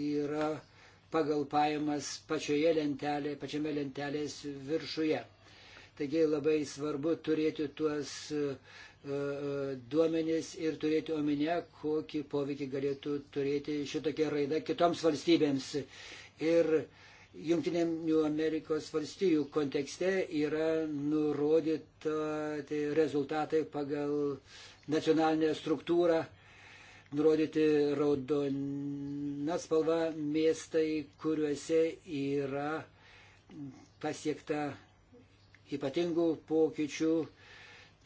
yra pagal pajamas pačioje lentelėje, pačiame lentelės viršuje. Taigi labai svarbu turėti tuos uh, E, e, duomenys ir turėti omenyje, kokį poveikį galėtų turėti šitokia raida kitoms valstybėms. Ir Junktinėmių Amerikos valstijų kontekste yra nurodyta tai rezultatai pagal nacionalinę struktūrą, nurodyti raudona spalva miestai, kuriuose yra pasiekta ypatingų pokyčių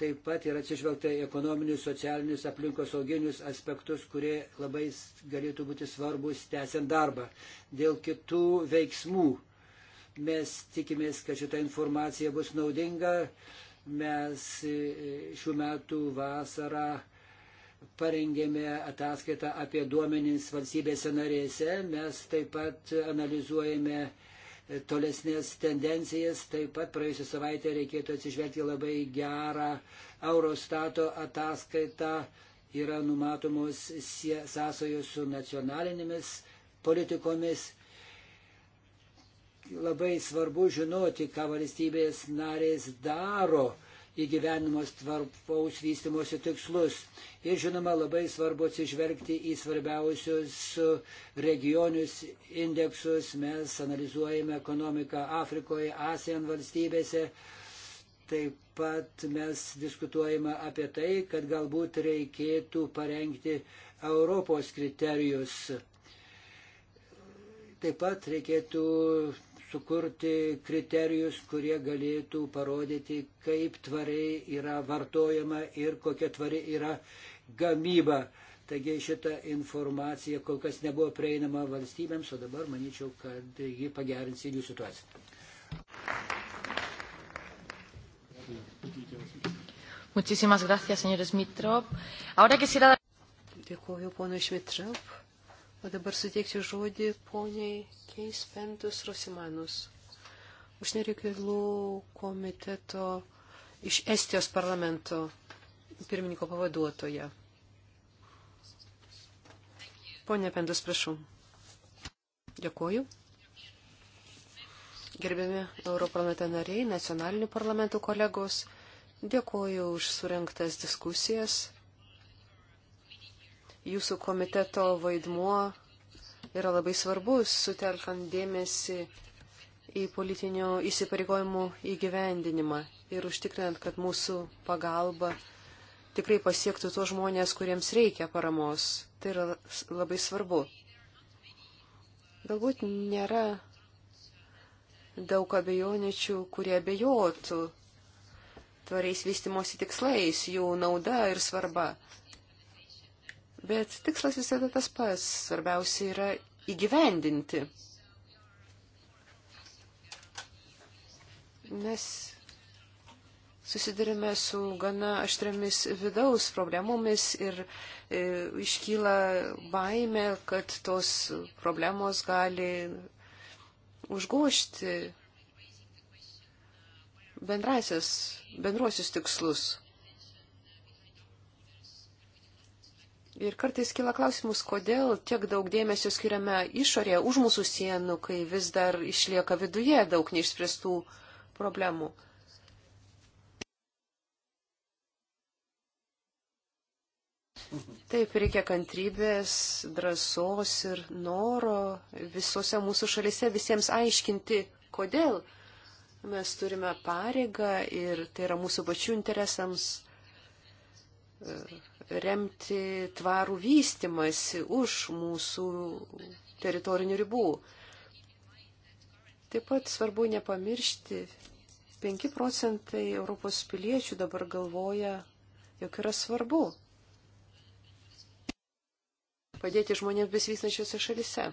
Taip pat yra atsižvelgta į ekonominius, socialinius, aplinkosauginius aspektus, kurie labai galėtų būti svarbus tęsiant darbą. Dėl kitų veiksmų mes tikimės, kad šita informacija bus naudinga. Mes e, šių metų vasarą parengėme ataskaitą apie duomenys valstybėse narėse. Mes taip pat analizuojame uh, tolesnės tendencijas. Taip pat praėjusią savaitę reikėtų atsižvelgti labai gerą Eurostato ataskaitą. Yra numatomos sąsojos su nacionalinėmis politikomis. Labai svarbu žinoti, ką valstybės narės daro įgyvenimas tvarpaus vystimosi tikslus. Ir žinoma, labai svarbu atsižvelgti į svarbiausius regionius indeksus. Mes analizuojame ekonomiką Afrikoje, ASEAN valstybėse. Taip pat mes diskutuojame apie tai, kad galbūt reikėtų parengti Europos kriterijus. Taip pat reikėtų sukurti kriterijus, kurie galėtų parodyti, kaip tvariai yra vartojama ir kokia tvari yra gamyba. Taigi šita informacija kol kas nebuvo prieinama valstybėms, o dabar manyčiau, kad ji pagerins ir jų situaciją. Muchísimas gracias, señor Smitrov. Ahora quisiera dar. Dėkuoju, ponui Šmitrov. O dabar suteiksiu žodį poniai Keispentus Rosimanus, užsienio reikalų komiteto iš Estijos parlamento pirmininko pavaduotoja. Pone Pendus, prašau. Dėkuoju. Gerbiami Europarlamente nariai, nacionalinių parlamentų kolegos, dėkuoju už surinktas diskusijas jūsų komiteto vaidmuo yra labai svarbus, sutelkant dėmesį į politinių įsipareigojimų įgyvendinimą ir užtikrinant, kad mūsų pagalba tikrai pasiektų tuos žmonės, kuriems reikia paramos. Tai yra labai svarbu. Galbūt nėra daug abejoničių, kurie abejotų tvariais vystimosi tikslais, jų nauda ir svarba. Bet tikslas visada tas pats. Svarbiausia yra įgyvendinti. Mes susidurime su gana aštriamis vidaus problemomis ir e, iškyla baime, kad tos problemos gali užgošti bendrasias, bendruosius tikslus. Ir kartais kila klausimus, kodėl tiek daug dėmesio skiriame išorėje, už mūsų sienų, kai vis dar išlieka viduje daug neišspręstų problemų. Taip, reikia kantrybės, drąsos ir noro visose mūsų šalise visiems aiškinti, kodėl mes turime pareigą ir tai yra mūsų pačių interesams. Ir remti tvarų vystimasi už mūsų teritorinių ribų. Taip pat svarbu nepamiršti, 5 procentai Europos piliečių dabar galvoja, jog yra svarbu padėti žmonėms besivystančiose šalise.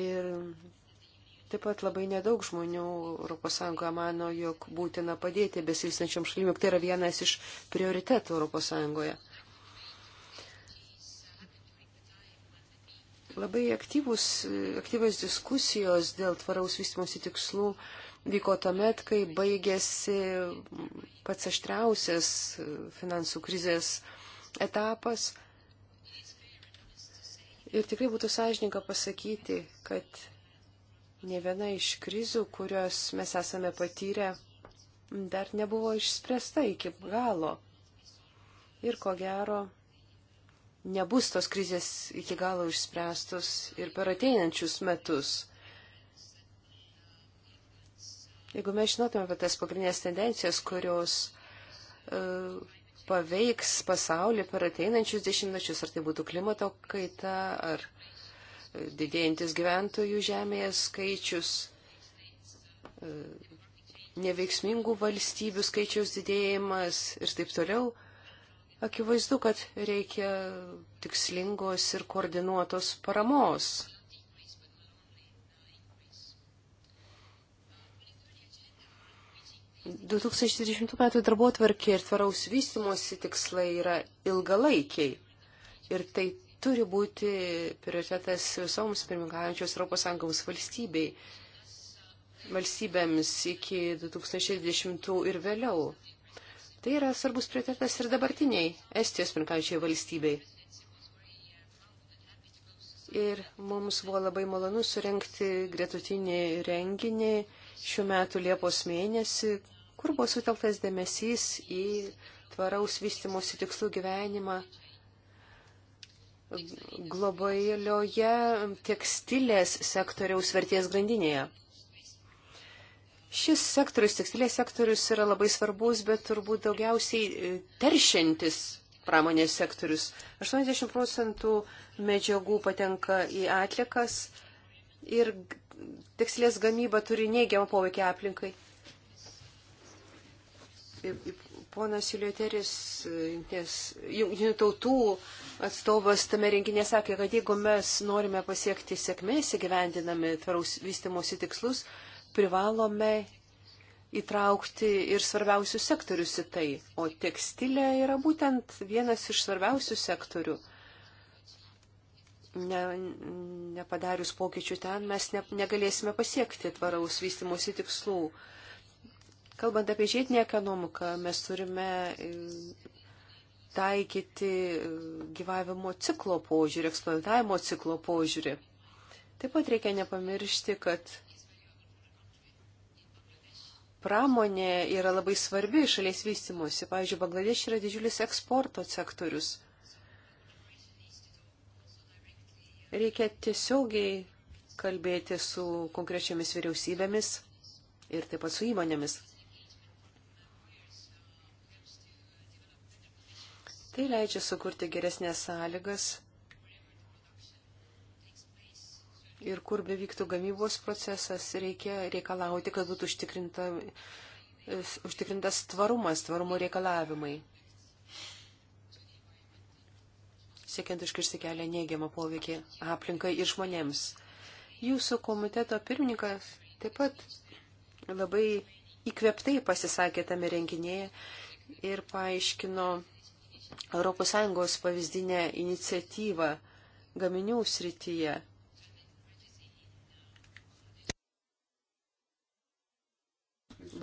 Ir Taip pat labai nedaug žmonių ES mano, jog būtina padėti besivystančiam šalim, jog tai yra vienas iš prioritetų ES. Labai aktyvus, aktyvas diskusijos dėl tvaraus vystimosi tikslų vyko tuomet, kai baigėsi pats aštriausias finansų krizės etapas. Ir tikrai būtų sąžininka pasakyti, kad Ne viena iš krizių, kurios mes esame patyrę, dar nebuvo išspręsta iki galo. Ir ko gero, nebus tos krizės iki galo išspręstos ir per ateinančius metus. Jeigu mes žinotume apie tas pagrindinės tendencijas, kurios uh, paveiks pasaulį per ateinančius dešimtmečius, ar tai būtų klimato kaita, ar uh, didėjantis gyventojų žemėje skaičius, neveiksmingų valstybių skaičiaus didėjimas ir taip toliau. Akivaizdu, kad reikia tikslingos ir koordinuotos paramos. Du 2030 metų darbo tvarkė ir tvaraus vystimosi tikslai yra ilgalaikiai. Ir tai turi būti prioritetas visoms pirmingaujančios ES valstybei, valstybėms iki 2010 ir vėliau. Tai yra svarbus prioritetas ir dabartiniai Estijos pirmingaujančiai valstybei. Ir mums buvo labai malonu surenkti gretutinį renginį šiuo metu Liepos mėnesį, kur buvo sutelktas dėmesys į tvaraus vystimosi tikslų gyvenimą globalioje tekstilės sektoriaus vertės grandinėje. Šis sektorius, tekstilės sektorius yra labai svarbus, bet turbūt daugiausiai e, teršiantis pramonės sektorius. 80 procentų medžiagų patenka į atlikas ir tekstilės gamyba turi neigiamą poveikį aplinkai. Ponas Julioteris, nes jungtinių tautų atstovas tame renginėje sakė, kad jeigu mes norime pasiekti sėkmės įgyvendinami tvaraus vystimosi tikslus, privalome įtraukti ir svarbiausius sektorius į tai. O tekstilė yra būtent vienas iš svarbiausių sektorių. Ne, nepadarius pokyčių ten mes ne, negalėsime pasiekti tvaraus vystimosi tikslų. Kalbant apie žiedinę ekonomiką, mes turime e, taikyti e, gyvavimo ciklo požiūrį, eksploatavimo ciklo požiūrį. Taip pat reikia nepamiršti, kad pramonė yra labai svarbi šalies vystimusi. Pavyzdžiui, Bangladeš yra didžiulis eksporto sektorius. Reikia tiesiogiai kalbėti su konkrečiamis vyriausybėmis ir taip pat su įmonėmis. Tai leidžia sukurti geresnės sąlygas ir kur bevyktų gamybos procesas, reikia reikalauti, kad būtų užtikrinta, užtikrintas tvarumas, tvarumo reikalavimai. Siekiant iškirsti kelią neigiamą poveikį aplinkai ir žmonėms. Jūsų komiteto pirmininkas taip pat labai įkveptai pasisakė tame renginėje ir paaiškino ES pavyzdinę iniciatyvą gaminių srityje.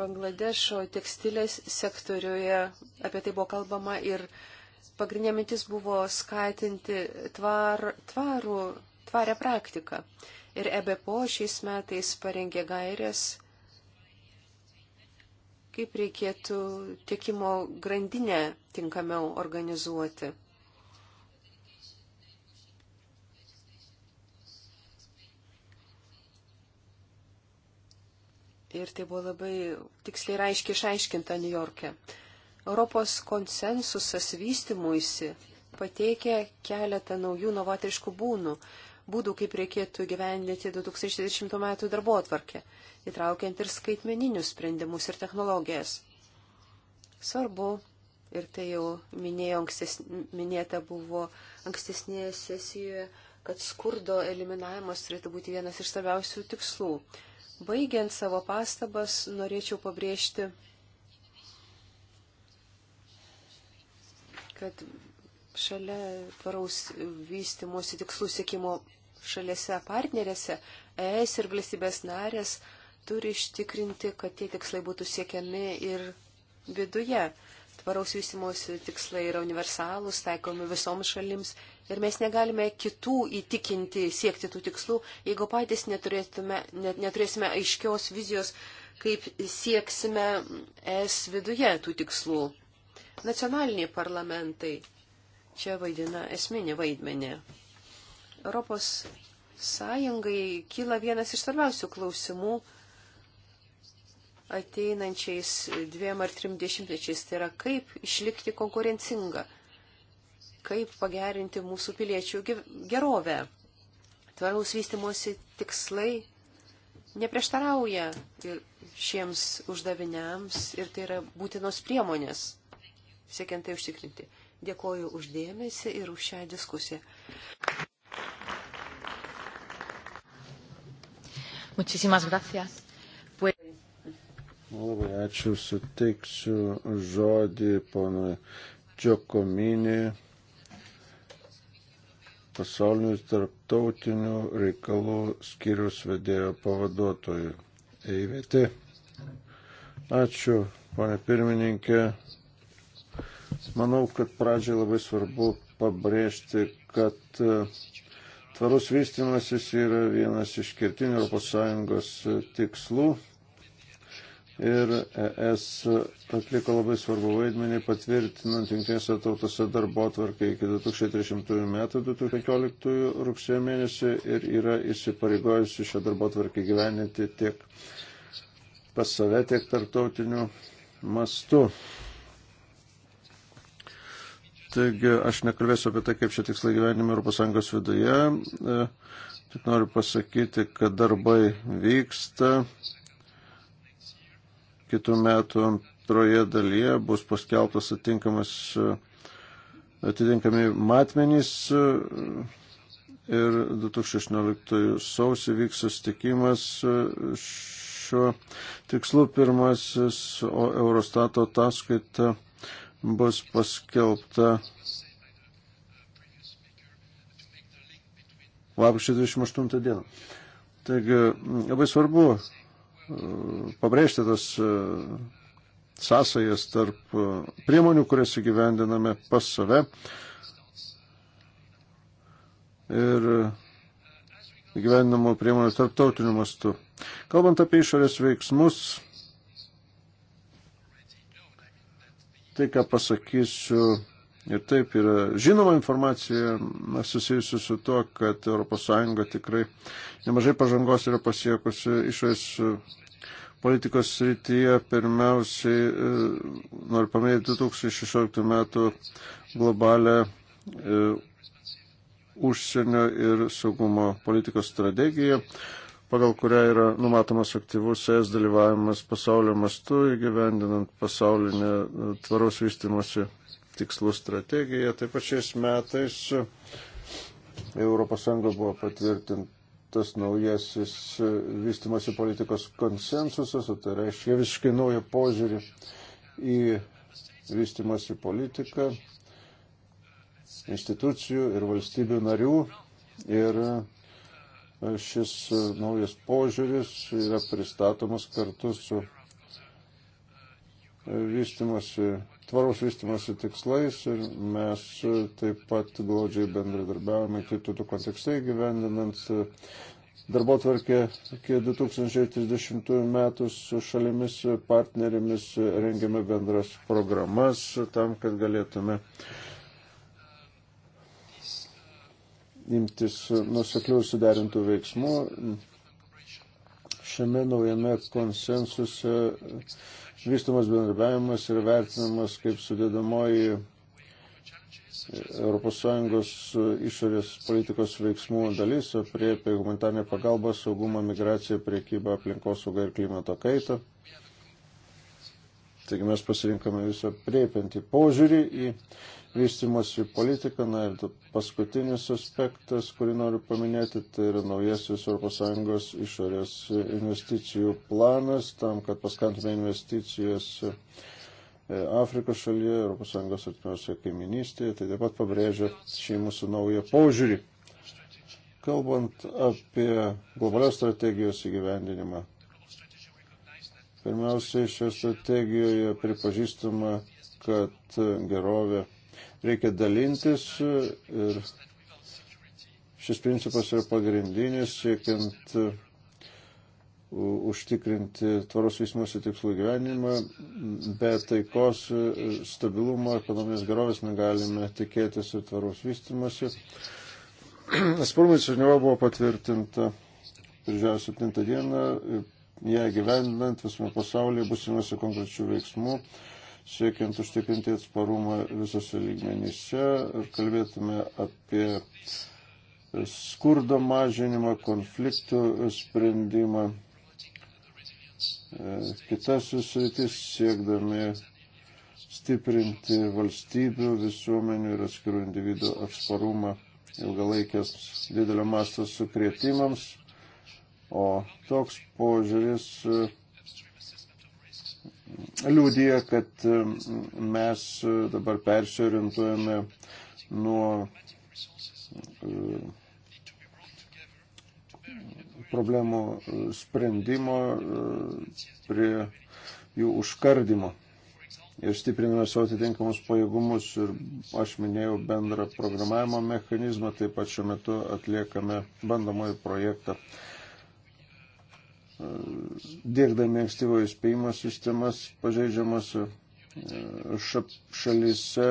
Bangladešo tekstilės sektoriuje apie tai buvo kalbama ir pagrindinė mintis buvo skatinti tvar, tvarų, tvarę praktiką. Ir EBPO šiais metais parengė gairias kaip reikėtų tiekimo grandinę tinkamiau organizuoti. Ir tai buvo labai tiksliai ir aiškiai išaiškinta New York'e. Europos konsensusas vystimuisi pateikė keletą naujų novatoriškų būnų, būdų, kaip reikėtų gyvendinti 2020 m. darbo atvarkę įtraukiant ir skaitmeninius sprendimus ir technologijas. Svarbu, ir tai jau minėjau, ankstes, minėta buvo ankstesnėje sesijoje, kad skurdo eliminavimas turėtų būti vienas iš svarbiausių tikslų. Baigiant savo pastabas, norėčiau pabrėžti, kad šalia tvaraus vystimosi tikslų siekimo šalėse partnerėse ES ir valstybės narės turi ištikrinti, kad tie tikslai būtų siekiami ir viduje. Tvaraus vystimosi tikslai yra universalūs, taikomi visoms šalims ir mes negalime kitų įtikinti siekti tų tikslų, jeigu patys net, neturėsime aiškios vizijos, kaip sieksime es viduje tų tikslų. Nacionaliniai parlamentai čia vaidina esminį vaidmenį. Europos Sąjungai kyla vienas iš svarbiausių klausimų ateinančiais dviem ar trim dešimtmečiais. Tai yra, kaip išlikti konkurencinga, kaip pagerinti mūsų piliečių gerovę. Tvaraus vystimosi tikslai neprieštarauja šiems uždaviniams ir tai yra būtinos priemonės, siekiant tai užtikrinti. Dėkoju uždėmesi ir už šią diskusiją. Muchísimas gracias. Labai ačiū, suteiksiu žodį ponui Džiokominį, pasaulinių tarptautinių reikalų skiriaus vedėjo pavaduotojų. Eivėti. Ačiū, ponė pirmininkė. Manau, kad pradžiai labai svarbu pabrėžti, kad e, tvarus vystimasis yra vienas iš kertinių ES e, tikslų ir ES atliko labai svarbu vaidmenį patvirtinant jungtinėse tautose darbo atvarkai iki 2030 metų 2015 rugsėjo mėnesį ir yra įsipareigojusi šią darbo atvarkį gyveninti tiek pas save, tiek tarptautiniu mastu. Taigi aš nekalbėsiu apie tai, kaip šie tikslai gyvenime ES viduje. E, tik noriu pasakyti, kad darbai vyksta kitų metų antroje dalyje bus paskeltas atitinkamas e, atitinkami matmenys e, ir 2016 sausį vyks sustikimas e, šiuo tikslu pirmasis, o Eurostato ataskaita bus paskelbta lapkričio 28 dieną. Taigi labai svarbu pabrėžti tas e, sąsajas tarp e, priemonių, kurias įgyvendiname pas save ir įgyvendinamų priemonių tarptautiniu mastu. Kalbant apie išorės veiksmus, tai ką pasakysiu Ir taip yra žinoma informacija susijusi su tuo, kad ES tikrai nemažai pažangos yra pasiekusi išorės e, politikos srityje. Pirmiausiai e, noriu paminėti 2016 metų globalę e, užsienio ir saugumo politikos strategiją pagal kurią yra numatomas aktyvus ES dalyvavimas pasaulio mastu įgyvendinant pasaulinę tvaros vystimosi tikslų strategiją. Taip pat šiais metais ES buvo patvirtintas naujasis vystimosi politikos konsensusas, o tai reiškia visiškai naują požiūrį į vystimosi politiką institucijų ir valstybių narių. Ir šis naujas požiūris yra pristatomas kartu su vystimosi tvaraus vystimosi tikslais ir mes taip pat glaudžiai bendradarbiavame kitų tų kontekstai gyvendinant darbo tvarkė iki 2030 metų su šalimis partnerėmis rengiame bendras programas tam, kad galėtume imtis nuseklių suderintų veiksmų. Šiame naujame konsensuse Vystamas bendradarbiavimas yra vertinamas kaip sudėdamoji ES išorės politikos veiksmų dalis, apriepia humanitarnė pagalba, saugumą, migraciją, priekybą, aplinkosaugą ir klimato kaitą. Taigi mes pasirinkome visą prieipinti požiūrį į vystimosi politiką. Na ir paskutinis aspektas, kurį noriu paminėti, tai yra naujasis ES išorės investicijų planas, tam, kad paskantume investicijas e, Afrikos šalyje, ES artimiausioje kaiminystėje. Tai taip pat pabrėžia šį mūsų naują požiūrį. Kalbant apie globalios strategijos įgyvendinimą Pirmiausiai šioje strategijoje pripažįstama, kad gerovė reikia dalintis ir šis principas yra pagrindinis siekiant užtikrinti tvaros vystymosi tikslų gyvenimą, be taikos, stabilumo, ekonominės gerovės negalime tikėtis ir tvaros vystymosi. Spurmai Černiova buvo patvirtinta Birželio 7 dieną ją gyvendinant visame pasaulyje bus imasi konkrečių veiksmų, siekiant užtikrinti atsparumą visose lygmenyse ir kalbėtume apie skurdo mažinimą, konfliktų sprendimą, e, kitas sritis siekdami stiprinti valstybių, visuomenių ir atskirų individų atsparumą ilgalaikės didelio masto sukrėtimams. O toks požiūris e, liūdija, kad e, mes e, dabar persiorientuojame nuo problemų sprendimo prie jų užkardimo ir stipriname savo atitinkamus pajėgumus ir aš minėjau bendrą programavimo mechanizmą, taip pat šiuo metu atliekame bandomąjį projektą dėkdami ankstyvo įspėjimo sistemas pažeidžiamas e, šalyse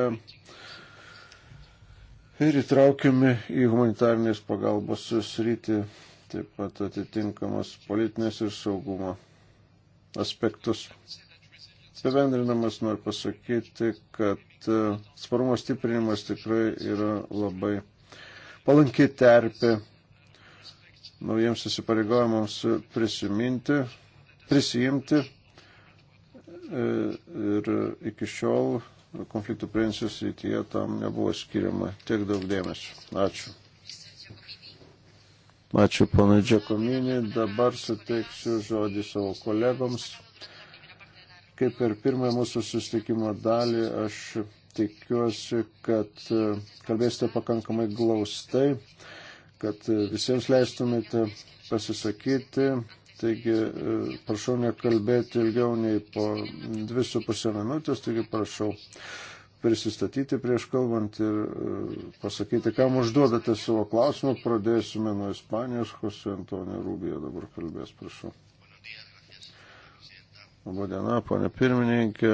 ir įtraukiami į humanitarnės pagalbos sritį taip pat atitinkamas politinės ir saugumo aspektus. Apibendrinamas noriu pasakyti, kad e, sparumo stiprinimas tikrai yra labai palanki terpė naujiems įsipareigojimams prisiminti, prisijimti. E, ir iki šiol konfliktų prevencijos rytyje tam nebuvo skiriama tiek daug dėmesio. Ačiū. Ačiū ponai Džekominį. Dabar suteiksiu žodį savo kolegoms. Kaip ir pirmąją mūsų susitikimo dalį, aš tikiuosi, kad e, kalbėsite pakankamai glaustai kad e, visiems leistumėte pasisakyti. Taigi, e, prašau nekalbėti ilgiau nei po dvi su pusę minutės, taigi prašau prisistatyti prieš kalbant ir e, pasakyti, kam užduodate savo klausimą. Pradėsime nuo Ispanijos, Jose Antonio Rubija dabar kalbės, prašau. Labadiena, ponė pirmininkė,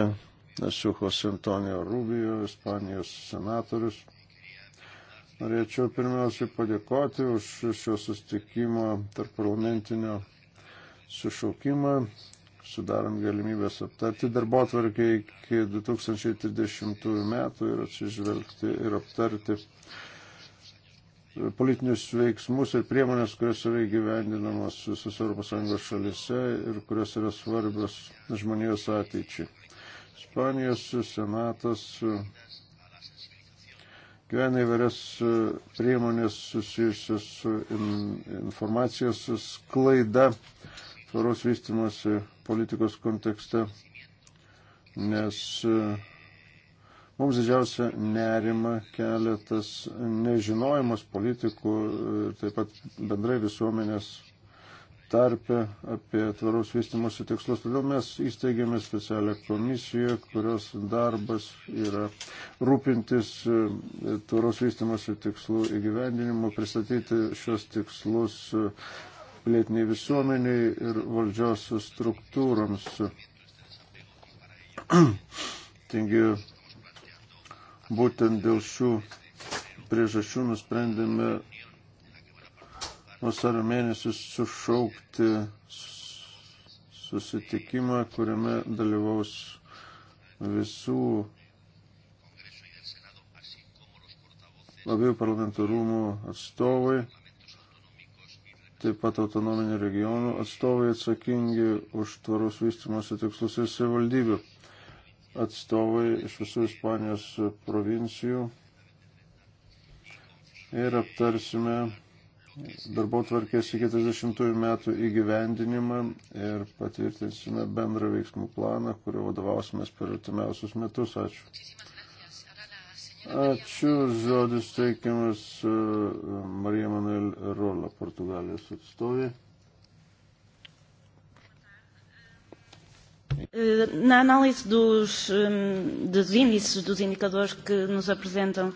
esu Jose Antonio Rubijo, Ispanijos senatorius. Norėčiau pirmiausiai padėkoti už šio sustikimo tarp parlamentinio sušaukimą, sudarant galimybės aptarti darbo atvarkį iki 2030 metų ir atsižvelgti ir aptarti politinius veiksmus ir priemonės, kurios yra įgyvendinamos visose ES šalise ir kurios yra svarbios žmonijos ateičiai. Ispanijos senatas gyvena įvairias e, priemonės susijusios su informacijos sklaida tvaros vystimosi politikos kontekste, nes e, mums didžiausia nerima kelia tas nežinojimas politikų ir e, taip pat bendrai visuomenės tarpe apie tvaraus vystimosi tikslus. Todėl mes įsteigėme specialią komisiją, kurios darbas yra rūpintis e, tvaraus vystimosi tikslų įgyvendinimu, pristatyti šios tikslus e, pilietiniai visuomeniai ir valdžios struktūroms. Taigi, būtent dėl šių priežasčių nusprendėme vasario mėnesį sušaukti susitikimą, kuriame dalyvaus visų abiejų parlamentų rūmų atstovai, taip pat autonominių regionų atstovai atsakingi už tvarus vystimosi tikslus ir savivaldybių atstovai iš visų Ispanijos provincijų. Ir aptarsime darbo tvarkės iki 30 metų įgyvendinimą ir patvirtinsime bendrą veiksmų planą, kurio vadovausimės per artimiausius metus. Ačiū. Ačiū. Žodis teikiamas e, Marija Manuel Rola, Portugalijos atstovė. E, na análise dos, dos índices, dos indicadores que nos apresentam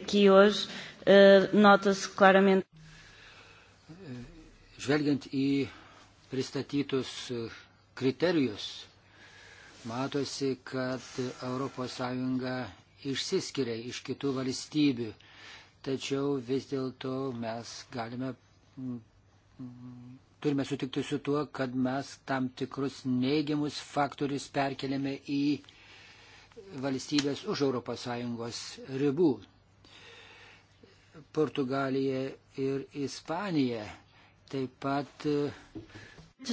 aqui hoje, e, nota-se claramente. Žvelgiant į pristatytus kriterijus, matosi, kad ES išsiskiria iš kitų valstybių. Tačiau vis dėlto mes galime, turime sutikti su tuo, kad mes tam tikrus neigiamus faktorius perkeliame į valstybės už ES ribų. Portugalija ir Ispanija Taip pat. E,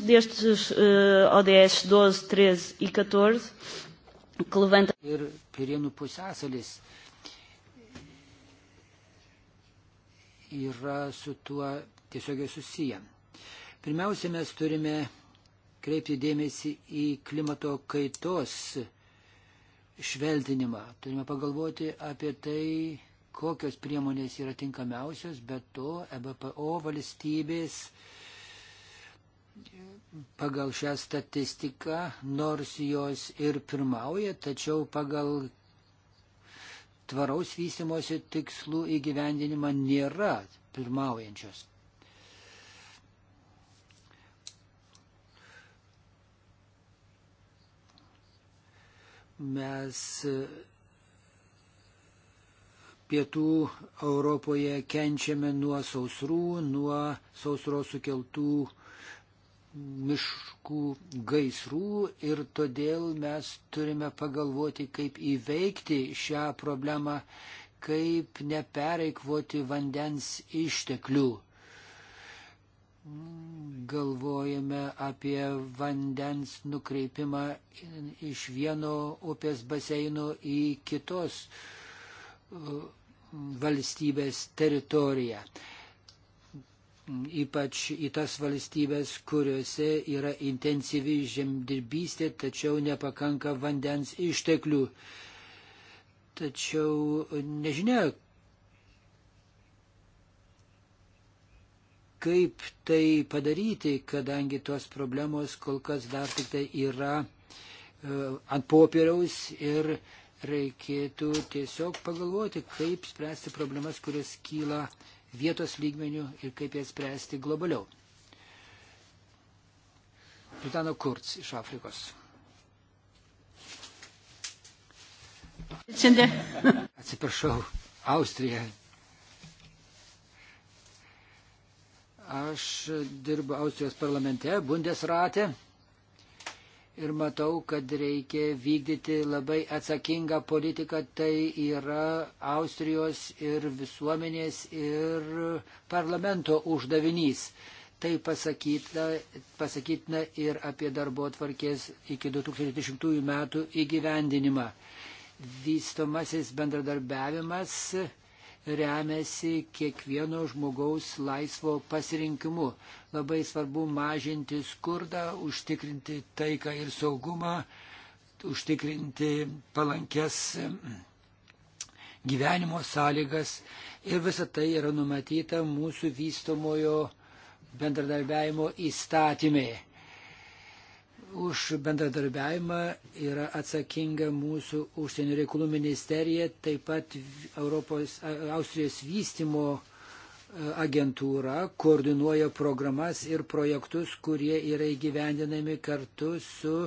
destes uh, ODS 12, 13 e 14, e que levanta. Ir Pirėnų pusęsalis yra su tuo tiesiogiai susiję. Pirmiausia, mes turime kreipti dėmesį į klimato kaitos šveltinimą. Turime pagalvoti apie tai, kokios priemonės yra tinkamiausios, bet to EBPO valstybės pagal šią statistiką, nors jos ir pirmauja, tačiau pagal tvaraus vystimosi tikslų įgyvendinimą nėra pirmaujančios. Mes pietų Europoje kenčiame nuo sausrų, nuo sausros sukeltų miškų gaisrų ir todėl mes turime pagalvoti, kaip įveikti šią problemą, kaip nepereikvoti vandens išteklių. Galvojame apie vandens nukreipimą iš vieno upės baseino į kitos uh, valstybės teritoriją. Ypač į tas valstybės, kuriuose yra intensyvi žemdirbystė, tačiau nepakanka vandens išteklių. Tačiau nežinia, kaip tai padaryti, kadangi tos problemos kol kas dar tik tai yra e, ant popieriaus ir reikėtų tiesiog pagalvoti, kaip spręsti problemas, kurias kyla vietos lygmenių ir kaip jas spręsti globaliau. Liutano Kurz iš Afrikos. Atsiprašau, Austrija. Aš dirbu Austrijos parlamente, Bundesrate ir matau, kad reikia vykdyti labai atsakingą politiką. Tai yra Austrijos ir visuomenės ir parlamento uždavinys. Tai pasakytina, pasakytina ir apie darbo atvarkės iki 2010 metų įgyvendinimą. Vystomasis bendradarbiavimas remiasi kiekvieno žmogaus laisvo pasirinkimu. Labai svarbu mažinti skurdą, užtikrinti taiką ir saugumą, užtikrinti palankes gyvenimo sąlygas ir visa tai yra numatyta mūsų vystomojo bendradarbiavimo įstatymėje už bendradarbiavimą yra atsakinga mūsų užsienio reikalų ministerija, taip pat Europos, Austrijos vystimo e, agentūra koordinuoja programas ir projektus, kurie yra įgyvendinami kartu su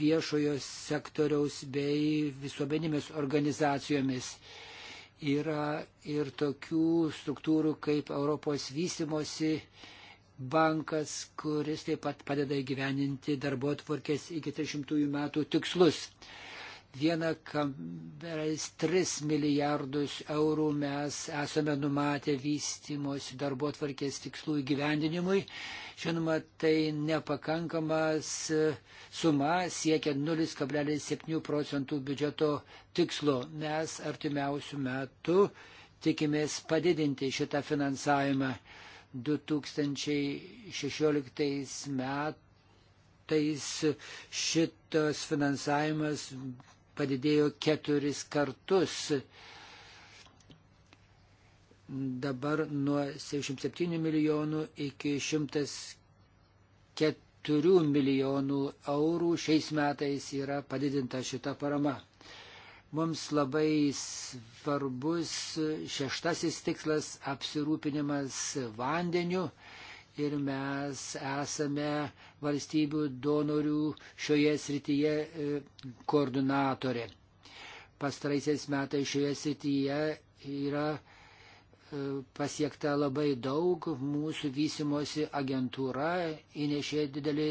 viešojo sektoriaus bei visuomeninėmis organizacijomis. Yra ir tokių struktūrų kaip Europos vystimosi agentūra bankas, kuris taip pat padeda įgyveninti darbo atvarkės iki 30 metų tikslus. 1,3 milijardus eurų mes esame numatę vystimosi darbo atvarkės tikslų įgyvendinimui. Žinoma, tai nepakankamas e, suma siekia 0,7 procentų biudžeto tikslo. Mes artimiausių metų tikimės padidinti šitą finansavimą. 2016 metais šitas finansavimas padidėjo keturis kartus. Dabar nuo 77 milijonų iki 104 milijonų eurų šiais metais yra padidinta šita parama. Mums labai svarbus šeštasis tikslas - apsirūpinimas vandeniu ir mes esame valstybių donorių šioje srityje e, koordinatorė. Pastaraisiais metais šioje srityje yra e, pasiekta labai daug, mūsų vysimosi agentūra įnešė didelį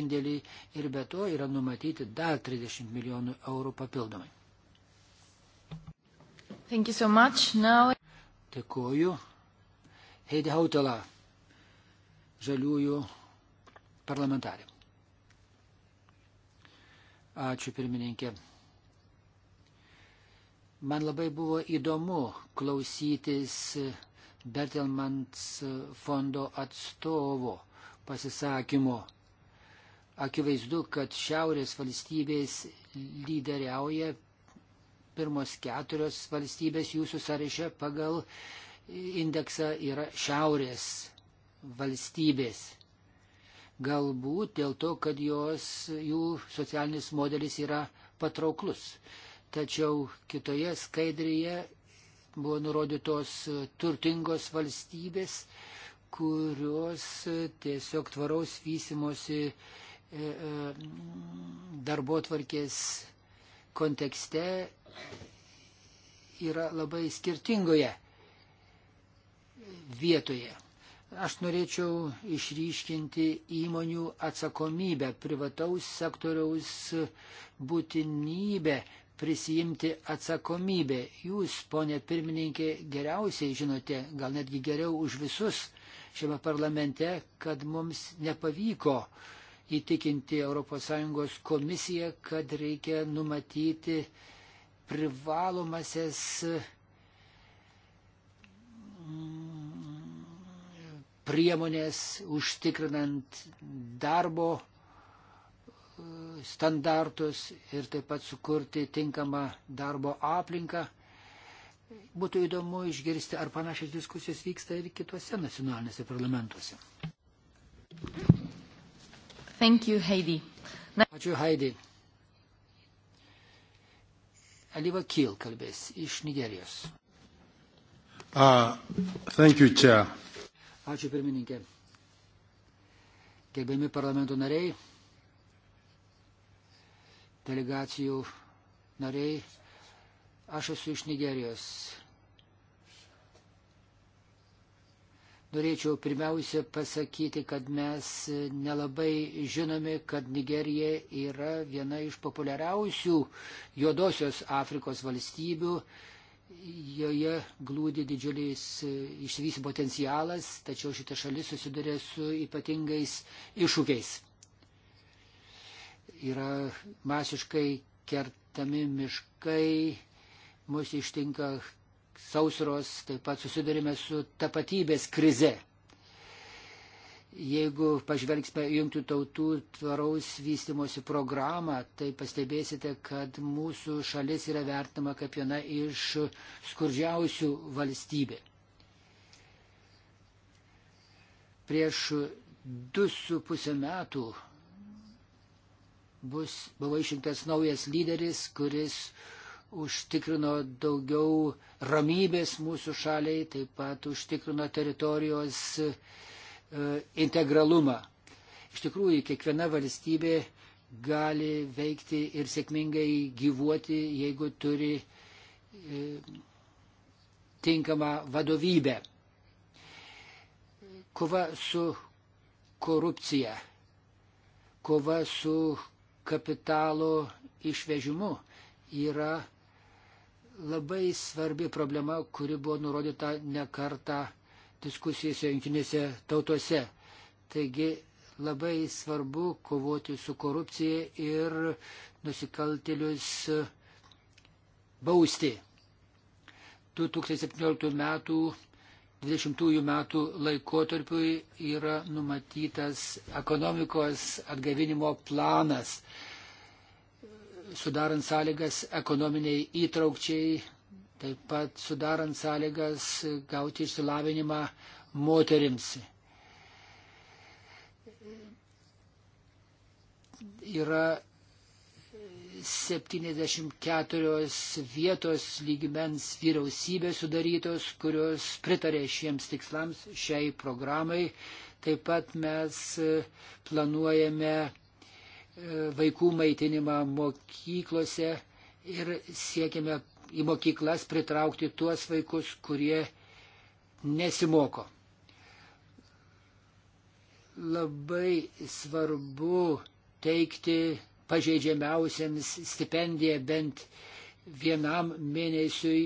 indėlį ir be to yra numatyti dar 30 milijonų eurų papildomai. Thank you so much. Now... Dėkuoju. Heidi Hautala, žaliųjų parlamentarė. Ačiū pirmininkė. Man labai buvo įdomu klausytis Bertelmans fondo atstovo pasisakymo. Akivaizdu, kad šiaurės valstybės lyderiauja pirmos keturios valstybės jūsų sąraše pagal indeksą yra šiaurės valstybės. Galbūt dėl to, kad jos, jų socialinis modelis yra patrauklus. Tačiau kitoje skaidrėje buvo nurodytos turtingos valstybės, kurios tiesiog tvaraus vystimosi e, e, darbo tvarkės kontekste yra labai skirtingoje vietoje. Aš norėčiau išryškinti įmonių atsakomybę, privataus sektoriaus būtinybę prisijimti atsakomybę. Jūs, ponė pirmininkė, geriausiai žinote, gal netgi geriau už visus šiame parlamente, kad mums nepavyko įtikinti ES komisiją, kad reikia numatyti uh, privalomasis priemonės užtikrinant darbo e, standartus ir taip pat sukurti tinkamą darbo aplinką. Būtų įdomu išgirsti, ar panašios diskusijos vyksta ir kitose nacionalinėse parlamentuose. Thank you, Heidi. Na... Ačiū, Heidi. Aliva Kil kalbės iš Nigerijos. Uh, thank you, Chair. Ačiū pirmininkė. Gerbiami parlamento nariai, delegacijų nariai, aš esu iš Nigerijos. Norėčiau pirmiausia pasakyti, kad mes nelabai žinome, kad Nigerija yra viena iš populiariausių juodosios Afrikos valstybių. Joje glūdi didžiulis išsivys potencialas, tačiau šita šalis susiduria su ypatingais iššūkiais. Yra masiškai kertami miškai, mus ištinka sausros, taip pat susidurime su tapatybės krize. Jeigu pažvelgsime jungtų tautų tvaraus vystimosi programą, tai pastebėsite, kad mūsų šalis yra vertinama kaip viena iš skurdžiausių valstybė. Prieš du su pusę metų bus, buvo išrinktas naujas lyderis, kuris uh, užtikrino daugiau ramybės mūsų šaliai, taip pat užtikrino teritorijos e, integralumą. Iš tikrųjų, kiekviena valstybė gali veikti ir sėkmingai gyvuoti, jeigu turi e, tinkamą vadovybę. Kova su korupcija, kova su kapitalo išvežimu yra labai svarbi problema, kuri buvo nurodyta ne kartą diskusijose jungtinėse tautose. Taigi labai svarbu kovoti su korupcija ir nusikaltėlius bausti. 2017 m. 2020 m. laikotarpiui yra numatytas ekonomikos atgavinimo planas sudarant sąlygas ekonominiai įtraukčiai, taip pat sudarant sąlygas gauti išsilavinimą moterims. Yra 74 vietos lygmens vyriausybės sudarytos, kurios pritarė šiems tikslams, šiai programai. Taip pat mes planuojame vaikų maitinimą mokyklose ir siekime į mokyklas pritraukti tuos vaikus, kurie nesimoko. Labai svarbu teikti pažeidžiamiausiams stipendiją bent vienam mėnesiui,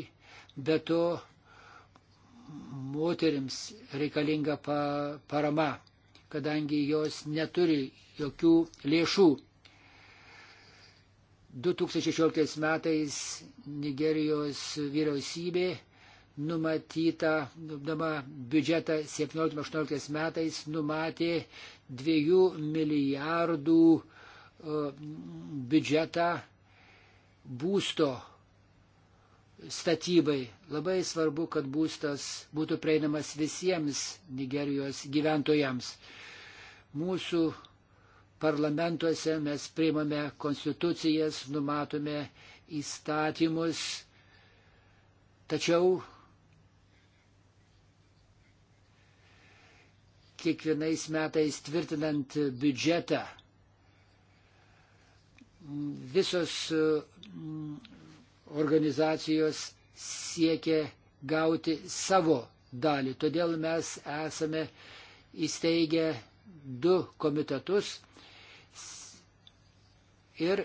be to moteriams reikalinga parama kadangi jos neturi jokių lėšų. 2016 metais Nigerijos vyriausybė numatyta, dama biudžetą 17-18 metais, numatė 2 milijardų e, biudžetą būsto statybai. Labai svarbu, kad būstas būtų prieinamas visiems Nigerijos gyventojams. Mūsų parlamentuose mes priimame konstitucijas, numatome įstatymus, tačiau kiekvienais metais tvirtinant biudžetą visos organizacijos siekia gauti savo dalį. Todėl mes esame įsteigę du komitetus ir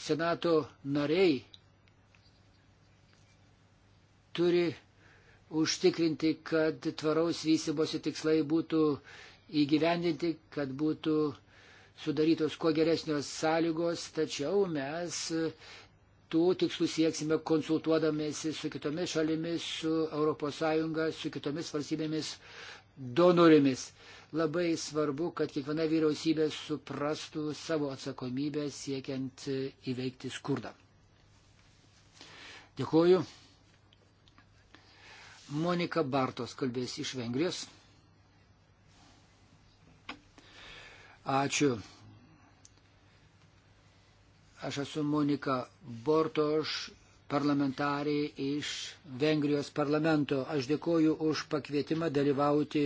senato nariai turi užtikrinti, kad tvaraus vystimosi tikslai būtų įgyvendinti, kad būtų sudarytos kuo geresnios sąlygos, tačiau mes tų tikslų sieksime konsultuodamėsi su kitomis šalimis, su ES, su kitomis valstybėmis donorėmis. Labai svarbu, kad kiekviena vyriausybė suprastų savo atsakomybę siekiant įveikti skurdą. Dėkuoju. Monika Bartos kalbės iš Vengrijos. Ačiū. Aš esu Monika Bortoš, parlamentarė iš Vengrijos parlamento. Aš dėkoju už pakvietimą dalyvauti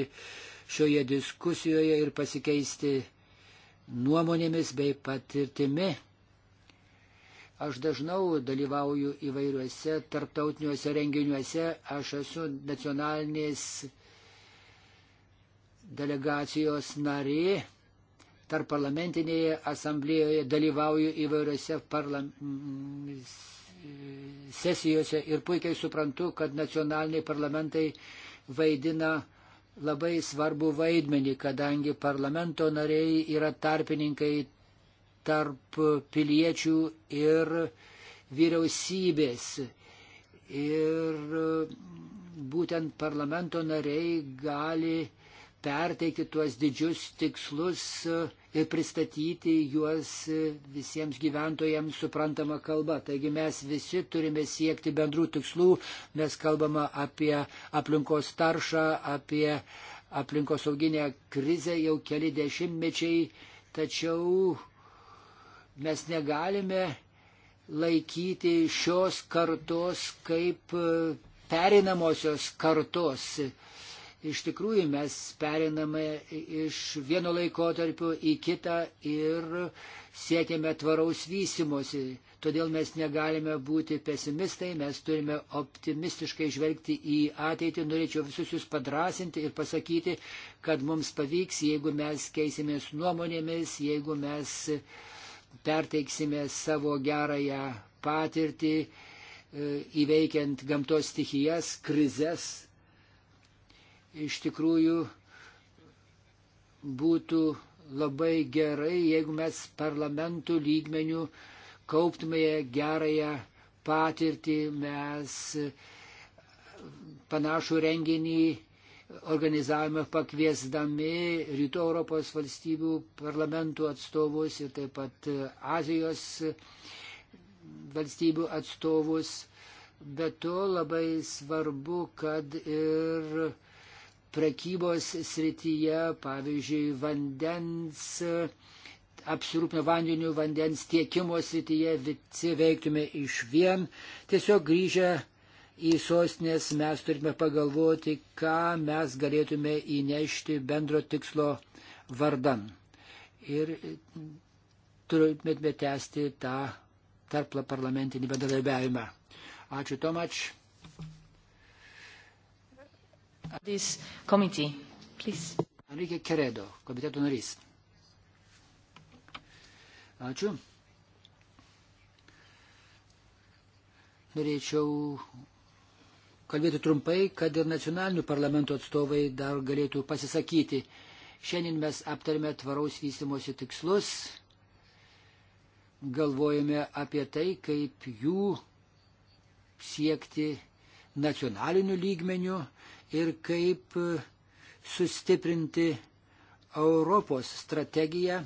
šioje diskusijoje ir pasikeisti nuomonėmis bei patirtimi. Aš dažnau dalyvauju įvairiuose tarptautiniuose renginiuose. Aš esu nacionalinės delegacijos narė tarp parlamentinėje asamblėjoje dalyvauju įvairiose parlam... sesijose ir puikiai suprantu, kad nacionaliniai parlamentai vaidina labai svarbu vaidmenį, kadangi parlamento nariai yra tarpininkai tarp piliečių ir vyriausybės. Ir būtent parlamento nariai gali perteikti tuos didžius tikslus e, ir pristatyti juos e, visiems gyventojams suprantama kalba. Taigi mes visi turime siekti bendrų tikslų, mes kalbame apie aplinkos taršą, apie aplinkosauginę krizę jau keli dešimtmečiai, tačiau mes negalime laikyti šios kartos kaip e, perinamosios kartos Iš tikrųjų mes periname iš vieno laikotarpio į kitą ir siekiame tvaraus vystimosi. Todėl mes negalime būti pesimistai, mes turime optimistiškai žvelgti į ateitį. Norėčiau visus jūs padrasinti ir pasakyti, kad mums pavyks, jeigu mes keisimės nuomonėmis, jeigu mes perteiksime savo gerąją patirtį e, įveikiant gamtos stichijas, krizes iš tikrųjų būtų labai gerai, jeigu mes parlamentų lygmenių kauptume gerąją patirtį, mes panašų renginį organizavome pakviesdami Rytų Europos valstybių parlamentų atstovus ir taip pat Azijos valstybių atstovus. Bet to labai svarbu, kad ir prekybos srityje, pavyzdžiui, vandens, apsirūpinę vandeniu, vandens tiekimo srityje, visi veiktume iš vien. Tiesiog grįžę į sostinės mes turime pagalvoti, ką mes galėtume įnešti bendro tikslo vardan. Ir turėtume tęsti tą tarp parlamentinį bendradarbiavimą. Ačiū Tomač. Enrique Keredo, komiteto narys. Ačiū. Norėčiau kalbėti trumpai, kad ir nacionalinių parlamento atstovai dar galėtų pasisakyti. Šiandien mes aptarėme tvaraus vystimosi tikslus, galvojame apie tai, kaip jų siekti nacionaliniu lygmeniu, ir kaip sustiprinti Europos strategiją,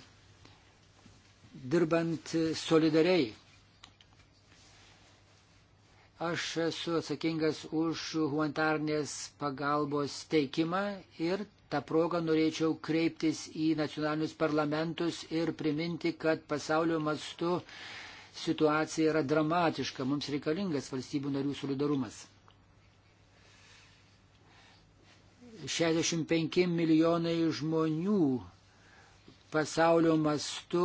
dirbant solidariai. Aš esu atsakingas už humanitarnės pagalbos teikimą ir tą progą norėčiau kreiptis į nacionalinius parlamentus ir priminti, kad pasaulio mastu situacija yra dramatiška, mums reikalingas valstybių narių solidarumas. 65 milijonai žmonių pasaulio mastu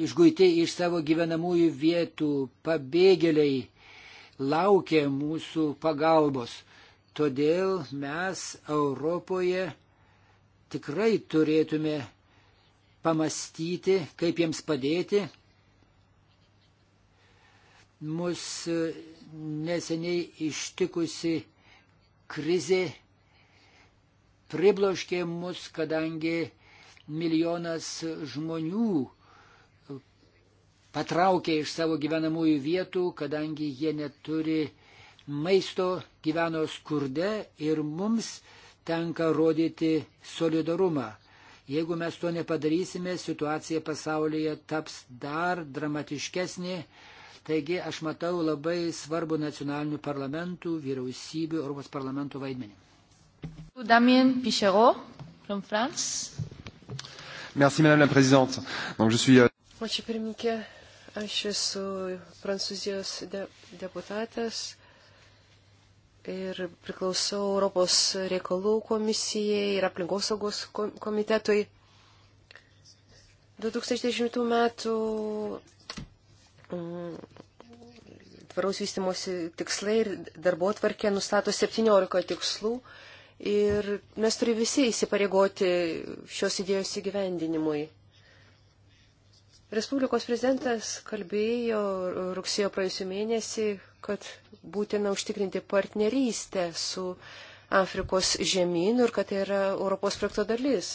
išguiti iš savo gyvenamųjų vietų pabėgėliai laukia mūsų pagalbos. Todėl mes Europoje tikrai turėtume pamastyti, kaip jiems padėti. Mūsų neseniai ištikusi krizė pribloškė mus, kadangi milijonas žmonių patraukė iš savo gyvenamųjų vietų, kadangi jie neturi maisto, gyveno skurde ir mums tenka rodyti solidarumą. Jeigu mes to nepadarysime, situacija pasaulyje taps dar dramatiškesnė, Taigi aš matau labai svarbu nacionalinių parlamentų, vyriausybių, Europos parlamentų vaidmenį. Damien Pichero, from France. Merci, madame la présidente. Donc, je suis... Euh, Ačiū pirmininkė, aš esu prancūzijos de deputatas ir priklausau Europos reikalų komisijai ir aplinkosaugos komitetui. 2010 m. Mm, tvaraus vystimosi tikslai ir darbo tvarkė nustato 17 tikslų ir mes turime visi įsipareigoti šios idėjos įgyvendinimui. Respublikos prezidentas kalbėjo rugsėjo praėjusiu mėnesį, kad būtina užtikrinti partnerystę su uh, Afrikos žemynų ir kad tai yra Europos projekto dalis.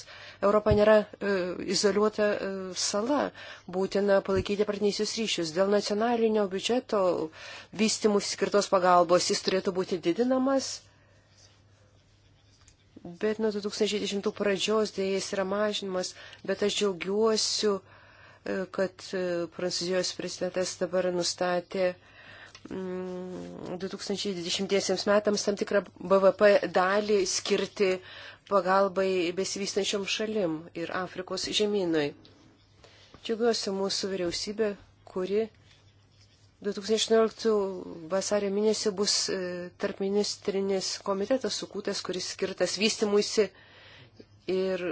Europa nėra e, izoliuota e, sala, būtina palaikyti partnysius ryšius. Dėl nacionalinio biudžeto vystimus skirtos pagalbos jis turėtų būti didinamas, bet nuo 2010 pradžios dėja jis yra mažinimas, bet aš džiaugiuosi, e, kad e, Prancūzijos prezidentas dabar nustatė e, 2020 mm, metams tam tikrą BVP dalį skirti pagalbai besivystančiom šalim ir Afrikos žemynui. Džiaugiuosi mūsų vyriausybė, kuri 2018 vasario mėnesį bus e, tarp ministrinis komitetas sukūtas, kuris skirtas vystimuisi ir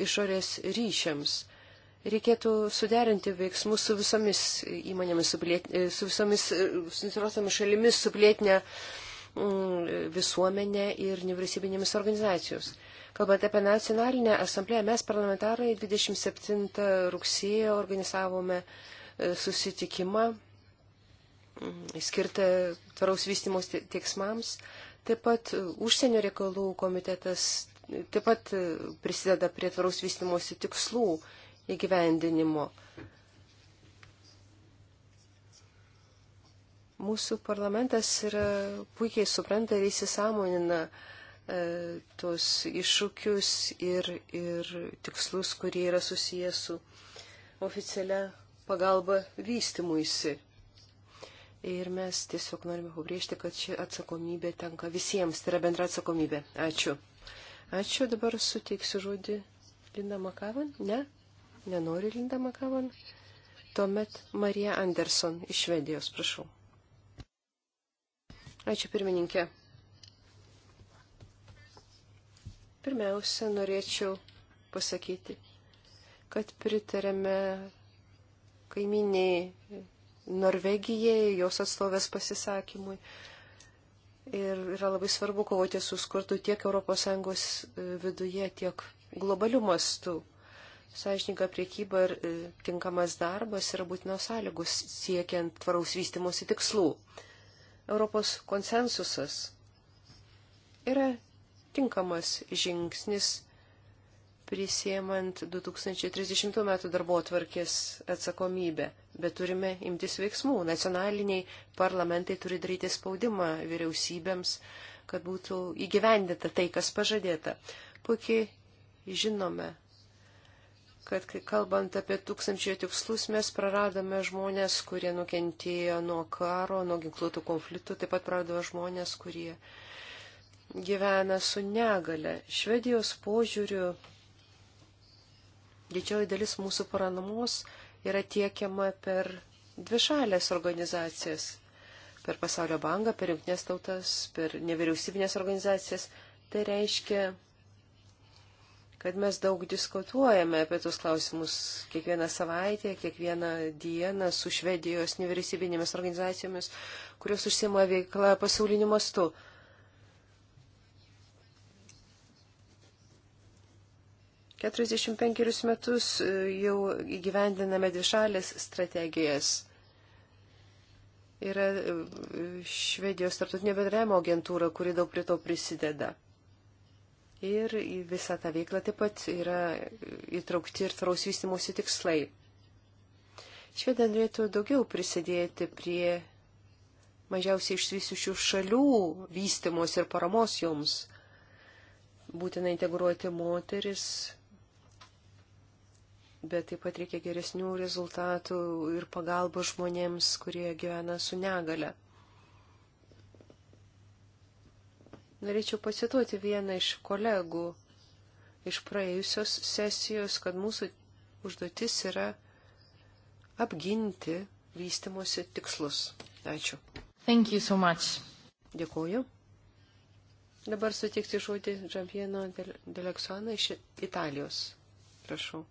išorės ryšiams. Reikėtų suderinti veiksmus su visomis įmonėmis, su, plėt, e, su visomis e, suinteresuotomis šalimis, su plėtinė mm, visuomenė ir nevyriausybinėmis organizacijos. Kalbant apie nacionalinę asamblėją, mes parlamentarai 27 rugsėjo organizavome e, susitikimą mm, skirtą tvaraus vystimos tieksmams. Taip pat užsienio reikalų komitetas taip pat prisideda prie tvaraus vystimosi tikslų įgyvendinimo. Mūsų parlamentas yra puikiai supranta ir įsisamonina e, tuos iššūkius ir, ir tikslus, kurie yra susijęs su oficialia pagalba vystimuisi. Ir mes tiesiog norime pabrėžti, kad ši atsakomybė tenka visiems, tai yra bendra atsakomybė. Ačiū. Ačiū, dabar suteiksiu žodį Linda Makavan. Ne? Nenori Linda Makavan? Tuomet Marija Anderson iš Švedijos, prašau. Ačiū pirmininkė. Pirmiausia, norėčiau pasakyti, kad pritarėme kaiminiai Norvegijai, jos atstovės pasisakymui. Ir yra labai svarbu kovoti su skurdu tiek ES viduje, tiek globalių mastų. Sąžininga priekyba ir e, tinkamas darbas yra būtinos sąlygus siekiant tvaraus vystimosi tikslų. Europos konsensusas yra tinkamas žingsnis prisėmant 2030 m. darbo atvarkės atsakomybę, bet turime imtis veiksmų. Nacionaliniai parlamentai turi daryti spaudimą vyriausybėms, kad būtų įgyvendita tai, kas pažadėta. Puikiai žinome, kad kalbant apie tūkstančio tikslus, mes praradome žmonės, kurie nukentėjo nuo karo, nuo ginkluotų konfliktų, taip pat praradome žmonės, kurie gyvena su negale. Švedijos požiūriu didžioji dalis mūsų paramos yra tiekiama per dvišalės organizacijas per Pasaulio banką, per jungtinės tautas, per nevyriausybinės organizacijas. Tai reiškia, kad mes daug diskutuojame apie tos klausimus kiekvieną savaitę, kiekvieną dieną su Švedijos nevyriausybinėmis organizacijomis, kurios užsima veikla pasauliniu mastu. Keturiasdešimt penkerius metus e, jau įgyvendiname dvišalės strategijas yra e, Švedijos tarptautinio bendravimo agentūra, kuri daug prie to prisideda. Ir į visą tą veiklą taip pat yra įtraukti ir tvaraus vystimosi tikslai. Švedija norėtų daugiau prisidėti prie mažiausiai išsivysiušių šalių vystimos ir paramos joms. Būtina integruoti moteris, bet taip pat reikia geresnių rezultatų ir pagalbos žmonėms, kurie gyvena su negale. Norėčiau pacituoti vieną iš kolegų iš praėjusios sesijos, kad mūsų užduotis yra apginti vystimosi tikslus. Ačiū. Thank you so much. Dėkuoju. Dabar sutikti žodį Džampieno Deleksoną iš Italijos. Prašau.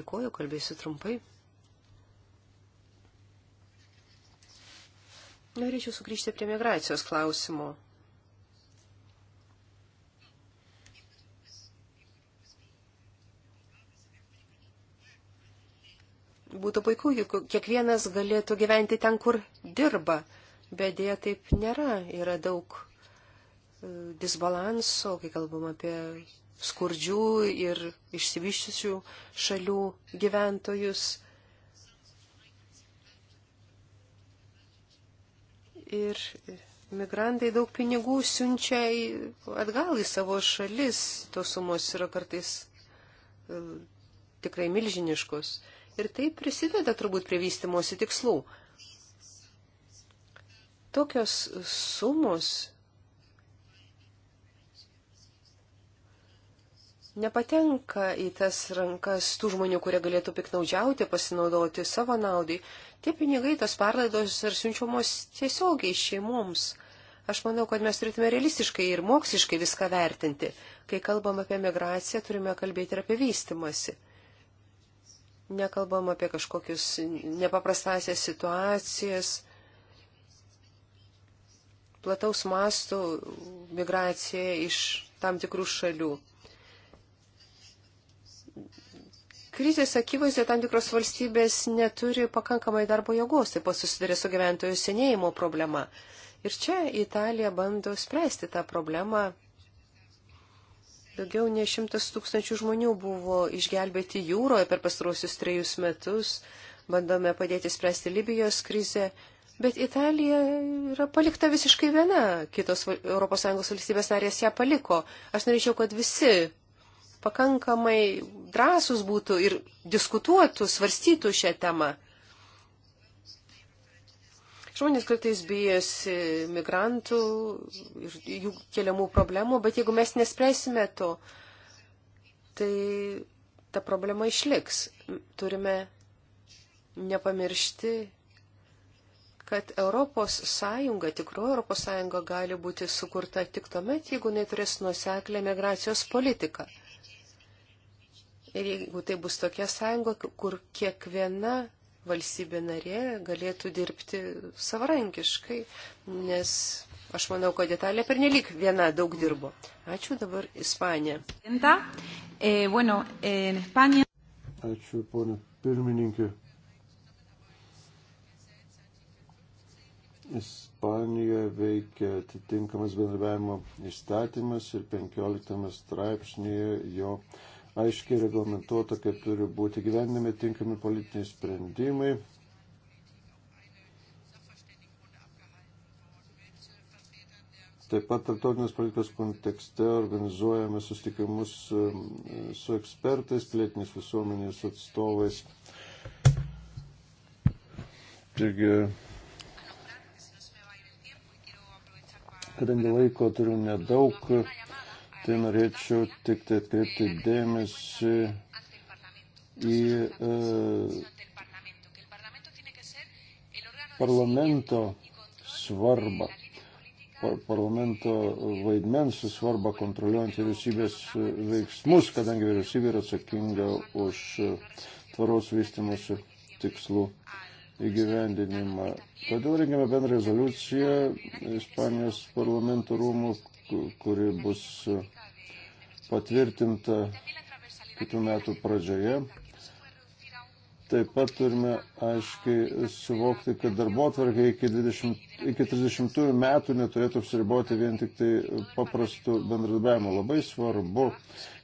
Dėkuoju, kalbėsiu trumpai. Norėčiau sugrįžti prie migracijos klausimų. Būtų puiku, jeigu kiekvienas galėtų gyventi ten, kur dirba, bet dėja taip nėra. Yra daug e, disbalanso, kai kalbam apie skurdžių ir išsivyščiusių šalių gyventojus. ir migrantai daug pinigų siunčia atgal į savo šalis, tos sumos yra kartais e, tikrai milžiniškos. Ir tai prisideda turbūt prie vystimosi tikslų. Tokios sumos nepatenka į tas rankas tų žmonių, kurie galėtų piknaudžiauti, pasinaudoti savo naudai. Tie pinigai, tos perlaidos ir siunčiamos tiesiogiai šeimoms. Aš manau, kad mes turėtume realistiškai ir moksliškai viską vertinti. Kai kalbam apie migraciją, turime kalbėti ir apie vystimasi. Nekalbam apie kažkokius nepaprastasias situacijas. Plataus mastų migracija iš tam tikrų šalių. Krizės akivaizdoje tam tikros valstybės neturi pakankamai darbo jėgos, taip pat susidarė su gyventojų senėjimo problema. Ir čia Italija bando spręsti tą problemą. Daugiau nei šimtas tūkstančių žmonių buvo išgelbėti jūroje per pastarosius trejus metus. Bandome padėti spręsti Libijos krizę, Bet Italija yra palikta visiškai viena, kitos ES valstybės narės ją paliko. Aš norėčiau, kad visi pakankamai drąsus būtų ir diskutuotų, svarstytų šią temą. Žmonės kartais bijosi migrantų ir jų keliamų problemų, bet jeigu mes nespręsime to, tai ta problema išliks. Turime nepamiršti, kad Europos Sąjunga, tikroji Europos Sąjunga gali būti sukurta tik tuomet, jeigu neturės nuseklę migracijos politiką. Ir jeigu tai bus tokia sąjunga, kur kiekviena valstybė narė galėtų dirbti savarankiškai, nes aš manau, kad Italija pernelik viena daug dirbo. Ačiū dabar Ispanija. Eh, Ačiū, ponė pirmininkė. Ispanijoje veikia atitinkamas bendravimo įstatymas ir 15 straipsnėje jo. Jo aiškiai reglamentuota, kaip turi būti gyvenime tinkami politiniai sprendimai. Taip pat tarptautinės politikos kontekste organizuojame susitikimus um, su ekspertais, pilietinės visuomenės atstovais. Taigi, kadangi laiko turiu nedaug, tai norėčiau tik tai atkreipti dėmesį į e, parlamento svarbą, parlamento vaidmens svarbą kontroliuojant vyriausybės veiksmus, kadangi vyriausybė yra atsakinga už tvaros vystimosi tikslų įgyvendinimą. Todėl rengėme bendrą rezoliuciją Ispanijos parlamento rūmų, kuri bus e, patvirtinta kitų metų pradžioje. Taip pat turime aiškiai suvokti, kad darbo tvarka iki, 20, iki 30 metų neturėtų apsiriboti vien tik tai paprastu bendradarbiavimu. Labai svarbu,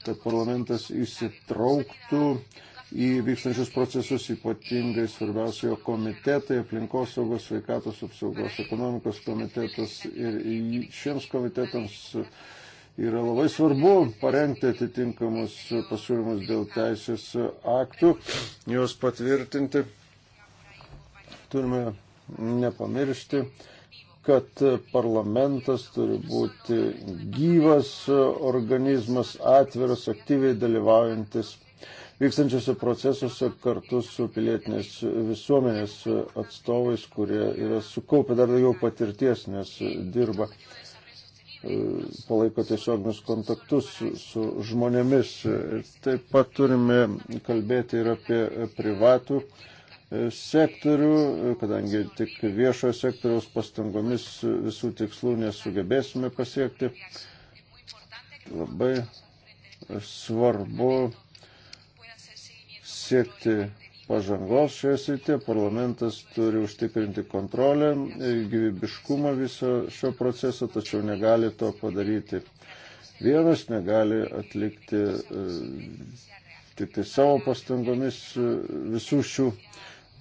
kad parlamentas įsitrauktų uh, į vykstančius procesus, ypatingai svarbiausiojo komitetai, aplinkosaugos, sveikatos apsaugos, ekonomikos komitetas ir šiems komitetams yra labai svarbu parengti atitinkamus pasiūlymus dėl teisės aktų, juos patvirtinti. Turime nepamiršti, kad parlamentas turi būti gyvas organizmas, atviras, aktyviai dalyvaujantis vykstančiuose procesuose kartu su pilietinės visuomenės atstovais, kurie yra sukaupę dar daugiau patirties, nes dirba, e, palaiko tiesioginius kontaktus su žmonėmis. Taip pat turime kalbėti ir apie privatų e, sektorių, kadangi tik viešojo sektoriaus pastangomis visų tikslų nesugebėsime pasiekti. Labai svarbu siekti pažangos šioje srityje, parlamentas turi užtikrinti kontrolę, gyvybiškumą viso šio proceso, tačiau negali to padaryti vienas, negali atlikti e, tik tai savo pastangomis e, visų šių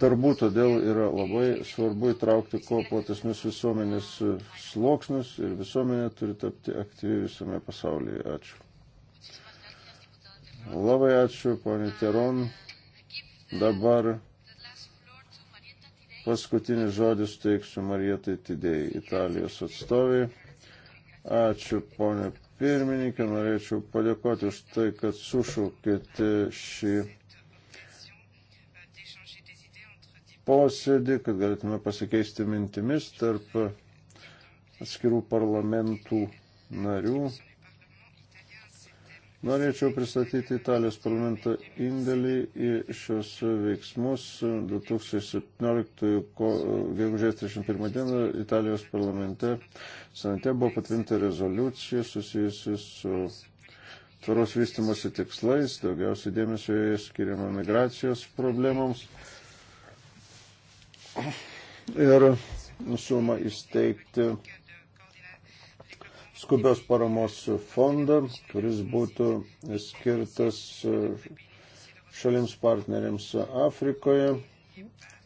darbų, todėl yra labai svarbu įtraukti kuo platesnius visuomenės e, sluoksnius ir visuomenė turi tapti aktyvi visame pasaulyje. Ačiū. Labai ačiū, ponė Teron. Dabar paskutinį žodį suteiksiu Marietai Tidėjai, Italijos atstoviai. Ačiū, ponė pirmininkė, norėčiau padėkoti už tai, kad sušaukėte šį posėdį, kad galėtume pasikeisti mintimis tarp atskirų parlamentų narių. Norėčiau pristatyti Italijos parlamento indėlį į šios veiksmus. 2017 gegužės 31 dieną Italijos parlamente Sante buvo patvinta rezoliucija susijusi su tvaros vystimosi tikslais, daugiausiai dėmesio joje skiriama migracijos problemams. Ir siūloma įsteigti skubios paramos fondą, kuris būtų skirtas e, šalims partneriams Afrikoje.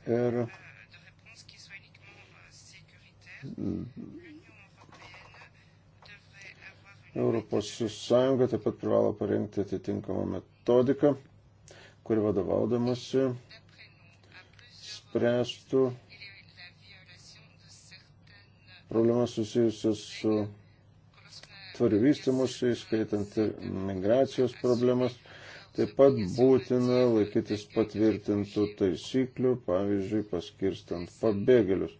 Ir mm, Europos Sąjunga taip pat privalo parengti atitinkamą metodiką, kuri vadovaudamasi spręstų problemas susijusias su tvarių vystimus, įskaitant ir migracijos problemas. Taip pat būtina laikytis patvirtintų taisyklių, pavyzdžiui, paskirstant pabėgėlius.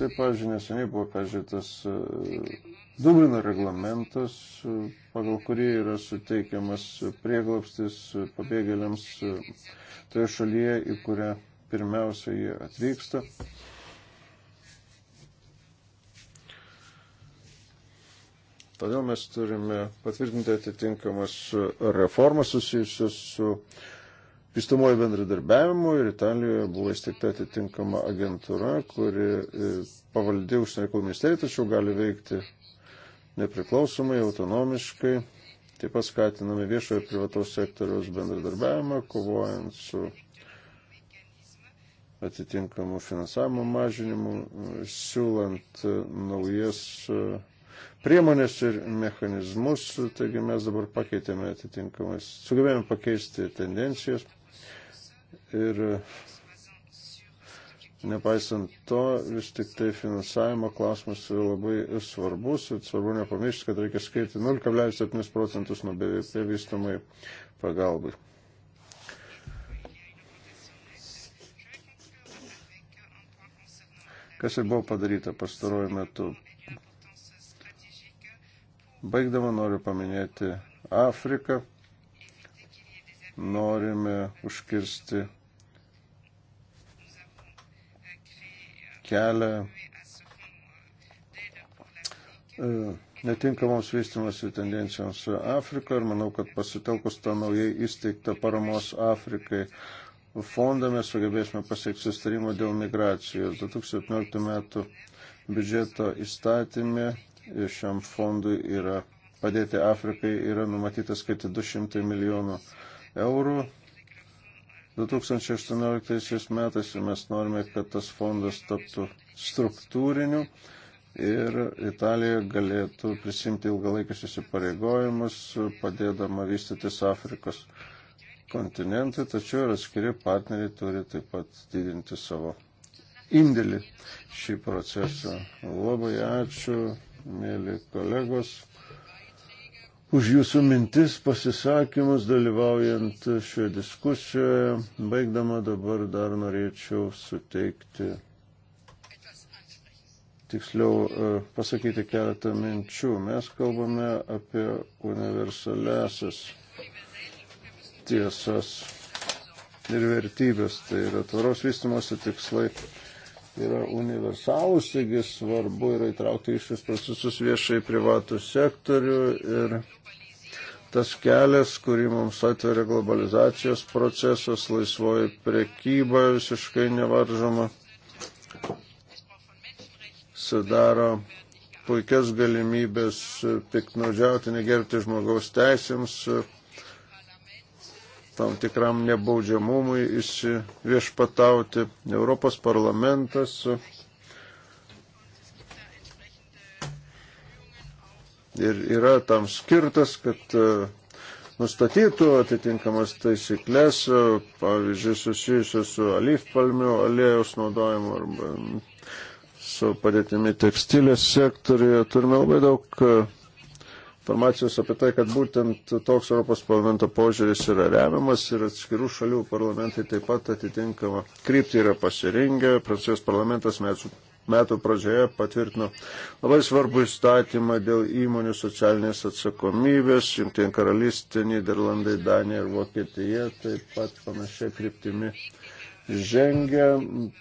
Tai, pavyzdžiui, neseniai buvo peržiūrėtas e, Dublino reglamentas, e, pagal kurį yra suteikiamas prieglapstis pabėgėliams e, toje šalyje, į kurią pirmiausia jie atvyksta. Todėl mes turime patvirtinti atitinkamas reformas susijusias su vystamoju bendradarbiavimu ir Italijoje buvo įsteigta atitinkama agentūra, kuri e, pavaldė užsienio reikalų ministeriją, tačiau gali veikti nepriklausomai, autonomiškai. Taip pat skatiname viešojo ir privataus sektoriaus bendradarbiavimą, kovojant su atitinkamų finansavimo mažinimų, siūlant e, naujas e, priemonės ir mechanizmus. Taigi mes dabar pakeitėme atitinkamas, sugebėjome pakeisti tendencijas ir e, nepaisant to vis tik tai finansavimo klausimas yra labai svarbus ir svarbu nepamiršti, kad reikia skirti 0,7 procentus nuo BVP vystamai pagalbai. kas ir buvo padaryta pastaruoju metu. Baigdama noriu paminėti Afriką. Norime užkirsti kelią e, netinkamoms vystimosi tendencijoms Afrikoje ir manau, kad pasitelkus tą naujai įsteigtą paramos Afrikai fondą mes sugebėsime pasiekti sustarimą dėl migracijos. 2017 metų biudžeto įstatymė šiam fondui yra padėti Afrikai yra numatytas skirti 200 milijonų eurų. 2018 metais mes norime, kad tas fondas taptų struktūriniu ir Italija galėtų prisimti ilgalaikius įsipareigojimus, padėdama vystytis Afrikos kontinentai, tačiau ir atskiri partneriai turi taip pat didinti savo indėlį šį procesą. Labai ačiū, mėly kolegos, už jūsų mintis, pasisakymus, dalyvaujant šioje diskusijoje. Baigdama dabar dar norėčiau suteikti, tiksliau e, pasakyti keletą minčių. Mes kalbame apie universaliasias tiesas ir vertybės. Tai yra tvaros vystimosi tikslai yra universalūs, taigi svarbu yra įtraukti iš šios procesus viešai privatų sektorių ir tas kelias, kurį mums atveria globalizacijos procesas, laisvoji prekyba visiškai nevaržoma, sudaro puikias galimybės piknaudžiauti, negerbti žmogaus teisėms, tam tikram nebaudžiamumui įsiviešpatauti. Europos parlamentas ir yra tam skirtas, kad e, nustatytų atitinkamas taisyklės, e, pavyzdžiui, susijusios su alyvpalmių aliejus naudojimu arba su padėtimi tekstilės sektorijoje. Turime labai daug e, informacijos apie tai, kad būtent toks Europos parlamento požiūris yra remiamas ir atskirų šalių parlamentai taip pat atitinkama krypti yra pasirinkę. Prancūzijos parlamentas metų, metų pradžioje patvirtino labai svarbų įstatymą dėl įmonių socialinės atsakomybės. Jungtinė karalystė, Niderlandai, Danija ir Vokietija taip pat panašiai kryptimi žengia.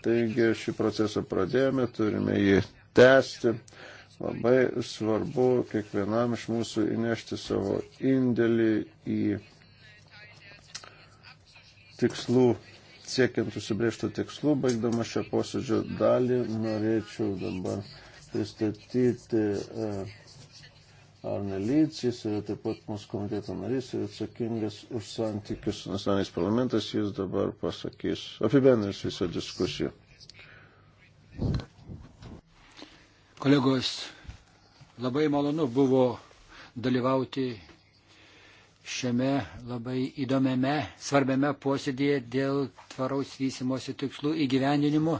Taigi šį procesą pradėjome, turime jį tęsti. Labai svarbu kiekvienam iš mūsų įnešti savo indėlį į tikslų, siekiant užsibrėžtų tikslų, baigdama šią posėdžio dalį, norėčiau dabar pristatyti e, Arne Lycis, yra taip pat mūsų komiteto narys ir atsakingas už santykius su nacionaliniais parlamentais, jis dabar pasakys, apibendrins visą diskusiją. Kolegos, labai malonu buvo dalyvauti šiame labai įdomiame, svarbiame posėdėje dėl tvaraus vystimosi tikslų įgyvendinimo.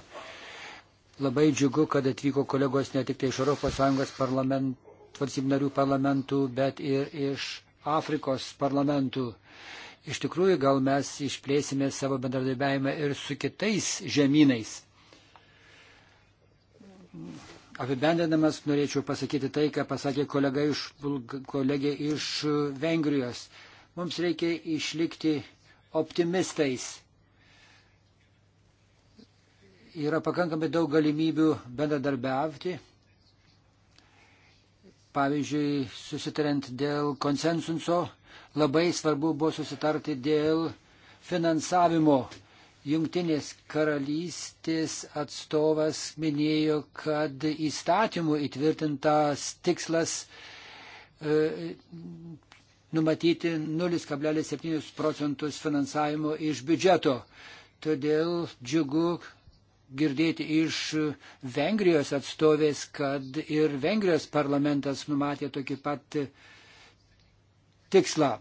Labai džiugu, kad atvyko kolegos ne tik tai iš ES parlament, valstybių narių parlamentų, bet ir iš Afrikos parlamentų. Iš tikrųjų, gal mes išplėsime savo bendradarbiavimą ir su kitais žemynais. Apibendrinamas norėčiau pasakyti tai, ką pasakė kolega iš, kolegė iš e, Vengrijos. Mums reikia išlikti optimistais. Yra pakankamai daug galimybių bendradarbiauti. Pavyzdžiui, susitarant dėl konsensuso, labai svarbu buvo susitarti dėl finansavimo Jungtinės karalystės atstovas minėjo, kad įstatymų įtvirtintas tikslas e, numatyti 0,7 procentus finansavimo iš biudžeto. Todėl džiugu girdėti iš Vengrijos atstovės, kad ir Vengrijos parlamentas numatė tokį pat tikslą.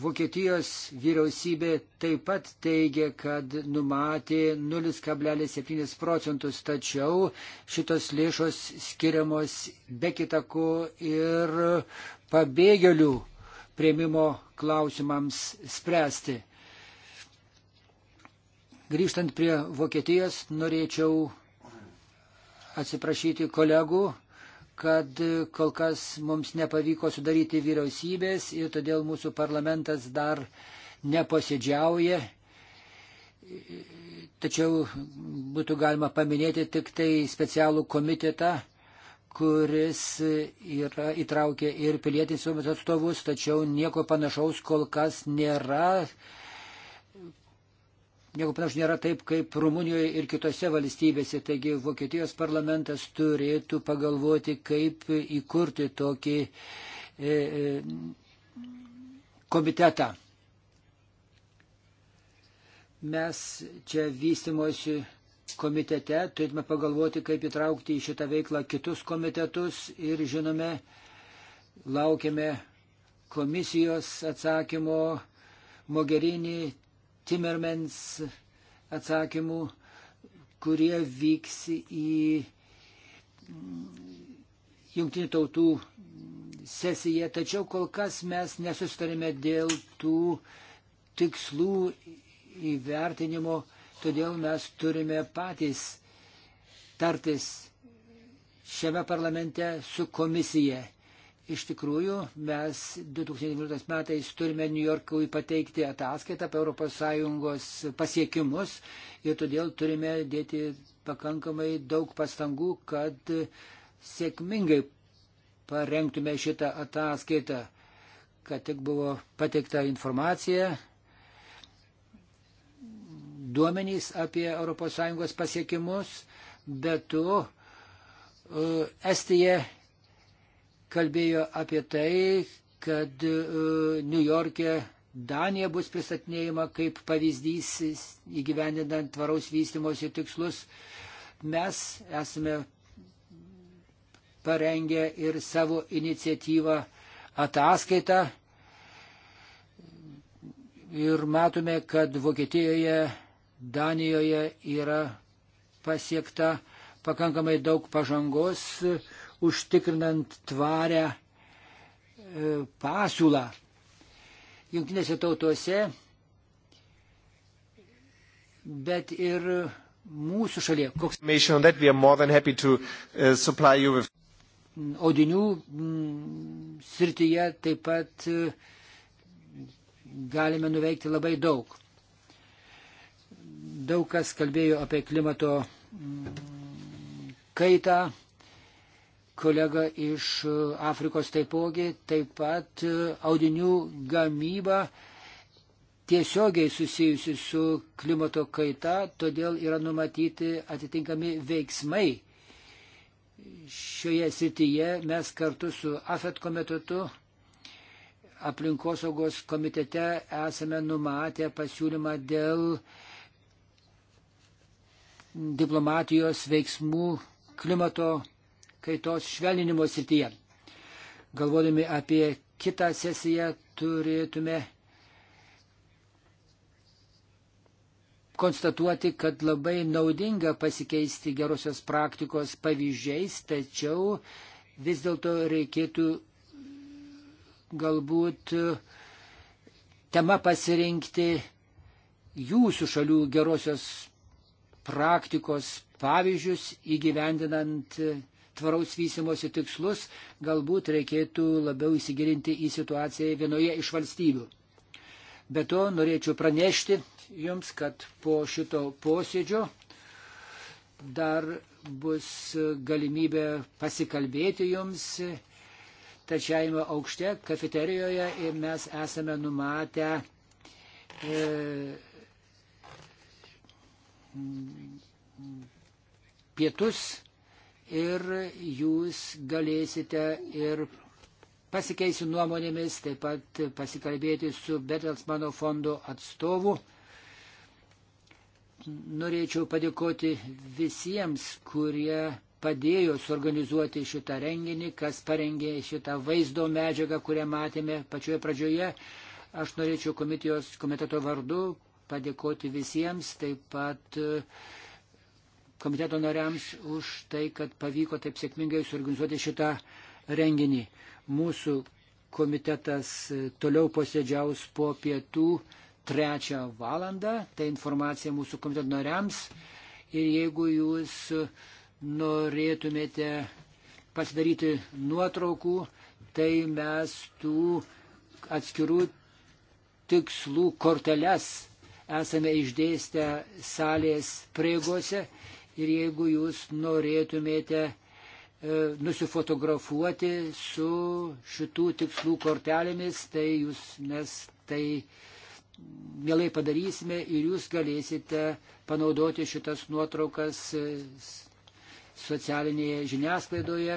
Vokietijos vyriausybė taip pat teigia, kad numatė 0,7 procentus, tačiau šitos lėšos skiriamos be kitako ir pabėgėlių prieimimo klausimams spręsti. Grįžtant prie Vokietijos, norėčiau atsiprašyti kolegų, kad kol kas mums nepavyko sudaryti vyriausybės ir todėl mūsų parlamentas dar neposėdžiauja. Tačiau būtų galima paminėti tik tai specialų komitetą, kuris yra įtraukė ir pilietinės visuomenės atstovus, tačiau nieko panašaus kol kas nėra nieko panašu nėra taip, kaip Rumunijoje ir kitose valstybėse. Taigi Vokietijos parlamentas turėtų pagalvoti, kaip įkurti tokį e, e, komitetą. Mes čia vystimosi komitete turėtume pagalvoti, kaip įtraukti į šitą veiklą kitus komitetus ir žinome, laukiame komisijos atsakymo Mogherini Timmermans atsakymų, kurie vyks į jungtinių tautų sesiją, tačiau kol kas mes nesustarėme dėl tų tikslų įvertinimo, todėl mes turime patys tartis šiame parlamente su komisija. Iš tikrųjų, mes 2019 metais turime New Yorkui pateikti ataskaitą apie ES pasiekimus ir todėl turime dėti pakankamai daug pastangų, kad sėkmingai parengtume šitą ataskaitą, kad tik buvo pateikta informacija, duomenys apie ES pasiekimus, bet tu e, Estija kalbėjo apie tai, kad e, New York'e Danija bus pristatinėjama kaip pavyzdys įgyvendinant tvaraus vystimosi tikslus. Mes esame parengę ir savo iniciatyvą ataskaitą ir matome, kad Vokietijoje, Danijoje yra pasiekta pakankamai daug pažangos užtikrinant tvarę e, pasiūlą. Junktinėse tautose, bet ir mūsų šalyje. Koks... Audinių uh, mm, srityje taip pat e, galime nuveikti labai daug. Daug kas kalbėjo apie klimato mm, kaitą, kolega iš e, Afrikos taipogi, taip pat e, audinių gamyba tiesiogiai susijusi su klimato kaita, todėl yra numatyti atitinkami veiksmai. Šioje srityje mes kartu su AFET komitetu aplinkosaugos komitete esame numatę pasiūlymą dėl diplomatijos veiksmų klimato kaitos švelninimo srityje. Galvodami apie kitą sesiją turėtume konstatuoti, kad labai naudinga pasikeisti gerosios praktikos pavyzdžiais, tačiau vis dėlto reikėtų galbūt tema pasirinkti jūsų šalių gerosios praktikos pavyzdžius įgyvendinant tvaraus vystimosi tikslus, galbūt reikėtų labiau įsigilinti į situaciją vienoje iš valstybių. Be to norėčiau pranešti Jums, kad po šito posėdžio dar bus galimybė pasikalbėti Jums trečiajame aukšte kafeterijoje ir mes esame numatę e, pietus ir jūs galėsite ir pasikeisiu nuomonėmis, taip pat pasikalbėti su Betelsmano fondo atstovu. Norėčiau padėkoti visiems, kurie padėjo suorganizuoti šitą renginį, kas parengė šitą vaizdo medžiagą, kurią matėme pačioje pradžioje. Aš norėčiau komitijos komiteto vardu padėkoti visiems, taip pat uh, komiteto nariams už tai, kad pavyko taip sėkmingai suorganizuoti šitą renginį. Mūsų komitetas e, toliau posėdžiaus po pietų trečią valandą. Tai informacija mūsų komiteto nariams. Ir jeigu jūs norėtumėte pasidaryti nuotraukų, tai mes tų atskirų tikslų korteles esame išdėstę salės prieigose ir jeigu jūs norėtumėte e, nusifotografuoti su šitų tikslų kortelėmis, tai jūs, mes tai mielai padarysime ir jūs galėsite panaudoti šitas nuotraukas e, socialinėje žiniasklaidoje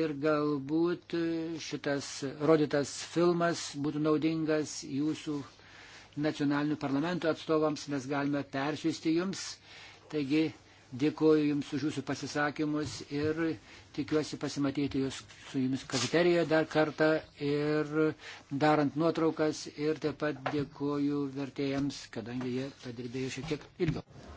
ir galbūt e, šitas rodytas filmas būtų naudingas jūsų nacionalinių parlamentų atstovams, mes galime persiųsti jums. Taigi Dėkuoju Jums už Jūsų pasisakymus ir tikiuosi pasimatyti jūs, su Jumis kafeterijoje dar kartą ir darant nuotraukas ir taip pat dėkuoju vertėjams, kadangi jie padirbėjo šiek tiek ilgiau.